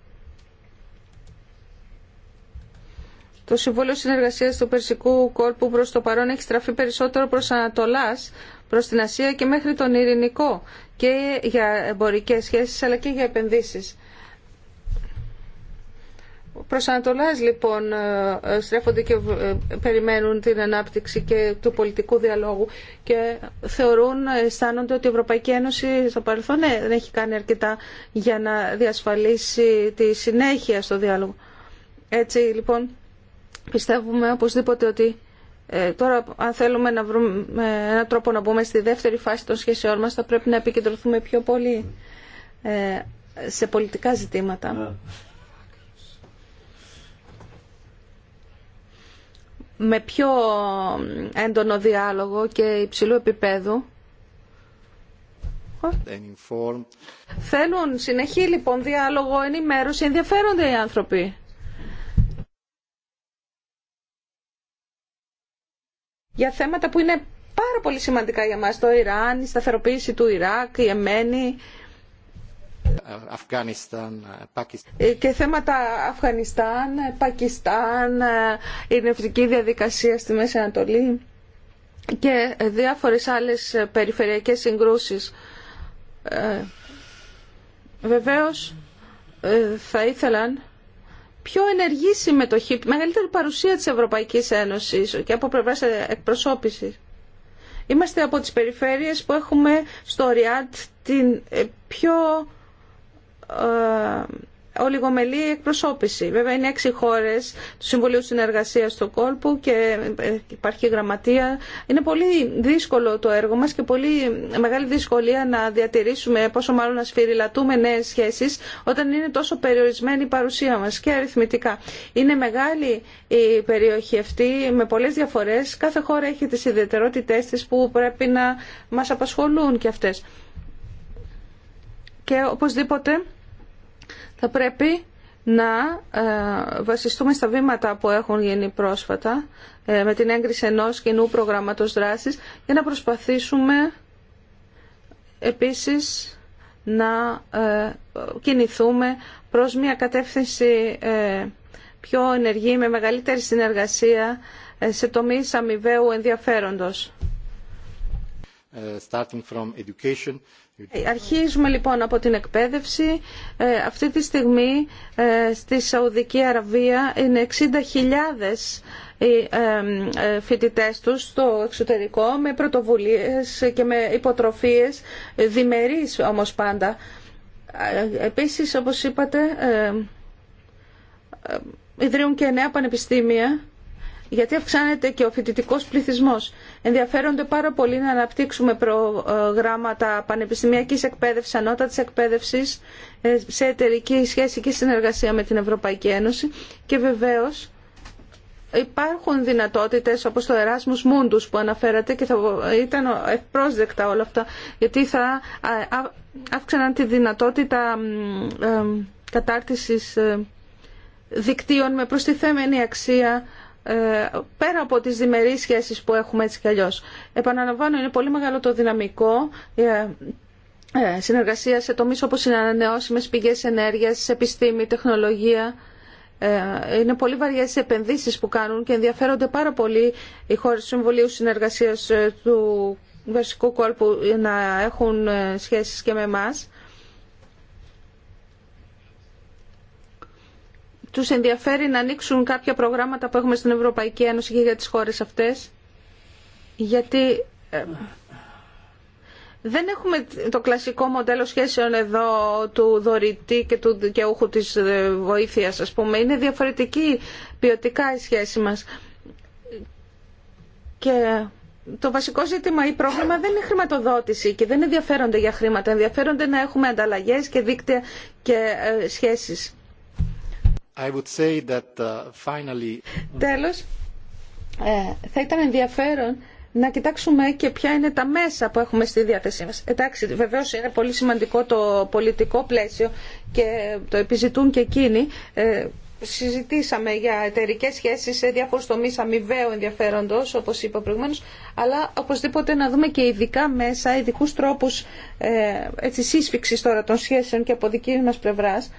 Το Συμβούλιο Συνεργασίας του Περσικού Κόρπου προς το παρόν έχει στραφεί περισσότερο προς Ανατολάς, προς την Ασία και μέχρι τον Ειρηνικό και για εμπορικές σχέσεις αλλά και για επενδύσεις. Προς Ανατολάς λοιπόν ε, ε, στρέφονται και ε, περιμένουν την ανάπτυξη και του πολιτικού διαλόγου και θεωρούν, αισθάνονται ότι η Ευρωπαϊκή Ένωση στο παρελθόν ναι, δεν έχει κάνει αρκετά για να διασφαλίσει τη συνέχεια στο διάλογο. Έτσι λοιπόν πιστεύουμε οπωσδήποτε ότι τώρα αν θέλουμε να βρούμε έναν τρόπο να μπούμε στη δεύτερη φάση των σχέσεών μας θα πρέπει να επικεντρωθούμε πιο πολύ σε πολιτικά ζητήματα. Ναι. με πιο έντονο διάλογο και υψηλού επίπεδου. Θέλουν συνεχή λοιπόν διάλογο, ενημέρωση, ενδιαφέρονται οι άνθρωποι. Για θέματα που είναι πάρα πολύ σημαντικά για μας, το Ιράν, η σταθεροποίηση του Ιράκ, η Εμένη, ε, και θέματα Αφγανιστάν, Πακιστάν, ε, η ειρηνευτική διαδικασία στη Μέση Ανατολή και διάφορες άλλες περιφερειακές συγκρούσεις. Ε, βεβαίως θα ήθελαν πιο ενεργή συμμετοχή, μεγαλύτερη παρουσία της Ευρωπαϊκής Ένωσης και από πλευρά εκπροσώπησης. Είμαστε από τις περιφέρειες που έχουμε στο ΡΙΑΤ την πιο ε, ολιγομελή εκπροσώπηση. Βέβαια είναι έξι χώρες του Συμβουλίου Συνεργασίας του Κόλπου και υπάρχει γραμματεία. Είναι πολύ δύσκολο το έργο μας και πολύ μεγάλη δυσκολία να διατηρήσουμε πόσο μάλλον να σφυριλατούμε νέες σχέσεις όταν είναι τόσο περιορισμένη η παρουσία μας και αριθμητικά. Είναι μεγάλη η περιοχή αυτή με πολλές διαφορές. Κάθε χώρα έχει τις ιδιαιτερότητές της που πρέπει να μας απασχολούν και αυτές. Και οπωσδήποτε θα πρέπει να ε, βασιστούμε στα βήματα που έχουν γίνει πρόσφατα ε, με την έγκριση ενός κοινού προγράμματος δράσης για να προσπαθήσουμε επίσης να ε, κινηθούμε προς μια κατεύθυνση πιο ενεργή με μεγαλύτερη συνεργασία σε τομείς αμοιβαίου ενδιαφέροντος. Starting from education. Ε, αρχίζουμε λοιπόν από την εκπαίδευση. Ε, αυτή τη στιγμή ε, στη Σαουδική Αραβία είναι 60.000 οι φοιτητές τους στο εξωτερικό με πρωτοβουλίες και με υποτροφίες διμερείς όμως πάντα. Επίσης όπως είπατε ιδρύουν και νέα πανεπιστήμια γιατί αυξάνεται και ο φοιτητικό πληθυσμό. Ενδιαφέρονται πάρα πολύ να αναπτύξουμε προγράμματα πανεπιστημιακή εκπαίδευση, ανώτατη εκπαίδευση, ε, σε εταιρική σχέση και συνεργασία με την Ευρωπαϊκή Ένωση. Και βεβαίω υπάρχουν δυνατότητες όπως το Erasmus Mundus που αναφέρατε και θα ήταν ευπρόσδεκτα όλα αυτά γιατί θα αύξαναν τη δυνατότητα ε, κατάρτισης ε, δικτύων με προστιθέμενη αξία ε, πέρα από τις διμερείς σχέσεις που έχουμε έτσι κι αλλιώς. Επαναλαμβάνω, είναι πολύ μεγάλο το δυναμικό ε, ε, συνεργασία σε τομείς όπως είναι ανανεώσιμες πηγές ενέργειας, επιστήμη, τεχνολογία. Είναι πολύ βαριές οι επενδύσεις που κάνουν και ενδιαφέρονται πάρα πολύ οι χώρες του Συμβουλίου Συνεργασίας του βασικού Κόλπου να έχουν σχέσεις και με εμάς. τους ενδιαφέρει να ανοίξουν κάποια προγράμματα που έχουμε στην Ευρωπαϊκή Ένωση και για τις χώρες αυτές. Γιατί ε, δεν έχουμε το κλασικό μοντέλο σχέσεων εδώ του δωρητή και του δικαιούχου της ε, βοήθειας, ας πούμε. Είναι διαφορετική ποιοτικά η σχέση μας. Και το βασικό ζήτημα ή πρόβλημα δεν είναι χρηματοδότηση και δεν ενδιαφέρονται για χρήματα. Ενδιαφέρονται να έχουμε ανταλλαγές και δίκτυα και ε, σχέσεις. I uh, Τέλος, ε, θα ήταν ενδιαφέρον να κοιτάξουμε και ποια είναι τα μέσα που έχουμε στη διάθεσή μας. Εντάξει, βεβαίως είναι πολύ σημαντικό το πολιτικό πλαίσιο και το επιζητούν και εκείνοι. Ε, συζητήσαμε για εταιρικέ σχέσεις σε διάφορους τομείς αμοιβαίου ενδιαφέροντος, όπως είπα προηγουμένως, αλλά οπωσδήποτε να δούμε και ειδικά μέσα, ειδικού τρόπους ε, σύσφυξης τώρα των σχέσεων και από δική μας πλευράς,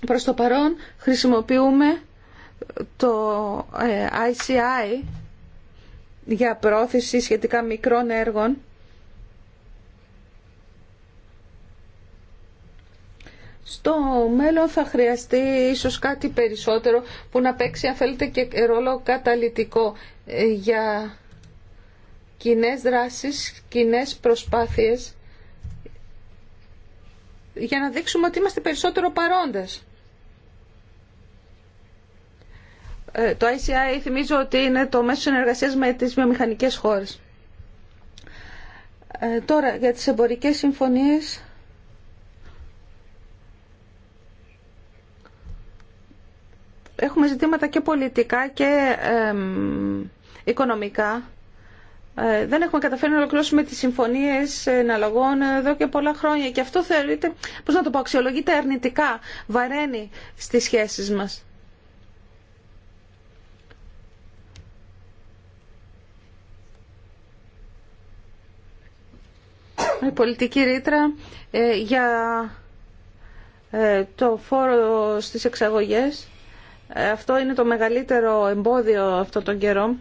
Προς το παρόν χρησιμοποιούμε το ICI ε, για πρόθεση σχετικά μικρών έργων Στο μέλλον θα χρειαστεί ίσως κάτι περισσότερο που να παίξει αν θέλετε και ρόλο καταλητικό ε, για κοινέ δράσεις, κοινέ προσπάθειες για να δείξουμε ότι είμαστε περισσότερο παρόντες. Ε, το ICI θυμίζω ότι είναι το μέσο συνεργασίας με τις βιομηχανικές χώρες. Ε, τώρα για τις εμπορικές συμφωνίες έχουμε ζητήματα και πολιτικά και οικονομικά ε, δεν έχουμε καταφέρει να ολοκληρώσουμε τις συμφωνίες εναλλαγών εδώ και πολλά χρόνια και αυτό θεωρείται, πώς να το πω, αξιολογείται αρνητικά, βαραίνει στι σχέσεις μας. Η πολιτική ρήτρα ε, για ε, το φόρο στις εξαγωγές, αυτό είναι το μεγαλύτερο εμπόδιο αυτό τον καιρό.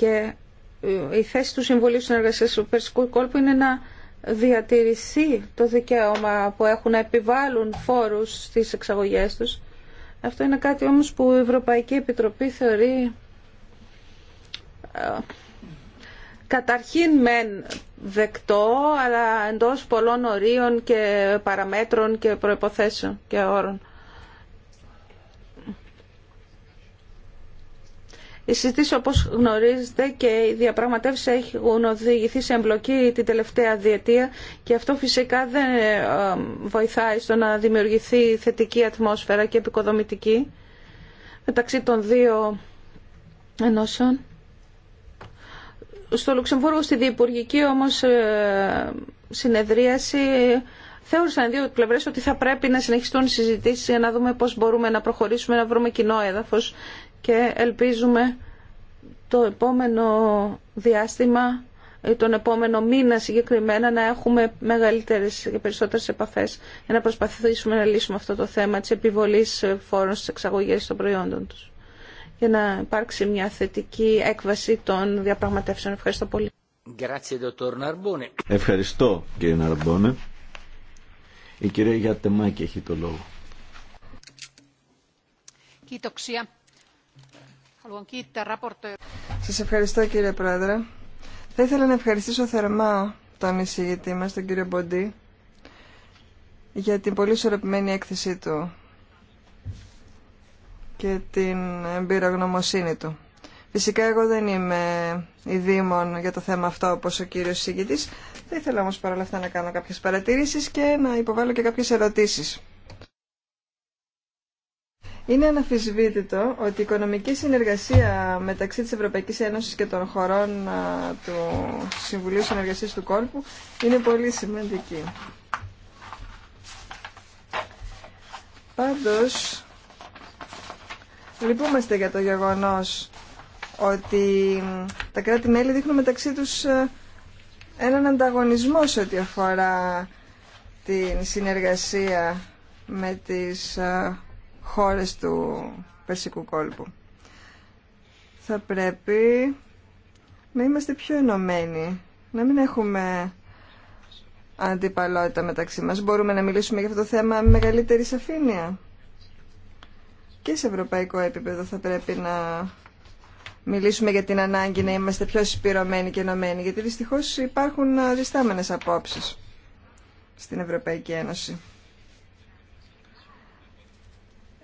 Και ε, η θέση του Συμβουλίου συνεργασία του Περσικού Κόλπου είναι να διατηρηθεί το δικαίωμα που έχουν να επιβάλλουν φόρους στις εξαγωγές τους. Αυτό είναι κάτι όμως που η Ευρωπαϊκή Επιτροπή θεωρεί ε, καταρχήν μεν δεκτό, αλλά εντός πολλών ορίων και παραμέτρων και προϋποθέσεων και όρων. Οι συζητήσει, όπως γνωρίζετε, και οι διαπραγματεύσει έχουν οδηγηθεί σε εμπλοκή την τελευταία διετία και αυτό φυσικά δεν ε, βοηθάει στο να δημιουργηθεί θετική ατμόσφαιρα και επικοδομητική μεταξύ των δύο ενώσεων. Στο Λουξεμβούργο, στη Διευπουργική όμως ε, συνεδρίαση, θεώρησαν δύο πλευρές ότι θα πρέπει να συνεχιστούν οι συζητήσεις για να δούμε πώς μπορούμε να προχωρήσουμε, να βρούμε κοινό έδαφος και ελπίζουμε το επόμενο διάστημα ή τον επόμενο μήνα συγκεκριμένα να έχουμε μεγαλύτερες και περισσότερες επαφές για να προσπαθήσουμε να λύσουμε αυτό το θέμα της επιβολής φόρων στις εξαγωγές των προϊόντων τους για να υπάρξει μια θετική έκβαση των διαπραγματεύσεων. Ευχαριστώ πολύ. Ευχαριστώ κύριε Ναρμπόνε. Η κυρία Γιατεμάκη έχει το λόγο. Κοίτοξια. Σας ευχαριστώ κύριε Πρόεδρε. Θα ήθελα να ευχαριστήσω θερμά τον εισηγητή μας, τον κύριο Μποντή, για την πολύ ισορροπημένη έκθεσή του και την εμπειρογνωμοσύνη του. Φυσικά εγώ δεν είμαι η Δήμων για το θέμα αυτό όπως ο κύριος εισηγητής. Θα ήθελα όμως παρόλα αυτά να κάνω κάποιες παρατηρήσεις και να υποβάλω και κάποιες ερωτήσεις. Είναι αναφυσβήτητο ότι η οικονομική συνεργασία μεταξύ της Ευρωπαϊκής Ένωσης και των χωρών του Συμβουλίου Συνεργασίας του Κόλπου είναι πολύ σημαντική. Πάντως, λυπούμαστε για το γεγονός ότι τα κράτη-μέλη δείχνουν μεταξύ τους έναν ανταγωνισμό σε ό,τι αφορά την συνεργασία με τις χώρες του Περσικού κόλπου. Θα πρέπει να είμαστε πιο ενωμένοι, να μην έχουμε αντιπαλότητα μεταξύ μας. Μπορούμε να μιλήσουμε για αυτό το θέμα με μεγαλύτερη σαφήνεια. Και σε ευρωπαϊκό επίπεδο θα πρέπει να μιλήσουμε για την ανάγκη να είμαστε πιο συσπηρωμένοι και ενωμένοι, γιατί δυστυχώς υπάρχουν διστάμενες απόψεις στην Ευρωπαϊκή Ένωση.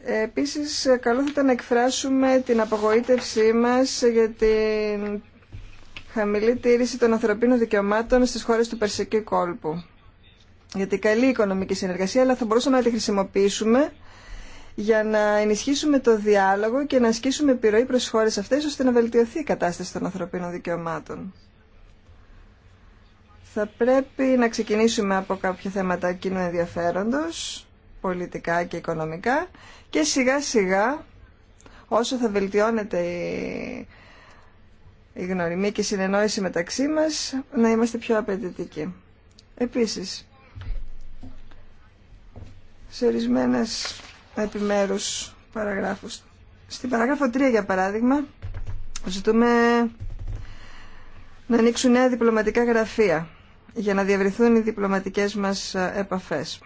Επίσης, καλό θα ήταν να εκφράσουμε την απογοήτευσή μας για την χαμηλή τήρηση των ανθρωπίνων δικαιωμάτων στις χώρες του Περσικού κόλπου. την καλή οικονομική συνεργασία, αλλά θα μπορούσαμε να τη χρησιμοποιήσουμε για να ενισχύσουμε το διάλογο και να ασκήσουμε επιρροή προς χώρες αυτές, ώστε να βελτιωθεί η κατάσταση των ανθρωπίνων δικαιωμάτων. Θα πρέπει να ξεκινήσουμε από κάποια θέματα κοινού ενδιαφέροντος, πολιτικά και οικονομικά και σιγά σιγά όσο θα βελτιώνεται η, η γνωριμία και η συνεννόηση μεταξύ μας να είμαστε πιο απαιτητικοί. Επίσης, σε ορισμένε επιμέρους παραγράφους. Στην παράγραφο 3, για παράδειγμα, ζητούμε να ανοίξουν νέα διπλωματικά γραφεία για να διαβριθούν οι διπλωματικές μας επαφές.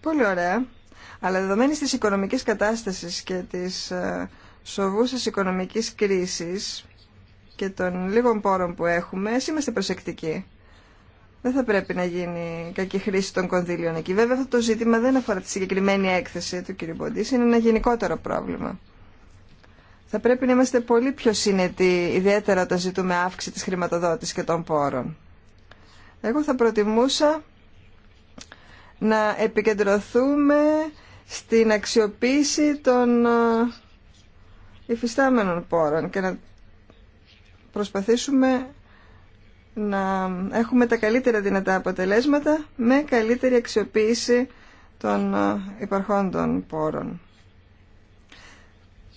Πολύ ωραία. Αλλά δεδομένη της οικονομικής κατάστασης και της ε, σοβούσας οικονομικής κρίσης και των λίγων πόρων που έχουμε, είμαστε προσεκτικοί. Δεν θα πρέπει να γίνει κακή χρήση των κονδύλιων εκεί. Βέβαια αυτό το ζήτημα δεν αφορά τη συγκεκριμένη έκθεση του κ. Μποντής, είναι ένα γενικότερο πρόβλημα. Θα πρέπει να είμαστε πολύ πιο συνετοί, ιδιαίτερα όταν ζητούμε αύξηση της χρηματοδότησης και των πόρων. Εγώ θα προτιμούσα να επικεντρωθούμε στην αξιοποίηση των ε, υφιστάμενων πόρων και να προσπαθήσουμε να έχουμε τα καλύτερα δυνατά αποτελέσματα με καλύτερη αξιοποίηση των ε, υπαρχόντων πόρων.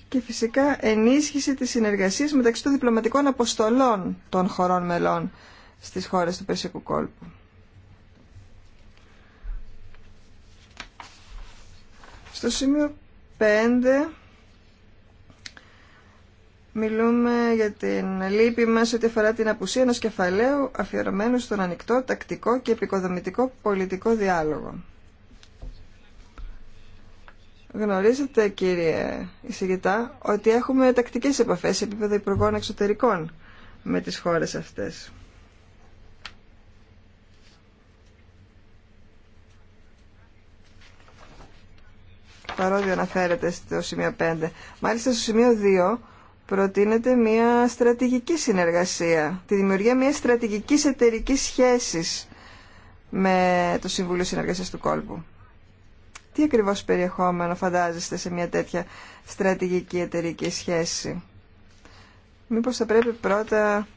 Και φυσικά ενίσχυση της συνεργασίας μεταξύ των διπλωματικών αποστολών των χωρών μελών στις χώρες του Περσικού κόλπου. Στο σημείο 5 μιλούμε για την λύπη μας ότι αφορά την απουσία ενός κεφαλαίου αφιερωμένου στον ανοιχτό, τακτικό και επικοδομητικό πολιτικό διάλογο. Γνωρίζετε κύριε εισηγητά ότι έχουμε τακτικές επαφές σε επίπεδο υπουργών εξωτερικών με τις χώρες αυτές. παρόδιο αναφέρεται στο σημείο 5. Μάλιστα στο σημείο 2 προτείνεται μια στρατηγική συνεργασία, τη δημιουργία μιας στρατηγικής εταιρική σχέσης με το Συμβούλιο Συνεργασίας του Κόλπου. Τι ακριβώς περιεχόμενο φαντάζεστε σε μια τέτοια στρατηγική εταιρική σχέση. Μήπως θα πρέπει πρώτα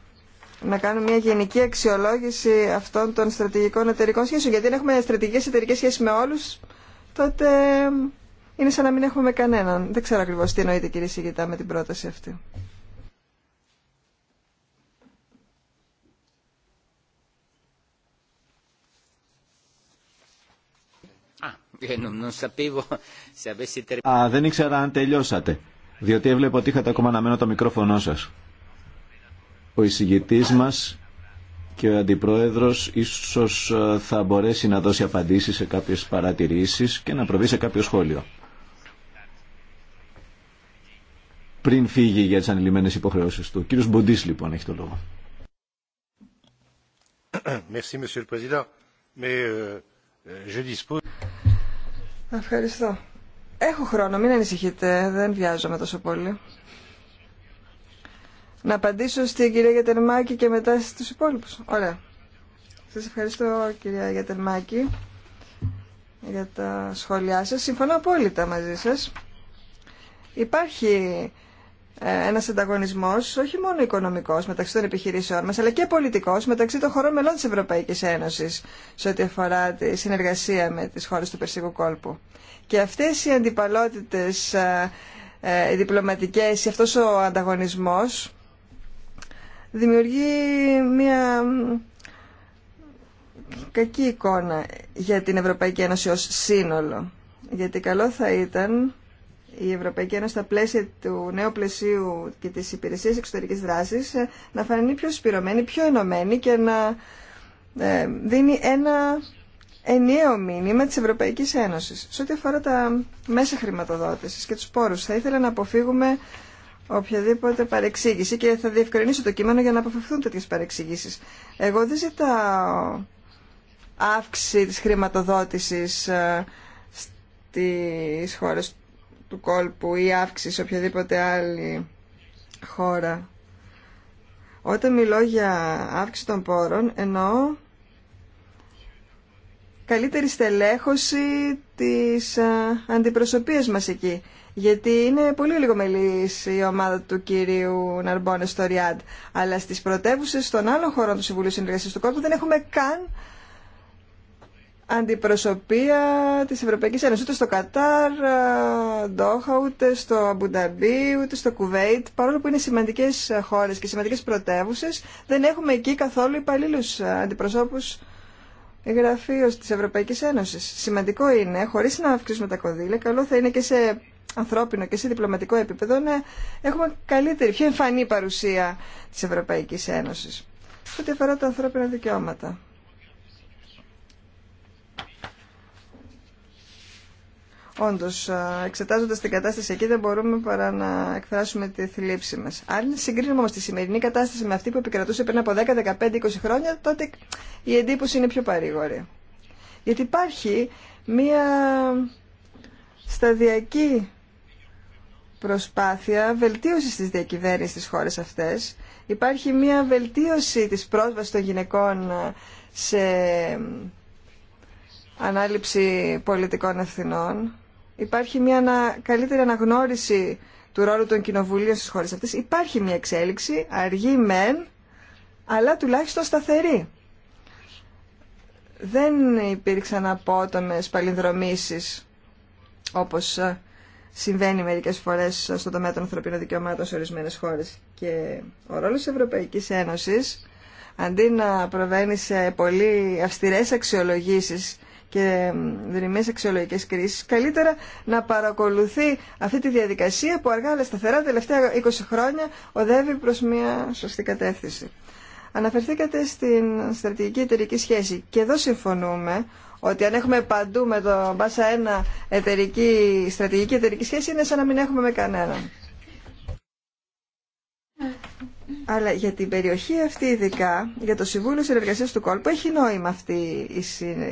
να κάνουμε μια γενική αξιολόγηση αυτών των στρατηγικών εταιρικών σχέσεων. Γιατί αν έχουμε στρατηγικές εταιρικές σχέσεις με όλους, τότε είναι σαν να μην έχουμε κανέναν. Δεν ξέρω ακριβώς τι εννοείται κύριε Σιγητά με την πρόταση αυτή. Α, ε, δεν ήξερα αν τελειώσατε, διότι έβλεπα ότι είχατε ακόμα αναμένο το μικρόφωνο σας. Ο εισηγητής μας και ο αντιπρόεδρος ίσως ε, θα μπορέσει να δώσει απαντήσεις σε κάποιες παρατηρήσεις και να προβεί σε κάποιο σχόλιο. πριν φύγει για τις ανελημμένες υποχρεώσεις του. κύριος Μποντής λοιπόν έχει το λόγο. [coughs] Euh, ευχαριστώ. Έχω χρόνο, μην ανησυχείτε, δεν βιάζομαι τόσο πολύ. Να απαντήσω στην κυρία Γιατερμάκη και μετά στους υπόλοιπους. Ωραία. Σας ευχαριστώ κυρία Γιατερμάκη για τα σχόλιά σας. Συμφωνώ απόλυτα μαζί σας. Υπάρχει ε, ένα ανταγωνισμό, όχι μόνο οικονομικό μεταξύ των επιχειρήσεών μα, αλλά και πολιτικό μεταξύ των χωρών μελών τη Ευρωπαϊκή Ένωση σε ό,τι αφορά τη συνεργασία με τι χώρε του Περσικού κόλπου. Και αυτέ οι αντιπαλότητε ε, ε, οι διπλωματικέ ή αυτό ο ανταγωνισμό δημιουργεί μια κακή εικόνα για την Ευρωπαϊκή Ένωση ως σύνολο. Γιατί καλό θα ήταν η Ευρωπαϊκή Ένωση στα πλαίσια του νέου πλαισίου και της υπηρεσίας εξωτερικής δράσης να φανεί πιο σπυρωμένη, πιο ενωμένη και να ε, δίνει ένα ενιαίο μήνυμα της Ευρωπαϊκής Ένωσης. Σε ό,τι αφορά τα μέσα χρηματοδότησης και τους πόρους, θα ήθελα να αποφύγουμε οποιαδήποτε παρεξήγηση και θα διευκρινίσω το κείμενο για να αποφευθούν τέτοιε παρεξήγησει. Εγώ δεν ζητάω αύξηση της χρηματοδότησης ε, στις χώρες του κόλπου ή αύξηση σε οποιαδήποτε άλλη χώρα. Όταν μιλώ για αύξηση των πόρων, εννοώ καλύτερη στελέχωση της αντιπροσωπείας μας εκεί. Γιατί είναι πολύ λιγομελής η ομάδα του κυρίου Ναρμπόνε στο Ριάντ. Αλλά στις πρωτεύουσε των άλλων εκει γιατι ειναι πολυ λιγο μελης η ομαδα του Συμβουλίου στις πρωτεύουσες των αλλων χωρων του Κόλπου δεν έχουμε καν αντιπροσωπεία της Ευρωπαϊκής Ένωσης ούτε στο Κατάρ, ε, Ντόχα, ούτε στο Αμπουνταμπί, ούτε στο Κουβέιτ παρόλο που είναι σημαντικές ε, χώρες και σημαντικές πρωτεύουσε, δεν έχουμε εκεί καθόλου υπαλλήλου ε, αντιπροσώπους γραφείο της Ευρωπαϊκής Ένωσης. Σημαντικό είναι, χωρίς να αυξήσουμε τα κονδύλια, καλό θα είναι και σε ανθρώπινο και σε διπλωματικό επίπεδο να έχουμε καλύτερη, πιο εμφανή παρουσία της Ευρωπαϊκής Ένωσης. Ό,τι αφορά τα ανθρώπινα δικαιώματα. Όντως, εξετάζοντας την κατάσταση εκεί δεν μπορούμε παρά να εκφράσουμε τη θλίψη μας. Αν συγκρίνουμε όμως τη σημερινή κατάσταση με αυτή που επικρατούσε πριν από 10, 15, 20 χρόνια, τότε η εντύπωση είναι πιο παρήγορη. Γιατί υπάρχει μία σταδιακή προσπάθεια βελτίωσης της διακυβέρνησης στις χώρες αυτές. Υπάρχει μία βελτίωση της πρόσβασης των γυναικών σε ανάληψη πολιτικών ευθυνών υπάρχει μια καλύτερη αναγνώριση του ρόλου των κοινοβουλίων στις χώρες αυτές. Υπάρχει μια εξέλιξη, αργή μεν, αλλά τουλάχιστον σταθερή. Δεν υπήρξαν απότομες παλινδρομήσεις, όπως ε, συμβαίνει μερικές φορές στον τομέα των ανθρωπίνων δικαιωμάτων σε ορισμένες χώρες. Και ο ρόλος της Ευρωπαϊκής Ένωσης, αντί να προβαίνει σε πολύ αυστηρές αξιολογήσεις και δρυμές αξιολογικές κρίσεις, καλύτερα να παρακολουθεί αυτή τη διαδικασία που αργά αλλά σταθερά τελευταία 20 χρόνια οδεύει προς μια σωστή κατεύθυνση. Αναφερθήκατε στην στρατηγική εταιρική σχέση και εδώ συμφωνούμε ότι αν έχουμε παντού με το Μπάσα ένα εταιρική, στρατηγική εταιρική σχέση είναι σαν να μην έχουμε με κανέναν. Αλλά για την περιοχή αυτή ειδικά, για το Συμβούλιο Συνεργασία του Κόλπου, έχει νόημα αυτή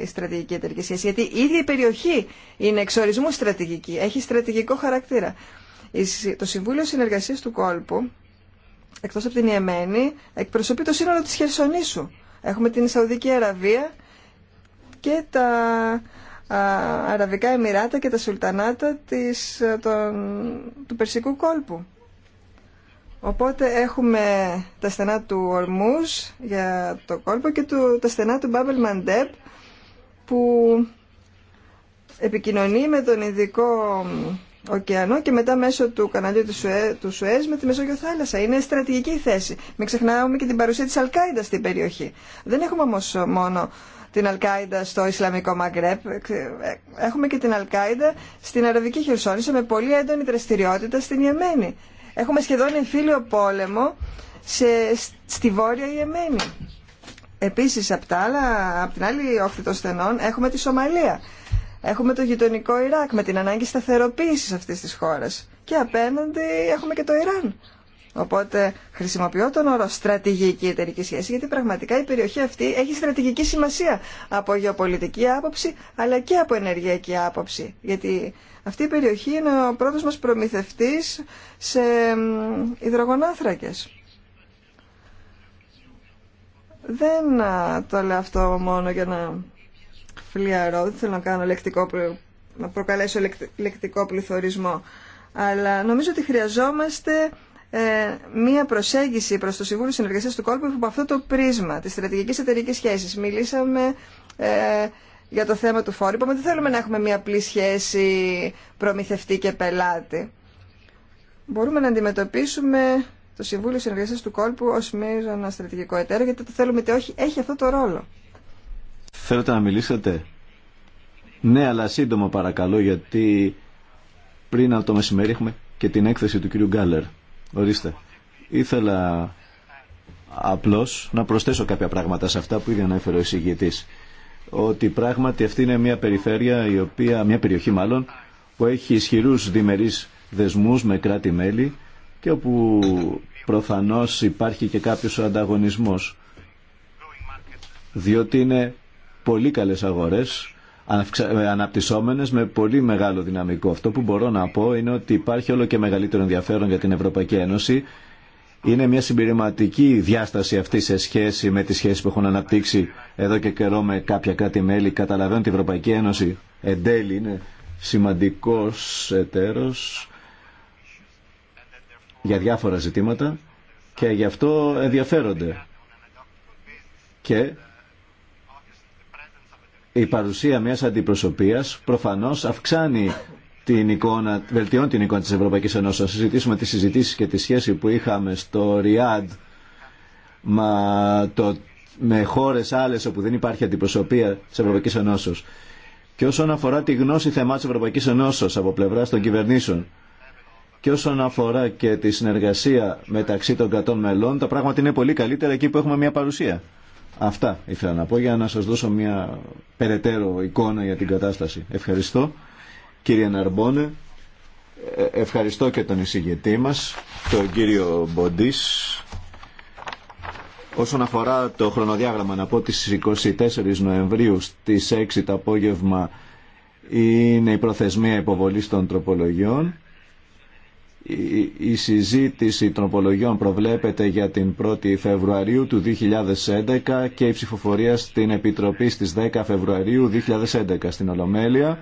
η στρατηγική εταιρική σχέση. Γιατί η ίδια η περιοχή είναι εξορισμού στρατηγική, έχει στρατηγικό χαρακτήρα. Το Συμβούλιο συνεργασία του Κόλπου, εκτός από την Ιεμένη, εκπροσωπεί το σύνολο τη Χερσονήσου. Έχουμε την Σαουδική Αραβία και τα Αραβικά Εμμυράτα και τα Σουλτανάτα της, του Περσικού Κόλπου. Οπότε έχουμε τα στενά του Ορμούς για το κόλπο και του, τα στενά του Μπάμπελ Μαντέπ που επικοινωνεί με τον ειδικό ωκεανό και μετά μέσω του καναλιού του, Σουέ, του Σουέζ με τη Μεσόγειο Θάλασσα. Είναι στρατηγική θέση. Μην ξεχνάμε και την παρουσία της Αλκάιντα στην περιοχή. Δεν έχουμε όμως μόνο την Αλκάιντα στο Ισλαμικό Μαγκρέπ. Ε, έχουμε και την Αλκάιντα στην Αραβική Χερσόνησο με πολύ έντονη δραστηριότητα στην Ιεμένη. Έχουμε σχεδόν εμφύλιο πόλεμο σε, στη Βόρεια Ιεμένη. Επίσης, από τα απ την άλλη όχθη των στενών, έχουμε τη Σομαλία. Έχουμε το γειτονικό Ιράκ με την ανάγκη σταθεροποίησης αυτής της χώρας. Και απέναντι έχουμε και το Ιράν, Οπότε χρησιμοποιώ τον όρο στρατηγική εταιρική σχέση, γιατί πραγματικά η περιοχή αυτή έχει στρατηγική σημασία από γεωπολιτική άποψη, αλλά και από ενεργειακή άποψη. Γιατί αυτή η περιοχή είναι ο πρώτος μας προμηθευτής σε υδρογονάθρακες. Δεν το λέω αυτό μόνο για να φλιαρώ, δεν θέλω να κάνω λεκτικό, να προκαλέσω λεκτικό πληθωρισμό. Αλλά νομίζω ότι χρειαζόμαστε ε, μία προσέγγιση προς το Συμβούλιο Συνεργασίας του Κόλπου από αυτό το πρίσμα της στρατηγικής εταιρικής σχέσης. Μιλήσαμε ε, για το θέμα του φόρου. Είπαμε ότι θέλουμε να έχουμε μία απλή σχέση προμηθευτή και πελάτη. Μπορούμε να αντιμετωπίσουμε το Συμβούλιο Συνεργασίας του Κόλπου ως ένα στρατηγικό εταίρο, γιατί το θέλουμε ότι όχι, έχει αυτό το ρόλο. Θέλετε να μιλήσετε. Ναι, αλλά σύντομα παρακαλώ, γιατί πριν από το μεσημέρι έχουμε και την έκθεση του κ. Γκάλερ. Ορίστε. Ήθελα απλώς να προσθέσω κάποια πράγματα σε αυτά που ήδη ανέφερε ο εισηγητής. Ότι πράγματι αυτή είναι μια περιφέρεια, η οποία, μια περιοχή μάλλον, που έχει ισχυρούς διμερείς δεσμούς με κράτη-μέλη και όπου προφανώς υπάρχει και κάποιος ανταγωνισμός. Διότι είναι πολύ καλές αγορές ε, αναπτυσσόμενες με πολύ μεγάλο δυναμικό. Αυτό που μπορώ να πω είναι ότι υπάρχει όλο και μεγαλύτερο ενδιαφέρον για την Ευρωπαϊκή Ένωση. Είναι μια συμπληρωματική διάσταση αυτή σε σχέση με τις σχέσεις που έχουν αναπτύξει εδώ και καιρό με κάποια κράτη-μέλη. Καταλαβαίνω ότι η Ευρωπαϊκή Ένωση εν τέλει είναι σημαντικός εταίρος για διάφορα ζητήματα και γι' αυτό ενδιαφέρονται. Και η παρουσία μιας αντιπροσωπείας προφανώς αυξάνει την εικόνα, βελτιώνει την εικόνα της Ευρωπαϊκής Θα Συζητήσουμε τις συζητήσεις και τη σχέση που είχαμε στο ΡΙΑΔ μα το, με χώρες άλλες όπου δεν υπάρχει αντιπροσωπεία της Ευρωπαϊκής Ενώσης. Και όσον αφορά τη γνώση θεμάτων της Ευρωπαϊκής Ενώσης από πλευράς των κυβερνήσεων και όσον αφορά και τη συνεργασία μεταξύ των κρατών μελών, τα πράγματα είναι πολύ καλύτερα εκεί που έχουμε μια παρουσία. Αυτά ήθελα να πω για να σας δώσω μια περαιτέρω εικόνα για την κατάσταση. Ευχαριστώ κύριε Ναρμπόνε, ε, ευχαριστώ και τον εισηγητή μας, τον κύριο Μποντής. Όσον αφορά το χρονοδιάγραμμα, να πω ότι 24 Νοεμβρίου στις 6 το απόγευμα είναι η προθεσμία υποβολής των τροπολογιών η συζήτηση τροπολογιών προβλέπεται για την 1η Φεβρουαρίου του 2011 και η ψηφοφορία στην Επιτροπή στις 10 Φεβρουαρίου 2011 στην Ολομέλεια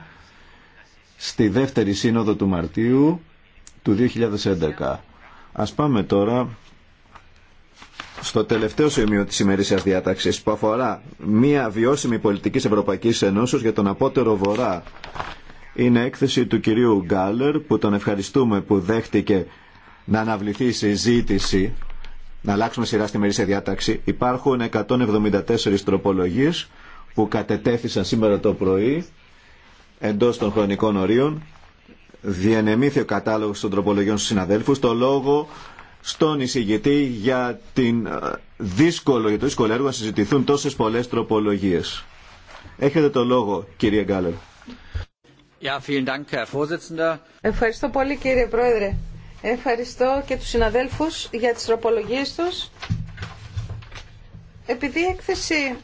στη δεύτερη σύνοδο του Μαρτίου του 2011. Ας πάμε τώρα στο τελευταίο σημείο της ημερήσιας διάταξης που αφορά μια βιώσιμη πολιτική Ευρωπαϊκής Ενώσεως για τον απότερο βορρά είναι έκθεση του κυρίου Γκάλερ που τον ευχαριστούμε που δέχτηκε να αναβληθεί η συζήτηση, να αλλάξουμε σειρά στη μερίσια διάταξη. Υπάρχουν 174 τροπολογίες που κατετέθησαν σήμερα το πρωί εντός των χρονικών ορίων. Διενεμήθη ο κατάλογος των τροπολογιών στους συναδέλφους. Το λόγο στον εισηγητή για, την ε, δύσκολο, για το δύσκολο έργο να συζητηθούν τόσες πολλές τροπολογίες. Έχετε το λόγο κύριε Γκάλερ. Ευχαριστώ πολύ κύριε Πρόεδρε. Ευχαριστώ και τους συναδέλφους για τις τροπολογίες τους. Επειδή η έκθεση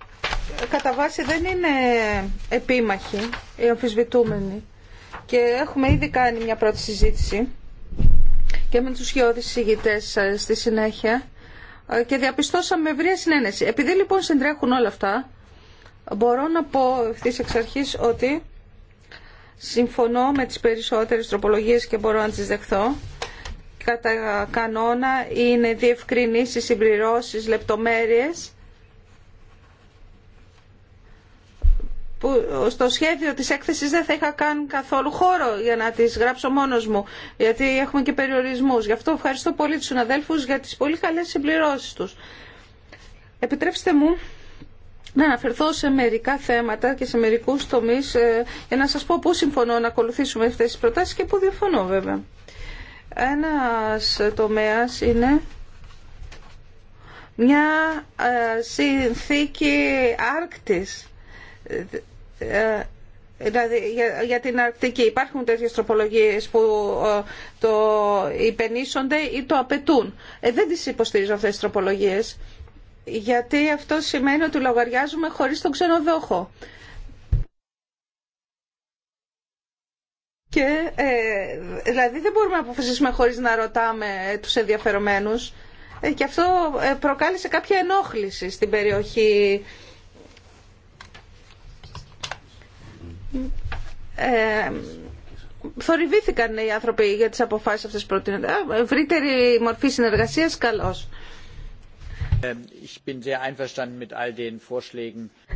κατά βάση δεν είναι επίμαχη ή αμφισβητούμενη και έχουμε ήδη κάνει μια πρώτη συζήτηση και με τους γιώδης συγητές ε, στη συνέχεια ε, και διαπιστώσαμε ευρεία συνένεση. Επειδή λοιπόν συντρέχουν όλα αυτά, μπορώ να πω ευθύ εξ αρχής ότι Συμφωνώ με τις περισσότερες τροπολογίες και μπορώ να τις δεχθώ. Κατά κανόνα είναι διευκρινήσεις, συμπληρώσεις, λεπτομέρειες που στο σχέδιο της έκθεσης δεν θα είχα καν καθόλου χώρο για να τις γράψω μόνος μου, γιατί έχουμε και περιορισμούς. Γι' αυτό ευχαριστώ πολύ τους συναδέλφους για τις πολύ καλές συμπληρώσεις τους. Επιτρέψτε μου να αναφερθώ σε μερικά θέματα και σε μερικούς τομείς ε, για να σας πω πού συμφωνώ να ακολουθήσουμε αυτές τις προτάσεις και πού διαφωνώ βέβαια. Ένας τομέας είναι μια ε, συνθήκη Άρκτης ε, δηλαδή για, για, την Αρκτική. Υπάρχουν τέτοιες τροπολογίες που το υπενήσονται ή το απαιτούν. Ε, δεν τις υποστηρίζω αυτές τις τροπολογίες γιατί αυτό σημαίνει ότι λογαριάζουμε χωρίς τον ξενοδόχο. Και, ε, δηλαδή δεν μπορούμε να αποφασίσουμε χωρίς να ρωτάμε τους ενδιαφερομένους ε, και αυτό ε, προκάλεσε κάποια ενόχληση στην περιοχή ε, θορυβήθηκαν οι άνθρωποι για τις αποφάσεις αυτές που προτείνονται. Ευρύτερη μορφή συνεργασίας, καλώς.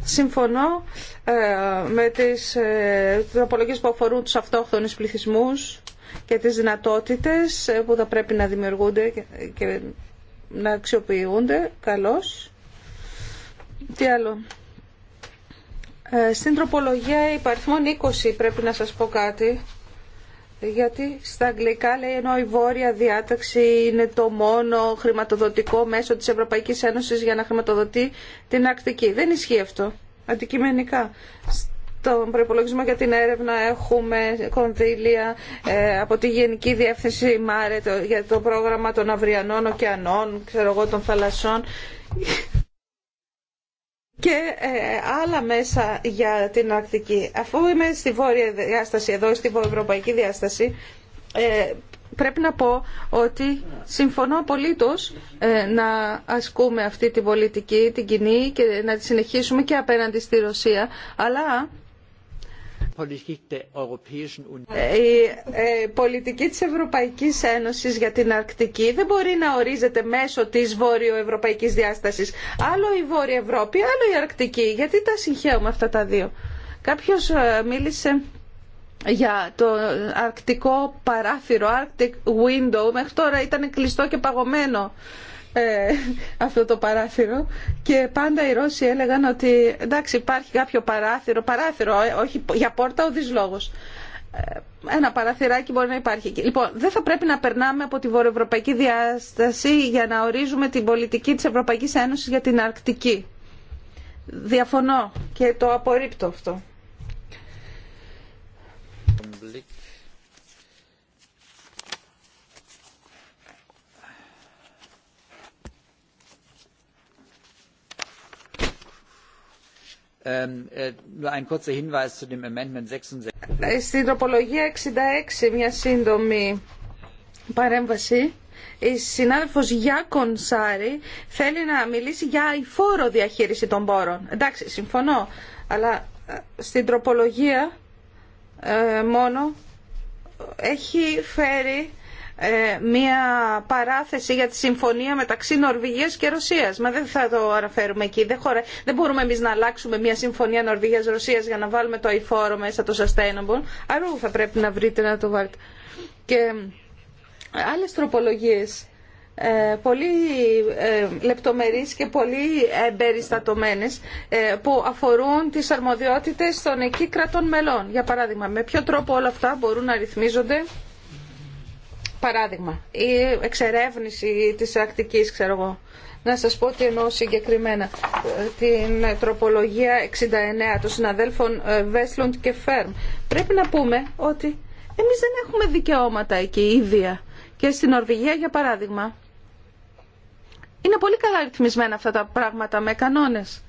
Συμφωνώ ε, με τις ε, τροπολογίες που αφορούν τους αυτόχθονες πληθυσμούς και τις δυνατότητες ε, που θα πρέπει να δημιουργούνται και να αξιοποιούνται καλώς. Τι άλλο. Στην τροπολογία υπαριθμών 20 πρέπει να σας πω κάτι γιατί στα αγγλικά λέει ενώ η βόρεια διάταξη είναι το μόνο χρηματοδοτικό μέσο της Ευρωπαϊκής Ένωσης για να χρηματοδοτεί την Ακτική. Δεν ισχύει αυτό αντικειμενικά. Στον προπολογισμό για την έρευνα έχουμε κονδύλια ε, από τη Γενική Διεύθυνση ΜΑΡΕ για το πρόγραμμα των αυριανών ωκεανών, ξέρω εγώ των θαλασσών και ε, άλλα μέσα για την Αρκτική. Αφού είμαι στη βόρεια διάσταση, εδώ στη βορειοευρωπαϊκή διάσταση, ε, πρέπει να πω ότι συμφωνώ απολύτως ε, να ασκούμε αυτή την πολιτική, την κοινή και να τη συνεχίσουμε και απέναντι στη Ρωσία, αλλά ε, η ε, πολιτική της Ευρωπαϊκής Ένωσης για την Αρκτική δεν μπορεί να ορίζεται μέσω της βόρειο-ευρωπαϊκής διάστασης. Άλλο η Βόρεια Ευρώπη, άλλο η Αρκτική. Γιατί τα συγχαίουμε αυτά τα δύο. Κάποιος ε, μίλησε για το αρκτικό παράθυρο, Arctic Window. Μέχρι τώρα ήταν κλειστό και παγωμένο. Ε, αυτό το παράθυρο και πάντα οι Ρώσοι έλεγαν ότι εντάξει υπάρχει κάποιο παράθυρο, παράθυρο ε, όχι για πόρτα ο λόγος. Ε, ένα παραθυράκι μπορεί να υπάρχει. Λοιπόν, δεν θα πρέπει να περνάμε από τη βορειοευρωπαϊκή διάσταση για να ορίζουμε την πολιτική της Ευρωπαϊκής Ένωσης για την Αρκτική. Διαφωνώ και το απορρίπτω αυτό. Στην τροπολογία 66 μια σύντομη παρέμβαση. Η συνάδελφος Γιάκον Σάρη θέλει να μιλήσει για φόρο διαχείριση των πόρων. Εντάξει, συμφωνώ, αλλά ε, στην τροπολογία ε, μόνο έχει φέρει ε, μία παράθεση για τη συμφωνία μεταξύ Νορβηγίας και Ρωσίας. Μα δεν θα το αναφέρουμε εκεί. Δεν, δεν μπορούμε εμείς να αλλάξουμε μία συμφωνία Νορβηγίας-Ρωσίας για να βάλουμε το αηφόρο μέσα το sustainable. Άρα θα πρέπει να βρείτε να το βάλετε. Και ε, άλλες τροπολογίες ε, πολύ λεπτομερείς και πολύ εμπεριστατωμένες που αφορούν τις αρμοδιότητες των εκεί κρατών μελών. Για παράδειγμα, με ποιο τρόπο όλα αυτά μπορούν να ρυθμίζονται Παράδειγμα, η εξερεύνηση της ακτικής, ξέρω εγώ. Να σας πω ότι εννοώ συγκεκριμένα. Την τροπολογία 69 των συναδέλφων Βέσλοντ ε, και Φέρμ. Πρέπει να πούμε ότι εμείς δεν έχουμε δικαιώματα εκεί ίδια. Και στην Νορβηγία, για παράδειγμα, είναι πολύ καλά ρυθμισμένα αυτά τα πράγματα με κανόνες.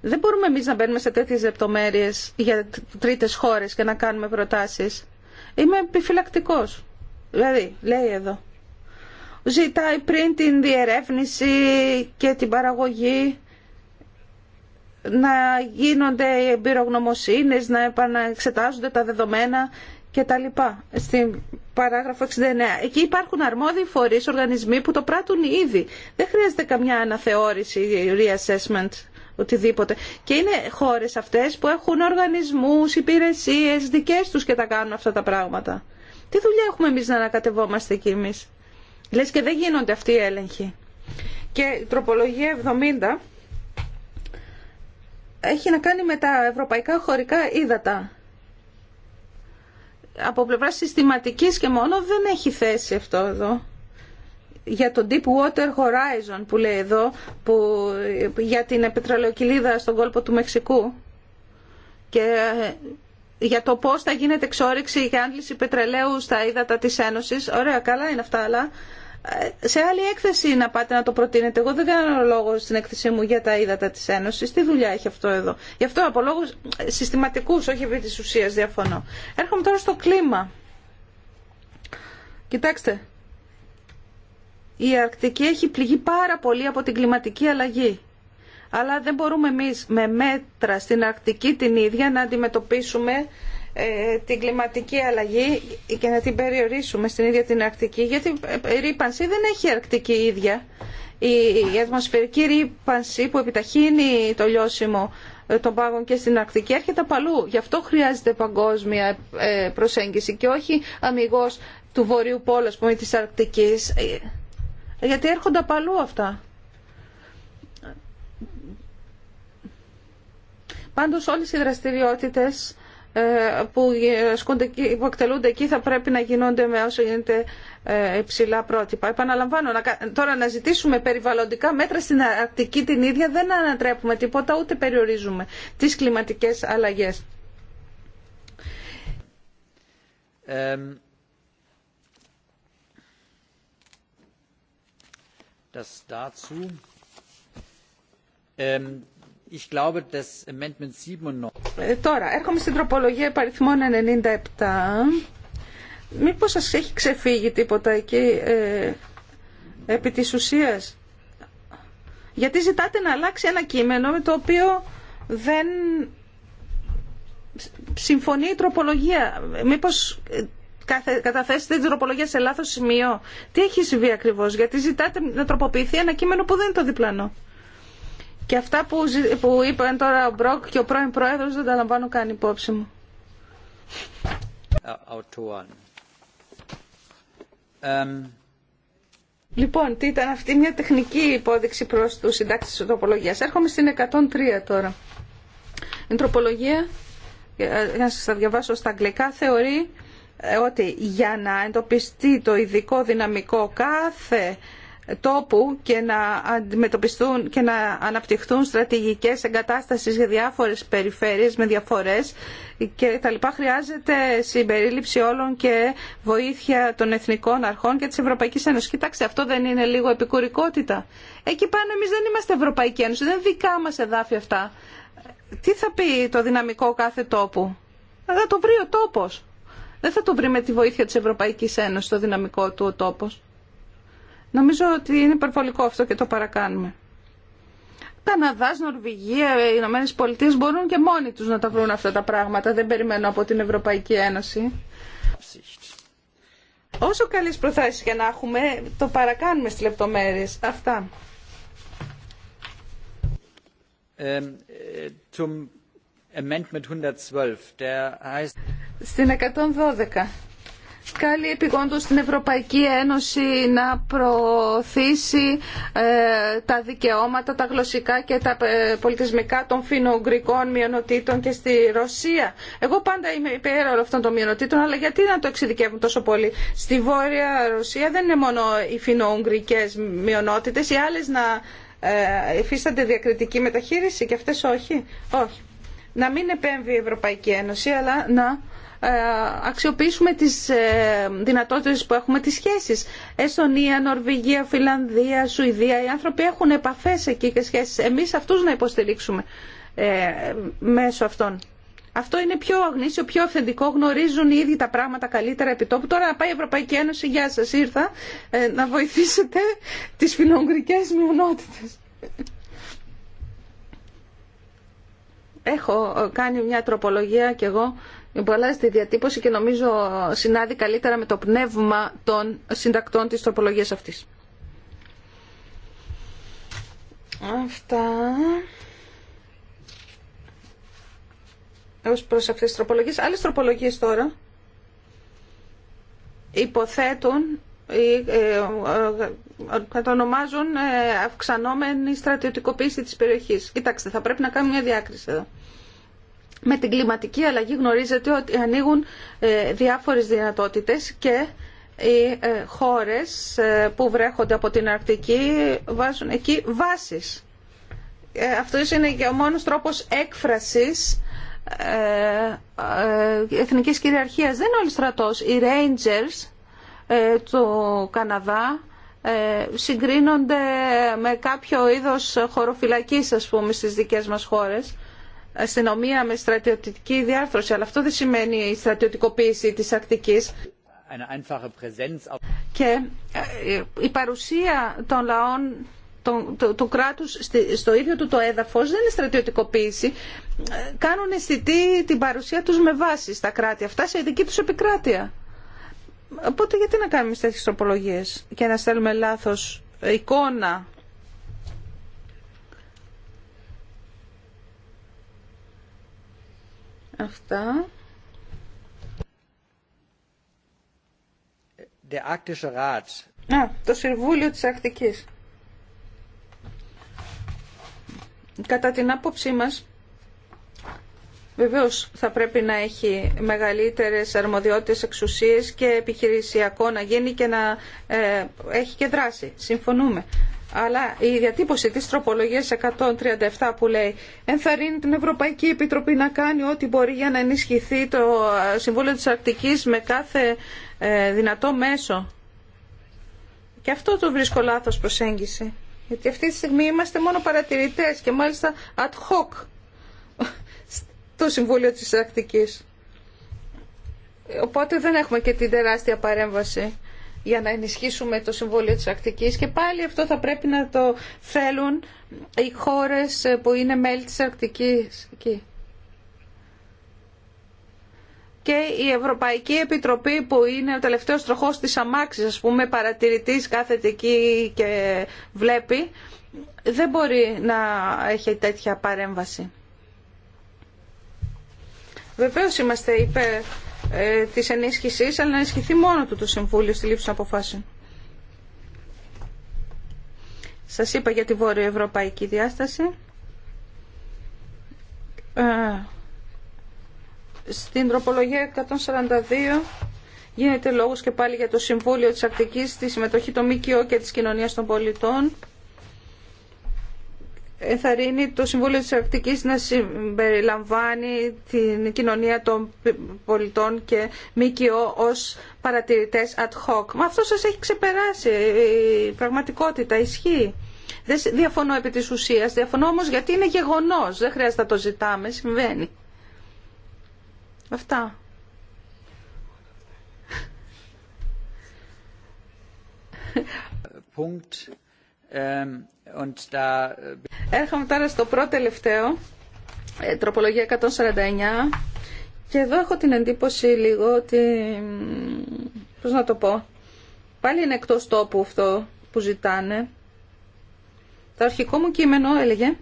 Δεν μπορούμε εμείς να μπαίνουμε σε τέτοιες λεπτομέρειες για τρίτες χώρες και να κάνουμε προτάσεις. Είμαι επιφυλακτικός. Δηλαδή, λέει εδώ, ζητάει πριν την διερεύνηση και την παραγωγή να γίνονται οι εμπειρογνωμοσύνες, να επαναεξετάζονται τα δεδομένα κτλ. Στην παράγραφο 69. Εκεί υπάρχουν αρμόδιοι φορείς, οργανισμοί που το πράττουν ήδη. Δεν χρειάζεται καμιά αναθεώρηση, reassessment, οτιδήποτε. Και είναι χώρες αυτές που έχουν οργανισμούς, υπηρεσίες, δικές τους και τα κάνουν αυτά τα πράγματα. Τι δουλειά έχουμε εμεί να ανακατευόμαστε εκεί εμεί. Λες και δεν γίνονται αυτοί οι έλεγχοι. Και η τροπολογία 70 έχει να κάνει με τα ευρωπαϊκά χωρικά ύδατα. Από πλευρά συστηματικής και μόνο δεν έχει θέση αυτό εδώ. Για το Deep Water Horizon που λέει εδώ, για την πετρελαιοκυλίδα στον κόλπο του Μεξικού. Και ε, για το πώς θα γίνεται εξόριξη και άντληση πετρελαίου στα ύδατα της Ένωσης. Ωραία, καλά είναι αυτά, αλλά ε, σε άλλη έκθεση να πάτε να το προτείνετε. Εγώ δεν κάνω λόγο στην έκθεσή μου για τα ύδατα της Ένωσης. Τι δουλειά έχει αυτό εδώ. Γι' αυτό από λόγους ε, συστηματικούς, όχι επί της ουσίας, διαφωνώ. Έρχομαι τώρα στο κλίμα. Κοιτάξτε, η Αρκτική έχει πληγεί πάρα πολύ από την κλιματική αλλαγή αλλά δεν μπορούμε εμείς με μέτρα στην Αρκτική την ίδια να αντιμετωπίσουμε ε, την κλιματική αλλαγή και να την περιορίσουμε στην ίδια την Αρκτική γιατί ε, ε, η ρήπανση δεν έχει Αρκτική ίδια. Η ατμοσφαιρική ρήπανση που επιταχύνει το λιώσιμο των πάγων και στην Αρκτική έρχεται από αλλού. Γι' αυτό χρειάζεται παγκόσμια προσέγγιση και όχι αμυγός του Βορείου Πόλου, ας πούμε, της Αρκτικής. Γιατί έρχονται από αλλού αυτά. Πάντως όλες οι δραστηριότητες ε, που, που εκτελούνται εκεί θα πρέπει να γίνονται με όσο γίνεται ε, υψηλά πρότυπα. Επαναλαμβάνω, τώρα να ζητήσουμε περιβαλλοντικά μέτρα στην Αρκτική την ίδια δεν ανατρέπουμε τίποτα ούτε περιορίζουμε τις κλιματικές αλλαγές. Ε, das dazu. Ε, τώρα, έρχομαι στην τροπολογία υπαριθμών 97. Μήπως σας έχει ξεφύγει τίποτα εκεί ε, επί της ουσίας. Γιατί ζητάτε να αλλάξει ένα κείμενο με το οποίο δεν συμφωνεί η τροπολογία. Μήπως ε, καταθέσετε την τροπολογία σε λάθος σημείο. Τι έχει συμβεί ακριβώς, γιατί ζητάτε να τροποποιηθεί ένα κείμενο που δεν είναι το διπλανό. Και αυτά που, που είπαν τώρα ο Μπροκ και ο πρώην πρόεδρος δεν τα λαμβάνω καν υπόψη μου. Uh, um, λοιπόν, τι ήταν αυτή μια τεχνική υπόδειξη προς τους συντάξεις της τροπολογίας. Έρχομαι στην 103 τώρα. Η τροπολογία, για να σας τα διαβάσω στα αγγλικά, θεωρεί ε, ότι για να εντοπιστεί το ειδικό δυναμικό κάθε τόπου και να αντιμετωπιστούν και να αναπτυχθούν στρατηγικές εγκατάστασεις για διάφορες περιφέρειες με διαφορές και τα λοιπά χρειάζεται συμπερίληψη όλων και βοήθεια των εθνικών αρχών και της Ευρωπαϊκής Ένωσης. Κοιτάξτε, αυτό δεν είναι λίγο επικουρικότητα. Εκεί πάνω εμείς δεν είμαστε Ευρωπαϊκή Ένωση, δεν είναι δικά μας εδάφια αυτά. Τι θα πει το δυναμικό κάθε τόπου. Θα το βρει ο τόπος. Δεν θα το βρει με τη βοήθεια της Ευρωπαϊκής Ένωσης το δυναμικό του ο τόπος. Νομίζω ότι είναι υπερβολικό αυτό και το παρακάνουμε. Καναδά, Νορβηγία, οι Ηνωμένε Πολιτείε μπορούν και μόνοι του να τα βρουν αυτά τα πράγματα. Δεν περιμένω από την Ευρωπαϊκή Ένωση. Όσο καλέ προθέσει και να έχουμε, το παρακάνουμε στι λεπτομέρειε. Αυτά. 112, ε, Στην 112 καλεί επιγόντως την Ευρωπαϊκή Ένωση να προωθήσει ε, τα δικαιώματα, τα γλωσσικά και τα ε, πολιτισμικά των φινοουγκρικών μειονοτήτων και στη Ρωσία. Εγώ πάντα είμαι υπέρ όλων αυτών των μειονοτήτων, αλλά γιατί να το εξειδικεύουν τόσο πολύ. Στη Βόρεια Ρωσία δεν είναι μόνο οι φινοουγκρικές μειονότητες, οι άλλες να ε, υφίστανται διακριτική μεταχείριση και αυτές όχι. Όχι. Να μην επέμβει η Ευρωπαϊκή Ένωση, αλλά να ε, αξιοποιήσουμε τις ε, δυνατότητες που έχουμε, τις σχέσεις. Εστονία, Νορβηγία, Φιλανδία, Σουηδία, οι άνθρωποι έχουν επαφές εκεί και σχέσεις. Εμείς αυτούς να υποστηρίξουμε ε, μέσω αυτών. Αυτό είναι πιο αγνήσιο, πιο αυθεντικό. Γνωρίζουν οι ίδιοι τα πράγματα καλύτερα επί τόπου. Τώρα να πάει η Ευρωπαϊκή Ένωση, γεια σας, ήρθα να βοηθήσετε τι φιλογρικέ μειονότητε. Έχω κάνει μια τροπολογία κι εγώ που αλλάζει τη διατύπωση και νομίζω συνάδει καλύτερα με το πνεύμα των συντακτών της τροπολογίας αυτής. Αυτά. Ως προς αυτές τις τροπολογίες. Άλλες τροπολογίες τώρα υποθέτουν ή κατονομάζουν ε, ε, ε, αυξανόμενη στρατιωτικοποίηση της περιοχής. Κοιτάξτε, θα πρέπει να κάνουμε μια διάκριση εδώ με την κλιματική αλλαγή γνωρίζετε ότι ανοίγουν ε, διάφορες δυνατότητες και οι ε, χώρες ε, που βρέχονται από την Αρκτική βάζουν εκεί βάσεις. Αυτό είναι και ο μόνος τρόπος έκφρασης εθνικής κυριαρχίας. Δεν είναι όλοι στρατός. Οι Rangers του Καναδά συγκρίνονται με κάποιο είδος χωροφυλακής ας πούμε στις δικές μας χώρες αστυνομία με στρατιωτική διάρθρωση, αλλά αυτό δεν σημαίνει η στρατιωτικοποίηση της ακτικής. Και ε, η παρουσία των λαών του, κράτους στο ίδιο του το έδαφος δεν είναι στρατιωτικοποίηση. Ε, κάνουν αισθητή την παρουσία τους με βάση στα κράτη αυτά σε δική τους επικράτεια. Οπότε γιατί να κάνουμε τέτοιες τροπολογίες και να στέλνουμε λάθος εικόνα Αυτά. το Συμβούλιο της Αρκτικής. Κατά την άποψή μας, βεβαίως θα πρέπει να έχει μεγαλύτερες αρμοδιότητες εξουσίες και επιχειρησιακό να γίνει και να ε, έχει και δράση. Συμφωνούμε αλλά η διατύπωση της τροπολογίας 137 που λέει ενθαρρύνει την Ευρωπαϊκή Επιτροπή να κάνει ό,τι μπορεί για να ενισχυθεί το Συμβούλιο της Αρκτικής με κάθε ε, δυνατό μέσο. Και αυτό το βρίσκω λάθος προσέγγιση. Γιατί αυτή τη στιγμή είμαστε μόνο παρατηρητές και μάλιστα ad hoc στο Συμβούλιο της Αρκτικής. Οπότε δεν έχουμε και την τεράστια παρέμβαση για να ενισχύσουμε το Συμβούλιο της Αρκτικής και πάλι αυτό θα πρέπει να το θέλουν οι χώρες που είναι μέλη της Αρκτικής. Και η Ευρωπαϊκή Επιτροπή που είναι ο τελευταίος τροχός της αμάξης, ας πούμε, παρατηρητής κάθεται εκεί και βλέπει, δεν μπορεί να έχει τέτοια παρέμβαση. Βεβαίως είμαστε υπέρ ε, της ενίσχυσης, αλλά να ενισχυθεί μόνο του το Συμβούλιο στη λήψη αποφάσεων. Σας είπα για τη βόρειο-ευρωπαϊκή διάσταση. Ε, στην τροπολογία 142 γίνεται λόγος και πάλι για το Συμβούλιο της Αρκτικής, τη συμμετοχή των ΜΚΟ και της κοινωνίας των πολιτών ενθαρρύνει το Συμβούλιο της Αρκτικής να συμπεριλαμβάνει την κοινωνία των πολιτών και ΜΚΟ ως παρατηρητές ad hoc. Μα αυτό σας έχει ξεπεράσει η πραγματικότητα, ισχύει. Δεν διαφωνώ επί της ουσίας, διαφωνώ όμως γιατί είναι γεγονός, δεν χρειάζεται να το ζητάμε, συμβαίνει. Αυτά. Ähm, und da Έρχομαι τώρα στο πρώτο τελευταίο, ε, τροπολογία 149. Και εδώ έχω την εντύπωση λίγο ότι, πώς να το πω, πάλι είναι εκτός τόπου αυτό που ζητάνε. Το αρχικό μου κείμενο έλεγε,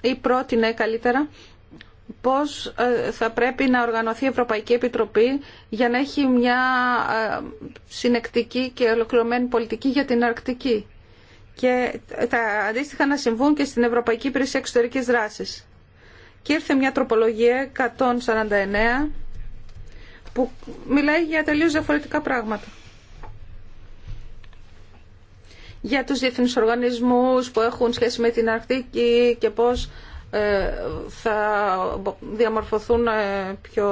ή πρότεινε καλύτερα, πώς ε, θα πρέπει να οργανωθεί η Ευρωπαϊκή Επιτροπή για να έχει μια ε, συνεκτική και ολοκληρωμένη πολιτική για την Αρκτική και τα αντίστοιχα να συμβούν και στην Ευρωπαϊκή Υπηρεσία Εξωτερική δράση. Και ήρθε μια τροπολογία 149 που μιλάει για τελείω διαφορετικά πράγματα. Για τους διεθνείς οργανισμούς που έχουν σχέση με την Αρκτική και πώς ε, θα διαμορφωθούν ε, πιο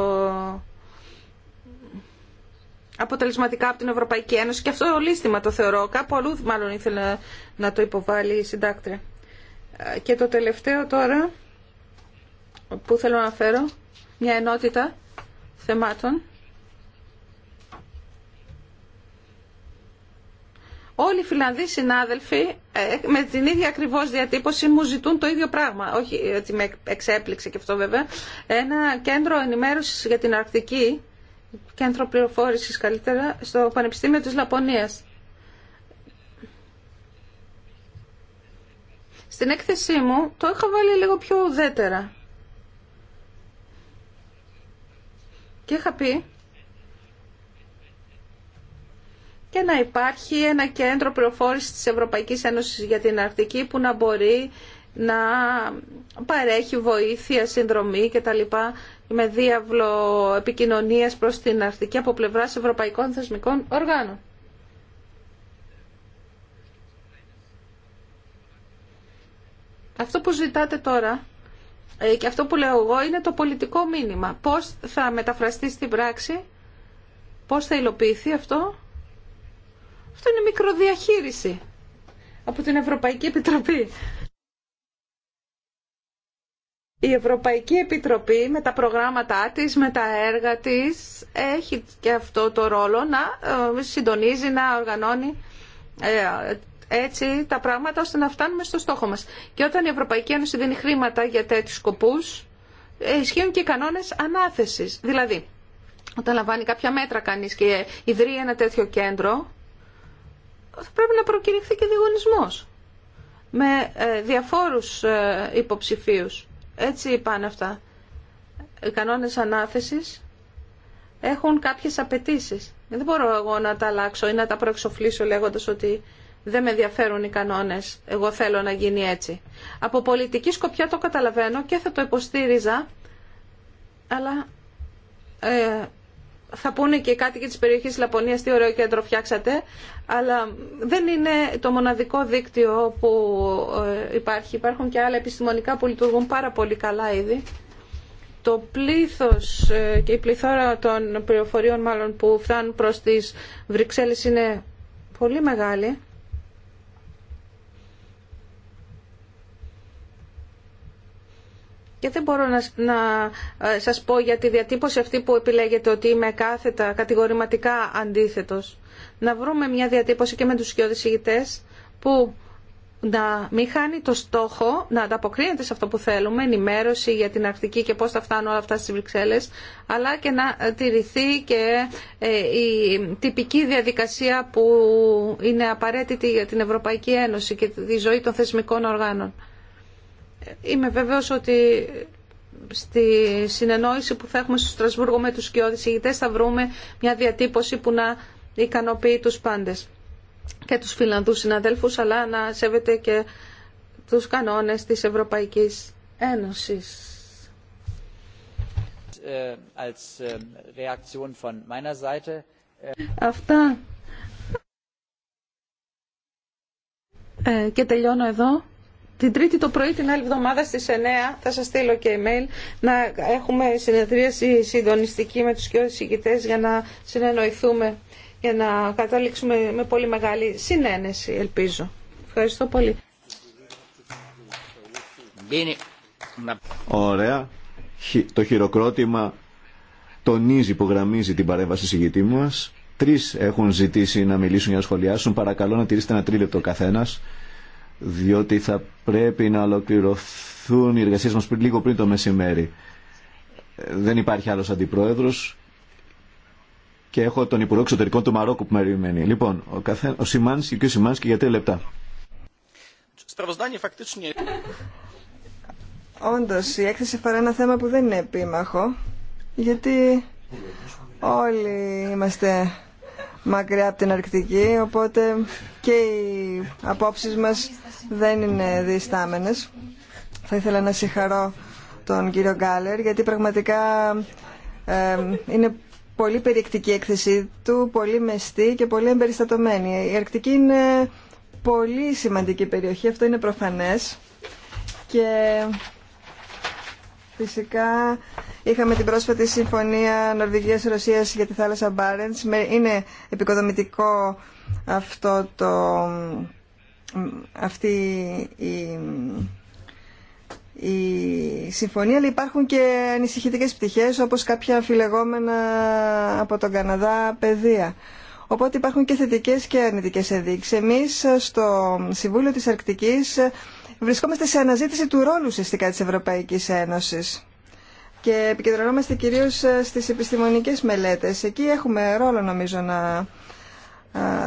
αποτελεσματικά από την Ευρωπαϊκή Ένωση και αυτό λύστημα το θεωρώ. Κάπου αλλού μάλλον ήθελα να το υποβάλει η συντάκτρια. Ε, και το τελευταίο τώρα που θέλω να φέρω μια ενότητα θεμάτων. Όλοι οι Φιλανδοί συνάδελφοι ε, με την ίδια ακριβώ διατύπωση μου ζητούν το ίδιο πράγμα. Όχι ε, ότι με εξέπληξε και αυτό βέβαια. Ένα κέντρο ενημέρωση για την Αρκτική κέντρο πληροφόρησης καλύτερα, στο Πανεπιστήμιο της Λαπωνίας. Στην έκθεσή μου το είχα βάλει λίγο πιο ουδέτερα. Και είχα πει και να υπάρχει ένα κέντρο πληροφόρηση της Ευρωπαϊκής Ένωσης για την Αρκτική που να μπορεί να παρέχει βοήθεια, συνδρομή κτλ με διάβλο επικοινωνίας προς την Αρκτική από πλευράς ευρωπαϊκών θεσμικών οργάνων. Αυτό που ζητάτε τώρα ε, και αυτό που λέω εγώ είναι το πολιτικό μήνυμα. Πώς θα μεταφραστεί στην πράξη, πώς θα υλοποιηθεί αυτό. Αυτό είναι μικροδιαχείριση από την Ευρωπαϊκή Επιτροπή. Η Ευρωπαϊκή Επιτροπή με τα προγράμματά της, με τα έργα της, έχει και αυτό το ρόλο να ε, συντονίζει, να οργανώνει ε, έτσι τα πράγματα ώστε να φτάνουμε στο στόχο μας. Και όταν η Ευρωπαϊκή Ένωση δίνει χρήματα για τέτοιους σκοπούς, ε, ισχύουν και οι κανόνες ανάθεσης. Δηλαδή, όταν λαμβάνει κάποια μέτρα κανείς και ιδρύει ένα τέτοιο κέντρο, θα πρέπει να προκηρυχθεί και διγωνισμός με διαφόρους υποψηφίους. Έτσι είπαν αυτά. Οι κανόνες ανάθεσης έχουν κάποιες απαιτήσει. Δεν μπορώ εγώ να τα αλλάξω ή να τα προεξοφλήσω λέγοντας ότι δεν με ενδιαφέρουν οι κανόνες, εγώ θέλω να γίνει έτσι. Από πολιτική σκοπιά το καταλαβαίνω και θα το υποστήριζα, αλλά ε, θα πούνε και οι κάτοικοι της περιοχής Λαπωνίας τι ωραίο κέντρο φτιάξατε, αλλά δεν είναι το μοναδικό δίκτυο που ε, υπάρχει. Υπάρχουν και άλλα επιστημονικά που λειτουργούν πάρα πολύ καλά ήδη. Το πλήθος ε, και η πληθώρα των πληροφοριών μάλλον που φτάνουν προς τις Βρυξέλλες είναι πολύ μεγάλη. Και δεν μπορώ να, να ε, σας πω για τη διατύπωση αυτή που επιλέγετε ότι είμαι κάθετα κατηγορηματικά αντίθετος. Να βρούμε μια διατύπωση και με τους σκιώδεις που να μην χάνει το στόχο να ανταποκρίνεται σε αυτό που θέλουμε, ενημέρωση για την Αρκτική και πώς θα φτάνουν όλα αυτά στις Βρυξέλλες, αλλά και να τηρηθεί και ε, η τυπική διαδικασία που είναι απαραίτητη για την Ευρωπαϊκή Ένωση και τη ζωή των θεσμικών οργάνων. Είμαι βέβαιος ότι στη συνεννόηση που θα έχουμε στο Στρασβούργο με τους σκιώδεις ηγητές θα βρούμε μια διατύπωση που να ικανοποιεί τους πάντες και τους Φιλανδούς συναδέλφους αλλά να σέβεται και τους κανόνες της Ευρωπαϊκής Ένωσης. Ε, ε, ε, Αυτά. και τελειώνω εδώ την Τρίτη το πρωί την άλλη εβδομάδα στι 9 θα σα στείλω και email να έχουμε συνεδρίαση συντονιστική με του και συγκητές για να συνεννοηθούμε για να καταλήξουμε με πολύ μεγάλη συνένεση ελπίζω. Ευχαριστώ πολύ. Ωραία. Το χειροκρότημα τονίζει, που την παρέμβαση συγκητή μα. Τρει έχουν ζητήσει να μιλήσουν για να σχολιάσουν. Παρακαλώ να τηρήσετε ένα τρίλεπτο καθένας διότι θα πρέπει να ολοκληρωθούν οι εργασίες μας λίγο πριν το μεσημέρι. Δεν υπάρχει άλλος αντιπρόεδρος και έχω τον Υπουργό Εξωτερικών του Μαρόκου που με περιμένει. Λοιπόν, ο, καθέ, ο Σιμάνσκι και ο για τρία λεπτά. Όντω, η έκθεση αφορά ένα θέμα που δεν είναι επίμαχο, γιατί όλοι είμαστε μακριά από την Αρκτική, οπότε και οι απόψεις μας δεν είναι διστάμενες. Θα ήθελα να συγχαρώ τον κύριο Γκάλερ, γιατί πραγματικά είναι πολύ περιεκτική η έκθεσή του, πολύ μεστή και πολύ εμπεριστατωμένη. Η Αρκτική είναι πολύ σημαντική περιοχή, αυτό είναι προφανές και Φυσικά είχαμε την πρόσφατη συμφωνία Νορβηγίας-Ρωσίας για τη θάλασσα Μπάρεντς. Είναι επικοδομητικό αυτό το, αυτή η, η συμφωνία, αλλά υπάρχουν και ανησυχητικές πτυχές όπως κάποια αφιλεγόμενα από τον Καναδά παιδεία. Οπότε υπάρχουν και θετικές και αρνητικές ενδείξεις. Εμείς στο Συμβούλιο της Αρκτικής Βρισκόμαστε σε αναζήτηση του ρόλου ουσιαστικά της Ευρωπαϊκής Ένωσης και επικεντρωνόμαστε κυρίως ε, στις επιστημονικές μελέτες. Εκεί έχουμε ρόλο νομίζω να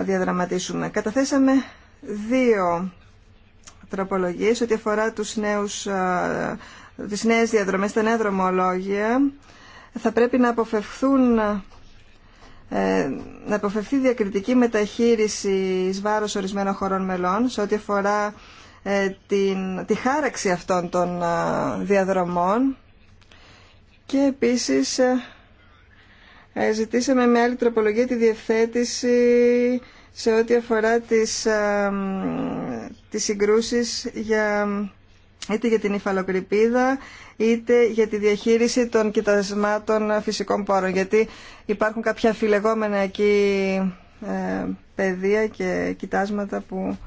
διαδραματίσουμε. Καταθέσαμε δύο τροπολογίες ότι αφορά τους νέους, τις νέες διαδρομές, τα νέα δρομολόγια. Θα πρέπει να αποφευχθούν ε, να αποφευθεί διακριτική μεταχείριση εις βάρος ορισμένων χωρών μελών σε ό,τι αφορά ε, την, τη χάραξη αυτών των ε, διαδρομών και επίσης ε, ζητήσαμε με άλλη τροπολογία τη διευθέτηση σε ό,τι αφορά τις, τις συγκρούσεις για, είτε για την υφαλοκρηπίδα είτε για τη διαχείριση των κοιτασμάτων φυσικών πόρων γιατί υπάρχουν κάποια φιλεγόμενα εκεί παιδία και κοιτάσματα που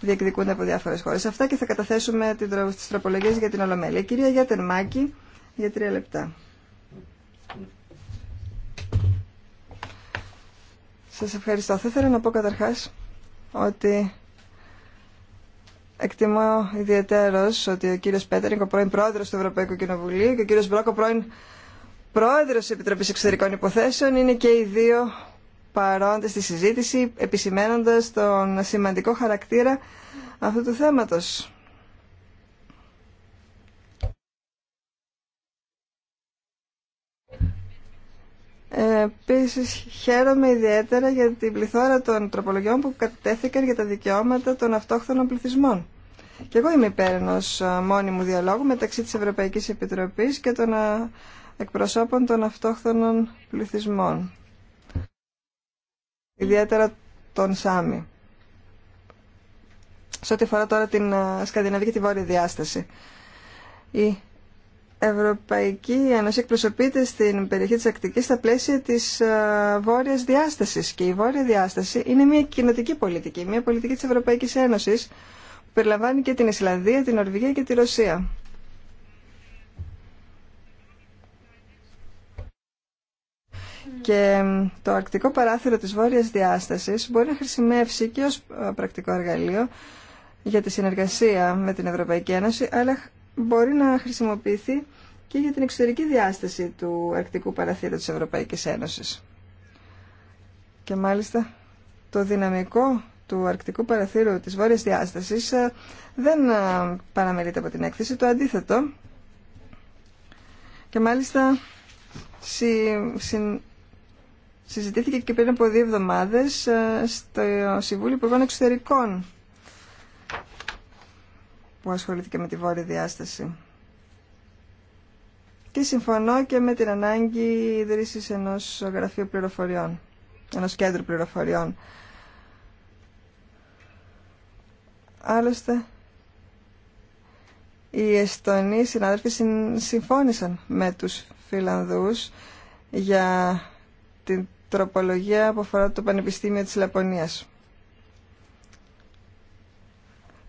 διεκδικούνται από διάφορε χώρε. Αυτά και θα καταθέσουμε τι τροπολογίε για την Ολομέλεια. Κυρία Γιάτερ Μάκη, για τρία λεπτά. Σα ευχαριστώ. Θα ήθελα να πω καταρχάς ότι εκτιμώ ιδιαίτερος ότι ο κύριος Πέτερνικ, ο πρώην πρόεδρος του Ευρωπαϊκού Κοινοβουλίου και ο κύριος Μπρόκο, πρώην πρόεδρο τη Επιτροπή Εξωτερικών Υποθέσεων, είναι και οι δύο παρόντες στη συζήτηση, επισημένοντας τον σημαντικό χαρακτήρα αυτού του θέματος. Επίση, χαίρομαι ιδιαίτερα για την πληθώρα των τροπολογιών που κατέθηκαν για τα δικαιώματα των αυτόχθονων πληθυσμών. Και εγώ είμαι υπέρ ενό μόνιμου διαλόγου μεταξύ τη Ευρωπαϊκή Επιτροπή και των εκπροσώπων των αυτόχθων πληθυσμών ιδιαίτερα τον Σάμι. Σε ό,τι αφορά τώρα την Σκανδιναβική και τη Βόρεια Διάσταση. Η Ευρωπαϊκή Ένωση εκπροσωπείται στην περιοχή της Ακτικής στα πλαίσια της Βόρειας Διάστασης και η Βόρεια Διάσταση είναι μια κοινοτική πολιτική, μια πολιτική της Ευρωπαϊκής Ένωσης που περιλαμβάνει και την Ισλανδία, την Ορβηγία και τη Ρωσία. Και το αρκτικό παράθυρο της βόρειας διάστασης μπορεί να χρησιμεύσει και ως ε, πρακτικό εργαλείο για τη συνεργασία με την Ευρωπαϊκή Ένωση, αλλά μπορεί να χρησιμοποιηθεί και για την εξωτερική διάσταση του αρκτικού παραθύρου της Ευρωπαϊκής Ένωσης. Και μάλιστα το δυναμικό του αρκτικού παραθύρου της βόρειας διάστασης ε, δεν ε, παραμελείται από την έκθεση, το αντίθετο. Και μάλιστα συζητήθηκε και πριν από δύο εβδομάδες ε, στο Συμβούλιο Υπουργών Εξωτερικών που ασχολήθηκε με τη Βόρεια Διάσταση. Και συμφωνώ και με την ανάγκη ίδρυσης ενός γραφείου πληροφοριών, ενός κέντρου πληροφοριών. Άλλωστε, οι Εστονοί συνάδελφοι συμφώνησαν με τους Φιλανδούς για την τροπολογία που αφορά το Πανεπιστήμιο της Λαπωνίας.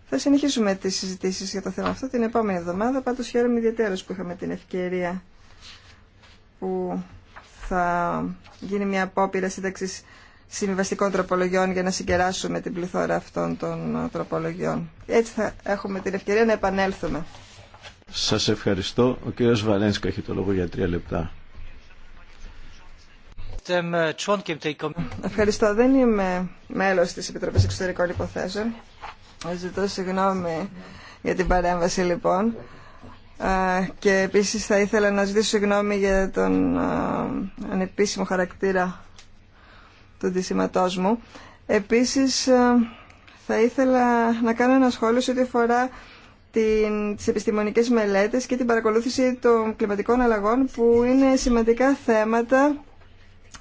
Θα συνεχίσουμε τις συζητήσεις για το θέμα αυτό την επόμενη εβδομάδα. Πάντως χαίρομαι ιδιαίτερως που είχαμε την ευκαιρία που θα γίνει μια απόπειρα σύνταξη συμβιβαστικών τροπολογιών για να συγκεράσουμε την πληθώρα αυτών των τροπολογιών. Έτσι θα έχουμε την ευκαιρία να επανέλθουμε. Σας ευχαριστώ. Ο κύριος Βαλένσκα έχει το λόγο για τρία λεπτά. Uh, Ευχαριστώ. Δεν είμαι μέλος της Επιτροπής Εξωτερικών Υποθέσεων. Ζητώ συγγνώμη για την παρέμβαση λοιπόν. Ε, και επίσης θα ήθελα να ζητήσω συγγνώμη για τον ε, ανεπίσημο χαρακτήρα του δισήματός μου. Επίσης ε, θα ήθελα να κάνω ένα σχόλιο σε ό,τι αφορά την, τις επιστημονικές μελέτες και την παρακολούθηση των κλιματικών αλλαγών που είναι σημαντικά θέματα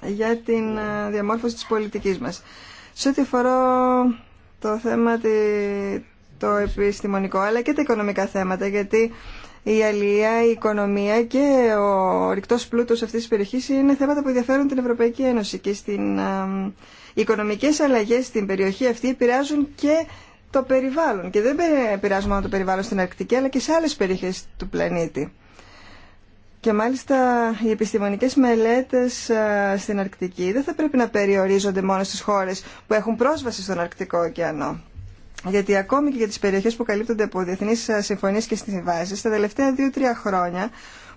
για την ε, διαμόρφωση της πολιτικής μας. Σε ό,τι αφορά το θέμα το επιστημονικό, αλλά και τα οικονομικά θέματα, γιατί η αλληλεία, η οικονομία και ο ρηκτός πλούτος αυτής της περιοχής είναι θέματα που ενδιαφέρουν την Ευρωπαϊκή Ένωση και στην, ε, οι οικονομικές αλλαγές στην περιοχή αυτή επηρεάζουν και το περιβάλλον και δεν επηρεάζουν μόνο το περιβάλλον στην Αρκτική αλλά και σε άλλες περιοχές του πλανήτη. Και μάλιστα οι επιστημονικές μελέτες ε, στην Αρκτική δεν θα πρέπει να περιορίζονται μόνο στις χώρες που έχουν πρόσβαση στον Αρκτικό ωκεανό. Γιατί ακόμη και για τις περιοχές που καλύπτονται από διεθνείς ε, συμφωνίες και συμβάσεις, τα τελευταια δυο δύο-τρία χρόνια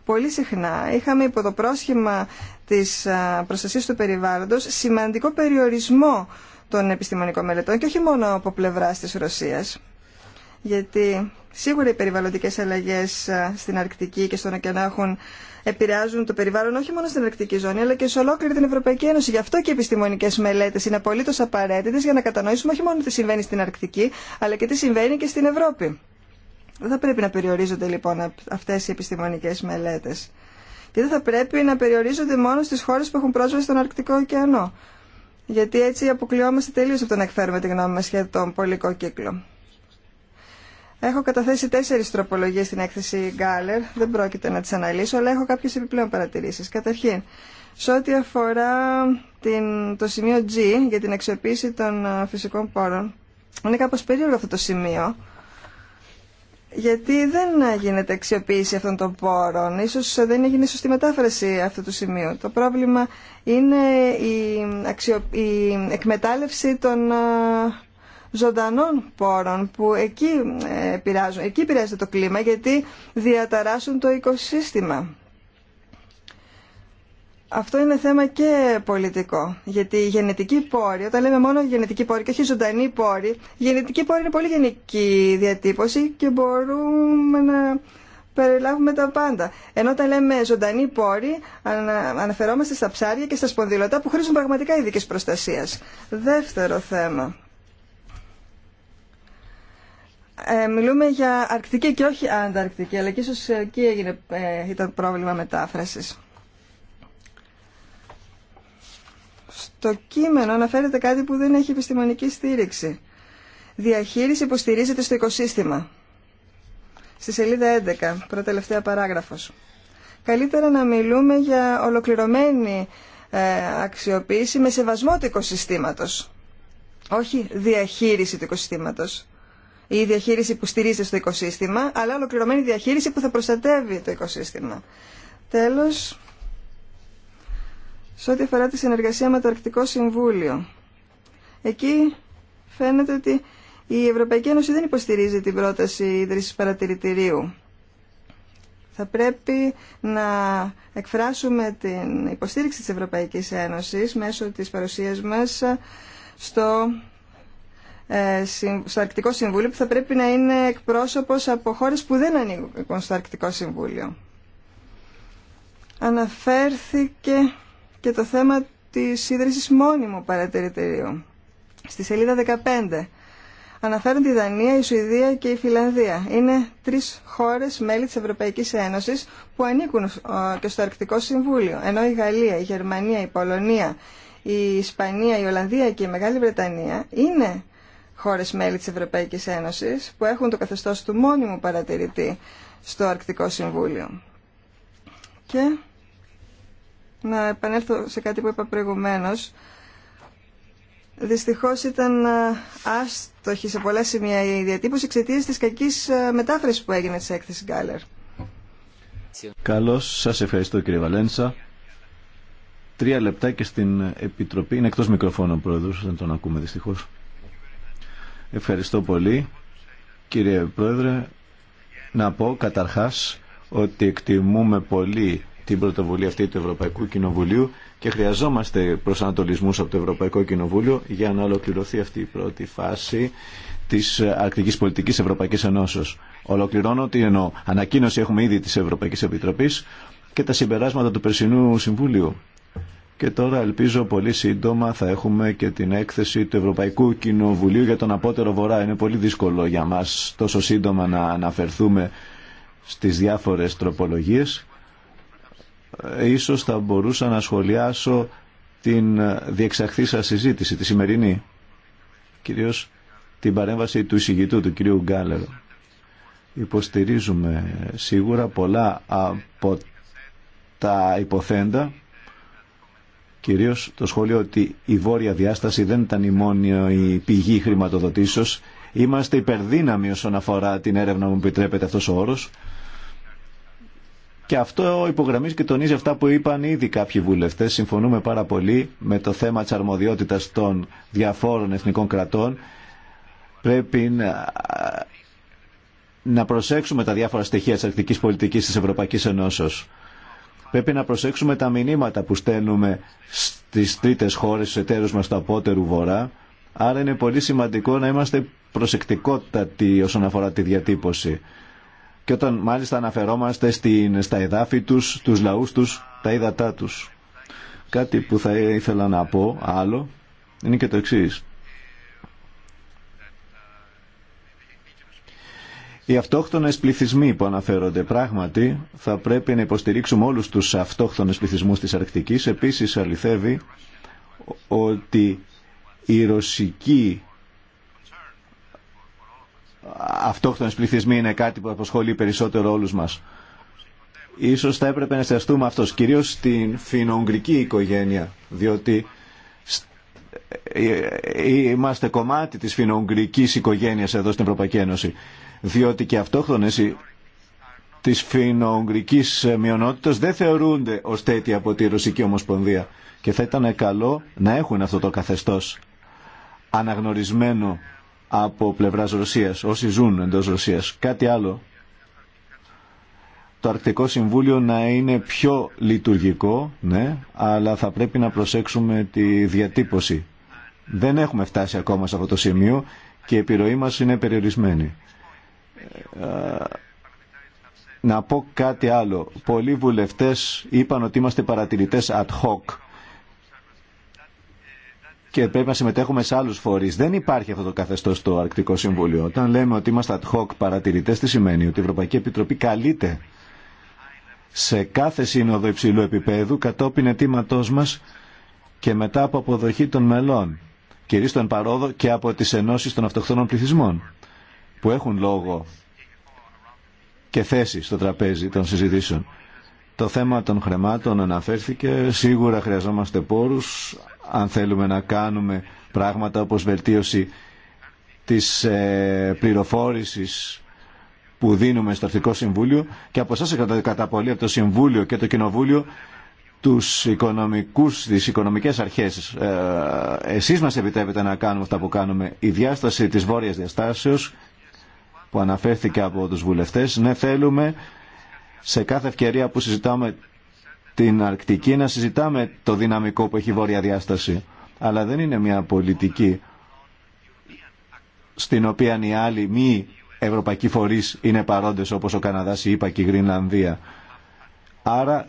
πολύ συχνά είχαμε υπό το πρόσχημα της ε, προστασίας του περιβάλλοντος σημαντικό περιορισμό των επιστημονικών μελετών και όχι μόνο από πλευρά της Ρωσίας. Γιατί Σίγουρα οι περιβαλλοντικέ αλλαγέ ε, στην Αρκτική και στον Οκεανό έχουν επηρεάζουν το περιβάλλον όχι μόνο στην Αρκτική ζώνη, αλλά και σε ολόκληρη την Ευρωπαϊκή Ένωση. Γι' αυτό και οι επιστημονικέ μελέτε είναι απολύτω απαραίτητε για να κατανοήσουμε όχι μόνο τι συμβαίνει στην Αρκτική, αλλά και τι συμβαίνει και στην Ευρώπη. Δεν θα πρέπει να περιορίζονται λοιπόν αυτέ οι επιστημονικέ μελέτε. Και δεν θα πρέπει να περιορίζονται μόνο στι χώρε που έχουν πρόσβαση στον Αρκτικό ωκεανό. Γιατί έτσι αποκλειόμαστε τελείω από το να εκφέρουμε τη γνώμη μα για τον πολικό κύκλο. Έχω καταθέσει τέσσερις τροπολογίες στην έκθεση Γκάλερ, δεν πρόκειται να τις αναλύσω, αλλά έχω κάποιες επιπλέον παρατηρήσεις. Καταρχήν, σε ό,τι αφορά την, το σημείο G για την αξιοποίηση των ε, φυσικών πόρων, είναι κάπω περίεργο αυτό το σημείο, γιατί δεν γίνεται αξιοποίηση αυτών των πόρων. Ίσως δεν έγινε σωστή μετάφραση αυτού του σημείου. Το πρόβλημα είναι η, αξιο... η εκμετάλλευση των ε, ζωντανών πόρων που εκεί, ε, επηρεάζουν, εκεί επηρεάζεται το κλίμα γιατί διαταράσουν το οικοσύστημα. Αυτό είναι θέμα και πολιτικό. Γιατί η γενετική πόρη, όταν λέμε μόνο γενετική πόρη και όχι ζωντανή πόρη, η γενετική πόρη είναι πολύ γενική διατύπωση και μπορούμε να περιλάβουμε τα πάντα. Ενώ όταν λέμε ζωντανοί πόροι, αναφερόμαστε στα ψάρια και στα σπονδυλωτά που χρήζουν πραγματικά ειδική προστασία. Δεύτερο θέμα. Ε, μιλούμε για Αρκτική και όχι Ανταρκτική, αλλά και ίσως ε, εκεί έγινε, ε, ήταν πρόβλημα μετάφρασης. Στο κείμενο αναφέρεται κάτι που δεν έχει επιστημονική στήριξη. Διαχείριση που στηρίζεται στο οικοσύστημα. Στη σελίδα 11, προτελευταία παράγραφος. Καλύτερα να μιλούμε για ολοκληρωμένη αξιοποίηση με σεβασμό του οικοσυστήματος. Όχι διαχείριση του οικοσυστήματος ή διαχείριση που στηρίζεται στο οικοσύστημα, αλλά ολοκληρωμένη διαχείριση που θα προστατεύει το οικοσύστημα. Τέλος, σε ό,τι αφορά τη συνεργασία με το Αρκτικό Συμβούλιο. Εκεί φαίνεται ότι η Ευρωπαϊκή Ένωση δεν υποστηρίζει την πρόταση ίδρυσης παρατηρητηρίου. Θα πρέπει να εκφράσουμε την υποστήριξη της Ευρωπαϊκής Ένωσης μέσω της παρουσίας μας στο ε, στο Αρκτικό Συμβούλιο που θα πρέπει να είναι εκπρόσωπος από χώρες που δεν ανήκουν στο Αρκτικό Συμβούλιο. Αναφέρθηκε και το θέμα της ίδρυσης μόνιμου παρατηρητηρίου. Στη σελίδα 15 αναφέρουν τη Δανία, η Σουηδία και η Φιλανδία. Είναι τρεις χώρες μέλη της Ευρωπαϊκής Ένωσης που ανήκουν και στο Αρκτικό Συμβούλιο, ενώ η Γαλλία, η Γερμανία, η Πολωνία, η Ισπανία, η Ολλανδία και η Μεγάλη Βρετανία είναι χώρες μέλη της Ευρωπαϊκής Ένωσης που έχουν το καθεστώς του μόνιμου παρατηρητή στο Αρκτικό Συμβούλιο. Και να επανέλθω σε κάτι που είπα προηγουμένως. Δυστυχώς ήταν ε, άστοχη σε πολλά σημεία η διατύπωση εξαιτία της κακής ε, μετάφρασης που έγινε της έκθεση Γκάλερ. Καλώς, σας ευχαριστώ κύριε Βαλένσα. Τρία λεπτά και στην Επιτροπή. Είναι εκτός μικροφώνου ο Πρόεδρος, δεν τον ακούμε δυστυχώς. Ευχαριστώ πολύ. Κύριε Πρόεδρε, να πω καταρχάς ότι εκτιμούμε πολύ την πρωτοβουλία αυτή του Ευρωπαϊκού Κοινοβουλίου και χρειαζόμαστε προσανατολισμούς από το Ευρωπαϊκό Κοινοβούλιο για να ολοκληρωθεί αυτή η πρώτη φάση της αρκτικής πολιτικής Ευρωπαϊκής Ενώσεως. Ολοκληρώνω ότι ενώ ανακοίνωση έχουμε ήδη της Ευρωπαϊκής Επιτροπής και τα συμπεράσματα του περσινού Συμβούλιου και τώρα ελπίζω πολύ σύντομα θα έχουμε και την έκθεση του Ευρωπαϊκού Κοινοβουλίου για τον Απότερο Βορρά. Είναι πολύ δύσκολο για μας τόσο σύντομα να αναφερθούμε στις διάφορες τροπολογίες. Ε, ίσως θα μπορούσα να σχολιάσω την διεξαχθή συζήτηση, τη σημερινή, κυρίως την παρέμβαση του εισηγητού, του κυρίου Γκάλερ. Υποστηρίζουμε σίγουρα πολλά από τα υποθέντα Κυρίω το σχόλιο ότι η βόρεια διάσταση δεν ήταν η μόνη η πηγή χρηματοδοτήσεως. Είμαστε υπερδύναμοι όσον αφορά την έρευνα που επιτρέπεται αυτό ο όρο. Και αυτό υπογραμμίζει και τονίζει αυτά που είπαν ήδη κάποιοι βουλευτές. Συμφωνούμε πάρα πολύ με το θέμα της αρμοδιότητας των διαφόρων εθνικών κρατών. Πρέπει να, προσέξουμε τα διάφορα στοιχεία της αρκτικής πολιτικής της Ευρωπαϊκής Ενώσεως. Πρέπει να προσέξουμε τα μηνύματα που στέλνουμε στις τρίτες χώρες, στους εταίρους μας στο απότερου βορρά. Άρα είναι πολύ σημαντικό να είμαστε προσεκτικότατοι όσον αφορά τη διατύπωση. Και όταν μάλιστα αναφερόμαστε στην, στα εδάφη τους, τους λαούς τους, τα ύδατά τους. Κάτι που θα ήθελα να πω άλλο είναι και το εξής. Οι αυτόχθονες πληθυσμοί που αναφέρονται πράγματι θα πρέπει να υποστηρίξουμε όλους τους αυτόχθονες πληθυσμού τη Αρκτική. Επίσης αληθεύει ότι οι ρωσικοί αυτόχθονες πληθυσμοί είναι κάτι που αποσχολεί περισσότερο όλου μας. Ίσως θα έπρεπε να εστιαστούμε αυτός, κυρίως στην φινογκρική οικογένεια, διότι ε, ε, ε, είμαστε κομμάτι της φινογκρικής οικογένειας εδώ στην Ευρωπαϊκή Ένωση διότι και αυτόχθονες της φινοογγρικής ε, μειονότητας δεν θεωρούνται ως τέτοια από τη Ρωσική Ομοσπονδία και θα ήταν καλό να έχουν αυτό το καθεστώς αναγνωρισμένο από πλευράς Ρωσίας, όσοι ζουν εντός Ρωσίας. Κάτι άλλο, το Αρκτικό Συμβούλιο να είναι πιο λειτουργικό, ναι, αλλά θα πρέπει να προσέξουμε τη διατύπωση. Δεν έχουμε φτάσει ακόμα σε αυτό το σημείο και η επιρροή μας είναι περιορισμένη. Ε, να πω κάτι άλλο. Πολλοί βουλευτές είπαν ότι είμαστε παρατηρητές ad hoc και πρέπει να συμμετέχουμε σε άλλους φορείς. Δεν υπάρχει αυτό το καθεστώς στο Αρκτικό Συμβούλιο. Όταν λέμε ότι είμαστε ad hoc παρατηρητές, τι σημαίνει ότι η Ευρωπαϊκή Επιτροπή καλείται σε κάθε σύνοδο υψηλού επίπεδου κατόπιν ετήματό μας και μετά από αποδοχή των μελών, κυρίως των παρόδο και από τις ενώσεις των αυτοκτονών πληθυσμών που έχουν λόγο και θέση στο τραπέζι των συζητήσεων. Το θέμα των χρεμάτων αναφέρθηκε. Σίγουρα χρειαζόμαστε πόρους αν θέλουμε να κάνουμε πράγματα όπως βελτίωση της ε, πληροφόρησης που δίνουμε στο Αρχικό Συμβούλιο και από εσάς κατά πολύ από το Συμβούλιο και το Κοινοβούλιο τους οικονομικούς, τις οικονομικές αρχές. Ε, εσείς μας επιτρέπετε να κάνουμε αυτά που κάνουμε. Η διάσταση της βόρειας διαστάσεως που αναφέρθηκε από τους βουλευτές. Ναι, θέλουμε σε κάθε ευκαιρία που συζητάμε την Αρκτική να συζητάμε το δυναμικό που έχει βόρεια διάσταση. Αλλά δεν είναι μια πολιτική στην οποία οι άλλοι μη ευρωπαϊκοί φορείς είναι παρόντες όπως ο Καναδάς, η ΙΠΑ και η Γρινλανδία. Άρα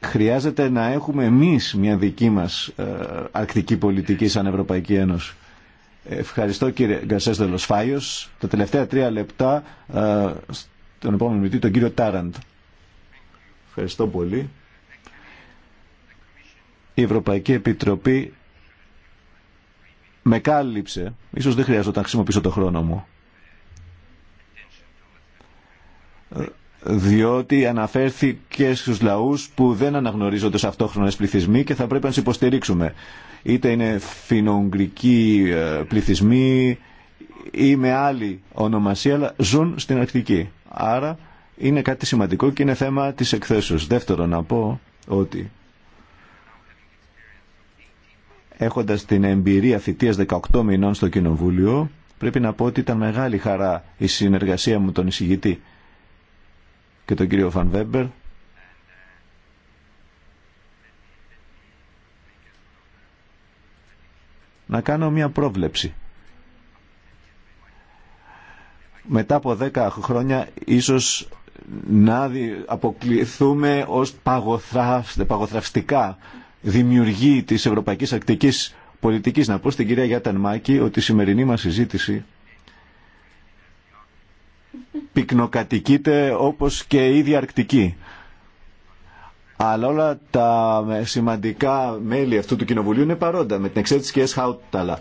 χρειάζεται να έχουμε εμείς μια δική μας ε, αρκτική πολιτική σαν Ευρωπαϊκή Ένωση. Ευχαριστώ κύριε Γκαρσές Δελοσφάιος. Τα τελευταία τρία λεπτά ε, στον επόμενο μιλητή, τον κύριο Τάραντ. Ευχαριστώ πολύ. Η Ευρωπαϊκή Επιτροπή με κάλυψε. Ίσως δεν χρειάζεται να χρησιμοποιήσω το χρόνο μου. Ε, διότι αναφέρθηκε στους λαούς που δεν αναγνωρίζονται σε αυτόχρονες πληθυσμοί και θα πρέπει να τους υποστηρίξουμε. Είτε είναι φινογκρικοί ε, πληθυσμοί ή με άλλη ονομασία, αλλά ζουν στην Αρκτική. Άρα είναι κάτι σημαντικό και είναι θέμα της εκθέσεως. Δεύτερο να πω ότι έχοντας την εμπειρία θητείας 18 μηνών στο Κοινοβούλιο, πρέπει να πω ότι ήταν μεγάλη χαρά η συνεργασία μου τον εισηγητή και τον κύριο Φαν Να κάνω μια πρόβλεψη. Μετά από δέκα χρόνια ίσως να αποκλειθούμε ως παγωθραυστικά δημιουργοί της ευρωπαϊκής ακτικής πολιτικής. Να πω στην κυρία Γιάταν Νμάκη ότι η σημερινή μας συζήτηση πυκνοκατοικείται όπως και η ίδια Αρκτική. Αλλά όλα τα σημαντικά μέλη αυτού του κοινοβουλίου είναι παρόντα, με την εξαίρεση και Χάουταλα.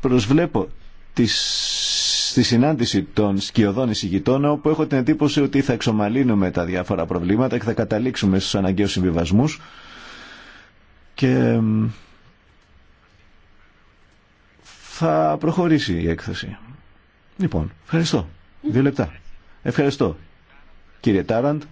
Προσβλέπω τη, στη συνάντηση των σκιωδών εισηγητών, όπου έχω την εντύπωση ότι θα εξομαλύνουμε τα διάφορα προβλήματα και θα καταλήξουμε στους αναγκαίους συμβιβασμούς. Και θα προχωρήσει η έκθεση. Λοιπόν, ευχαριστώ. Δύο λεπτά. Ευχαριστώ. Κύριε Τάραντ,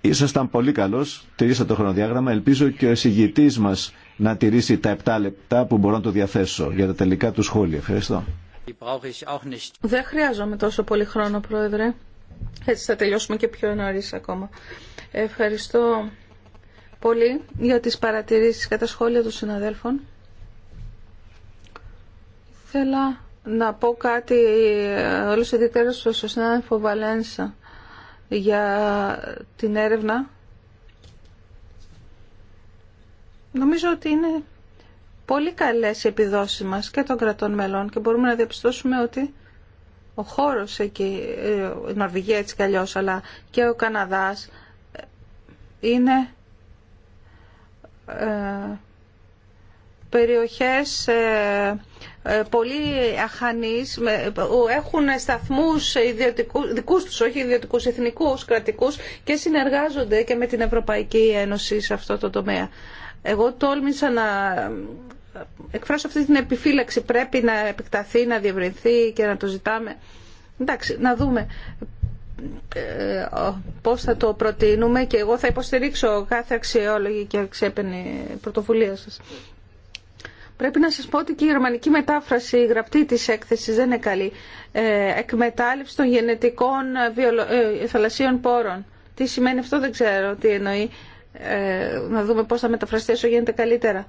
ήσασταν πολύ καλός, τηρήσα το χρονοδιάγραμμα. Ελπίζω και ο εισηγητή μας να τηρήσει τα 7 λεπτά που μπορώ να το διαθέσω για τα τελικά του σχόλια. Ευχαριστώ. Δεν χρειάζομαι τόσο πολύ χρόνο, Πρόεδρε. Έτσι θα τελειώσουμε και πιο νωρί ακόμα. Ευχαριστώ πολύ για τις παρατηρήσεις και τα σχόλια των συναδέλφων. Θέλω να πω κάτι όλους να στο συνάδελφο Βαλένσα για την έρευνα. Νομίζω ότι είναι πολύ καλές οι επιδόσεις μας και των κρατών μελών και μπορούμε να διαπιστώσουμε ότι ο χώρος εκεί, η Νορβηγία έτσι κι αλλιώς, αλλά και ο Καναδάς ε, είναι ε, περιοχές ε, ε, πολύ αχανείς που έχουν σταθμούς ιδιωτικούς, δικούς τους, όχι ιδιωτικούς, εθνικούς, κρατικούς και συνεργάζονται και με την Ευρωπαϊκή Ένωση σε αυτό το τομέα. Εγώ τόλμησα να ε, εκφράσω αυτή την επιφύλαξη πρέπει να επεκταθεί, να διευρυνθεί και να το ζητάμε. Εντάξει, να δούμε πώς θα το προτείνουμε και εγώ θα υποστηρίξω κάθε αξιόλογη και αξέπαινη πρωτοβουλία σας. Πρέπει να σας πω ότι και η ρωμανική μετάφραση η γραπτή της έκθεσης δεν είναι καλή. Ε, εκμετάλλευση των γενετικών ε, ε, θαλασσίων πόρων. Τι σημαίνει αυτό δεν ξέρω, τι εννοεί. να δούμε πώς θα μεταφραστεί όσο γίνεται καλύτερα.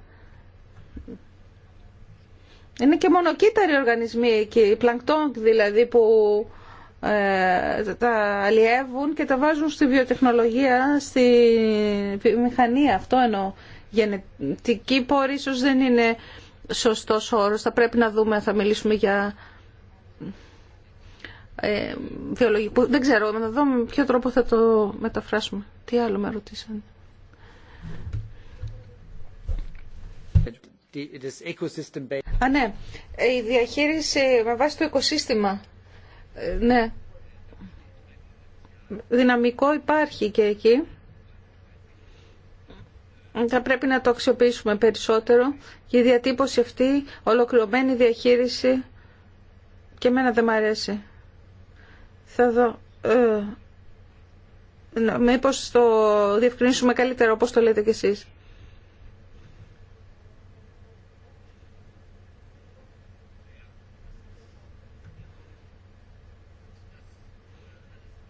Είναι και μονοκύτταροι οργανισμοί εκεί, οι πλανκτόγκ δηλαδή που τα αλλιεύουν και τα βάζουν στη βιοτεχνολογία, στη μηχανία, αυτό εννοώ γενετική πόρη ίσως δεν είναι σωστός όρος. Θα πρέπει να δούμε αν θα μιλήσουμε για ε, Δεν ξέρω, να δω με ποιο τρόπο θα το μεταφράσουμε. Τι άλλο με ρωτήσαν. Α, ναι. Η διαχείριση με βάση το οικοσύστημα. Ε, ναι. Δυναμικό υπάρχει και εκεί θα πρέπει να το αξιοποιήσουμε περισσότερο και η διατύπωση αυτή, ολοκληρωμένη διαχείριση και εμένα δεν μ' αρέσει. Θα δω... Ε, μήπως το διευκρινίσουμε καλύτερα όπως το λέτε κι εσείς.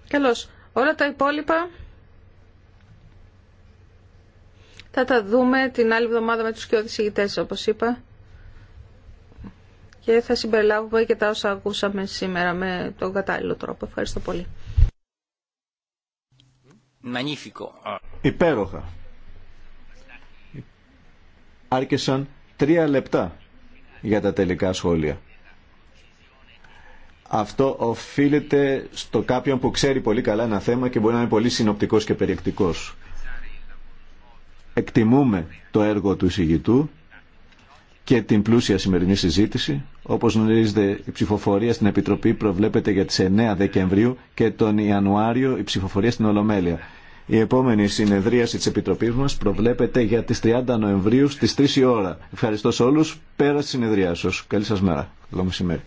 Καλώς. Όλα τα υπόλοιπα θα τα δούμε την άλλη εβδομάδα με τους και ηγητές, όπως είπα. Και θα συμπεριλάβουμε και τα όσα ακούσαμε σήμερα με τον κατάλληλο τρόπο. Ευχαριστώ πολύ. Υπέροχα. Άρκεσαν τρία λεπτά για τα τελικά σχόλια. Αυτό οφείλεται στο κάποιον που ξέρει πολύ καλά ένα θέμα και μπορεί να είναι πολύ συνοπτικός και περιεκτικός. Εκτιμούμε το έργο του εισηγητού και την πλούσια σημερινή συζήτηση. Όπως γνωρίζετε, η ψηφοφορία στην Επιτροπή προβλέπεται για τις 9 Δεκεμβρίου και τον Ιανουάριο η ψηφοφορία στην Ολομέλεια. Η επόμενη συνεδρίαση της Επιτροπής μας προβλέπεται για τις 30 Νοεμβρίου στις 3 η ώρα. Ευχαριστώ σε όλους. Πέρα τη συνεδρία σα. Καλή σα μέρα.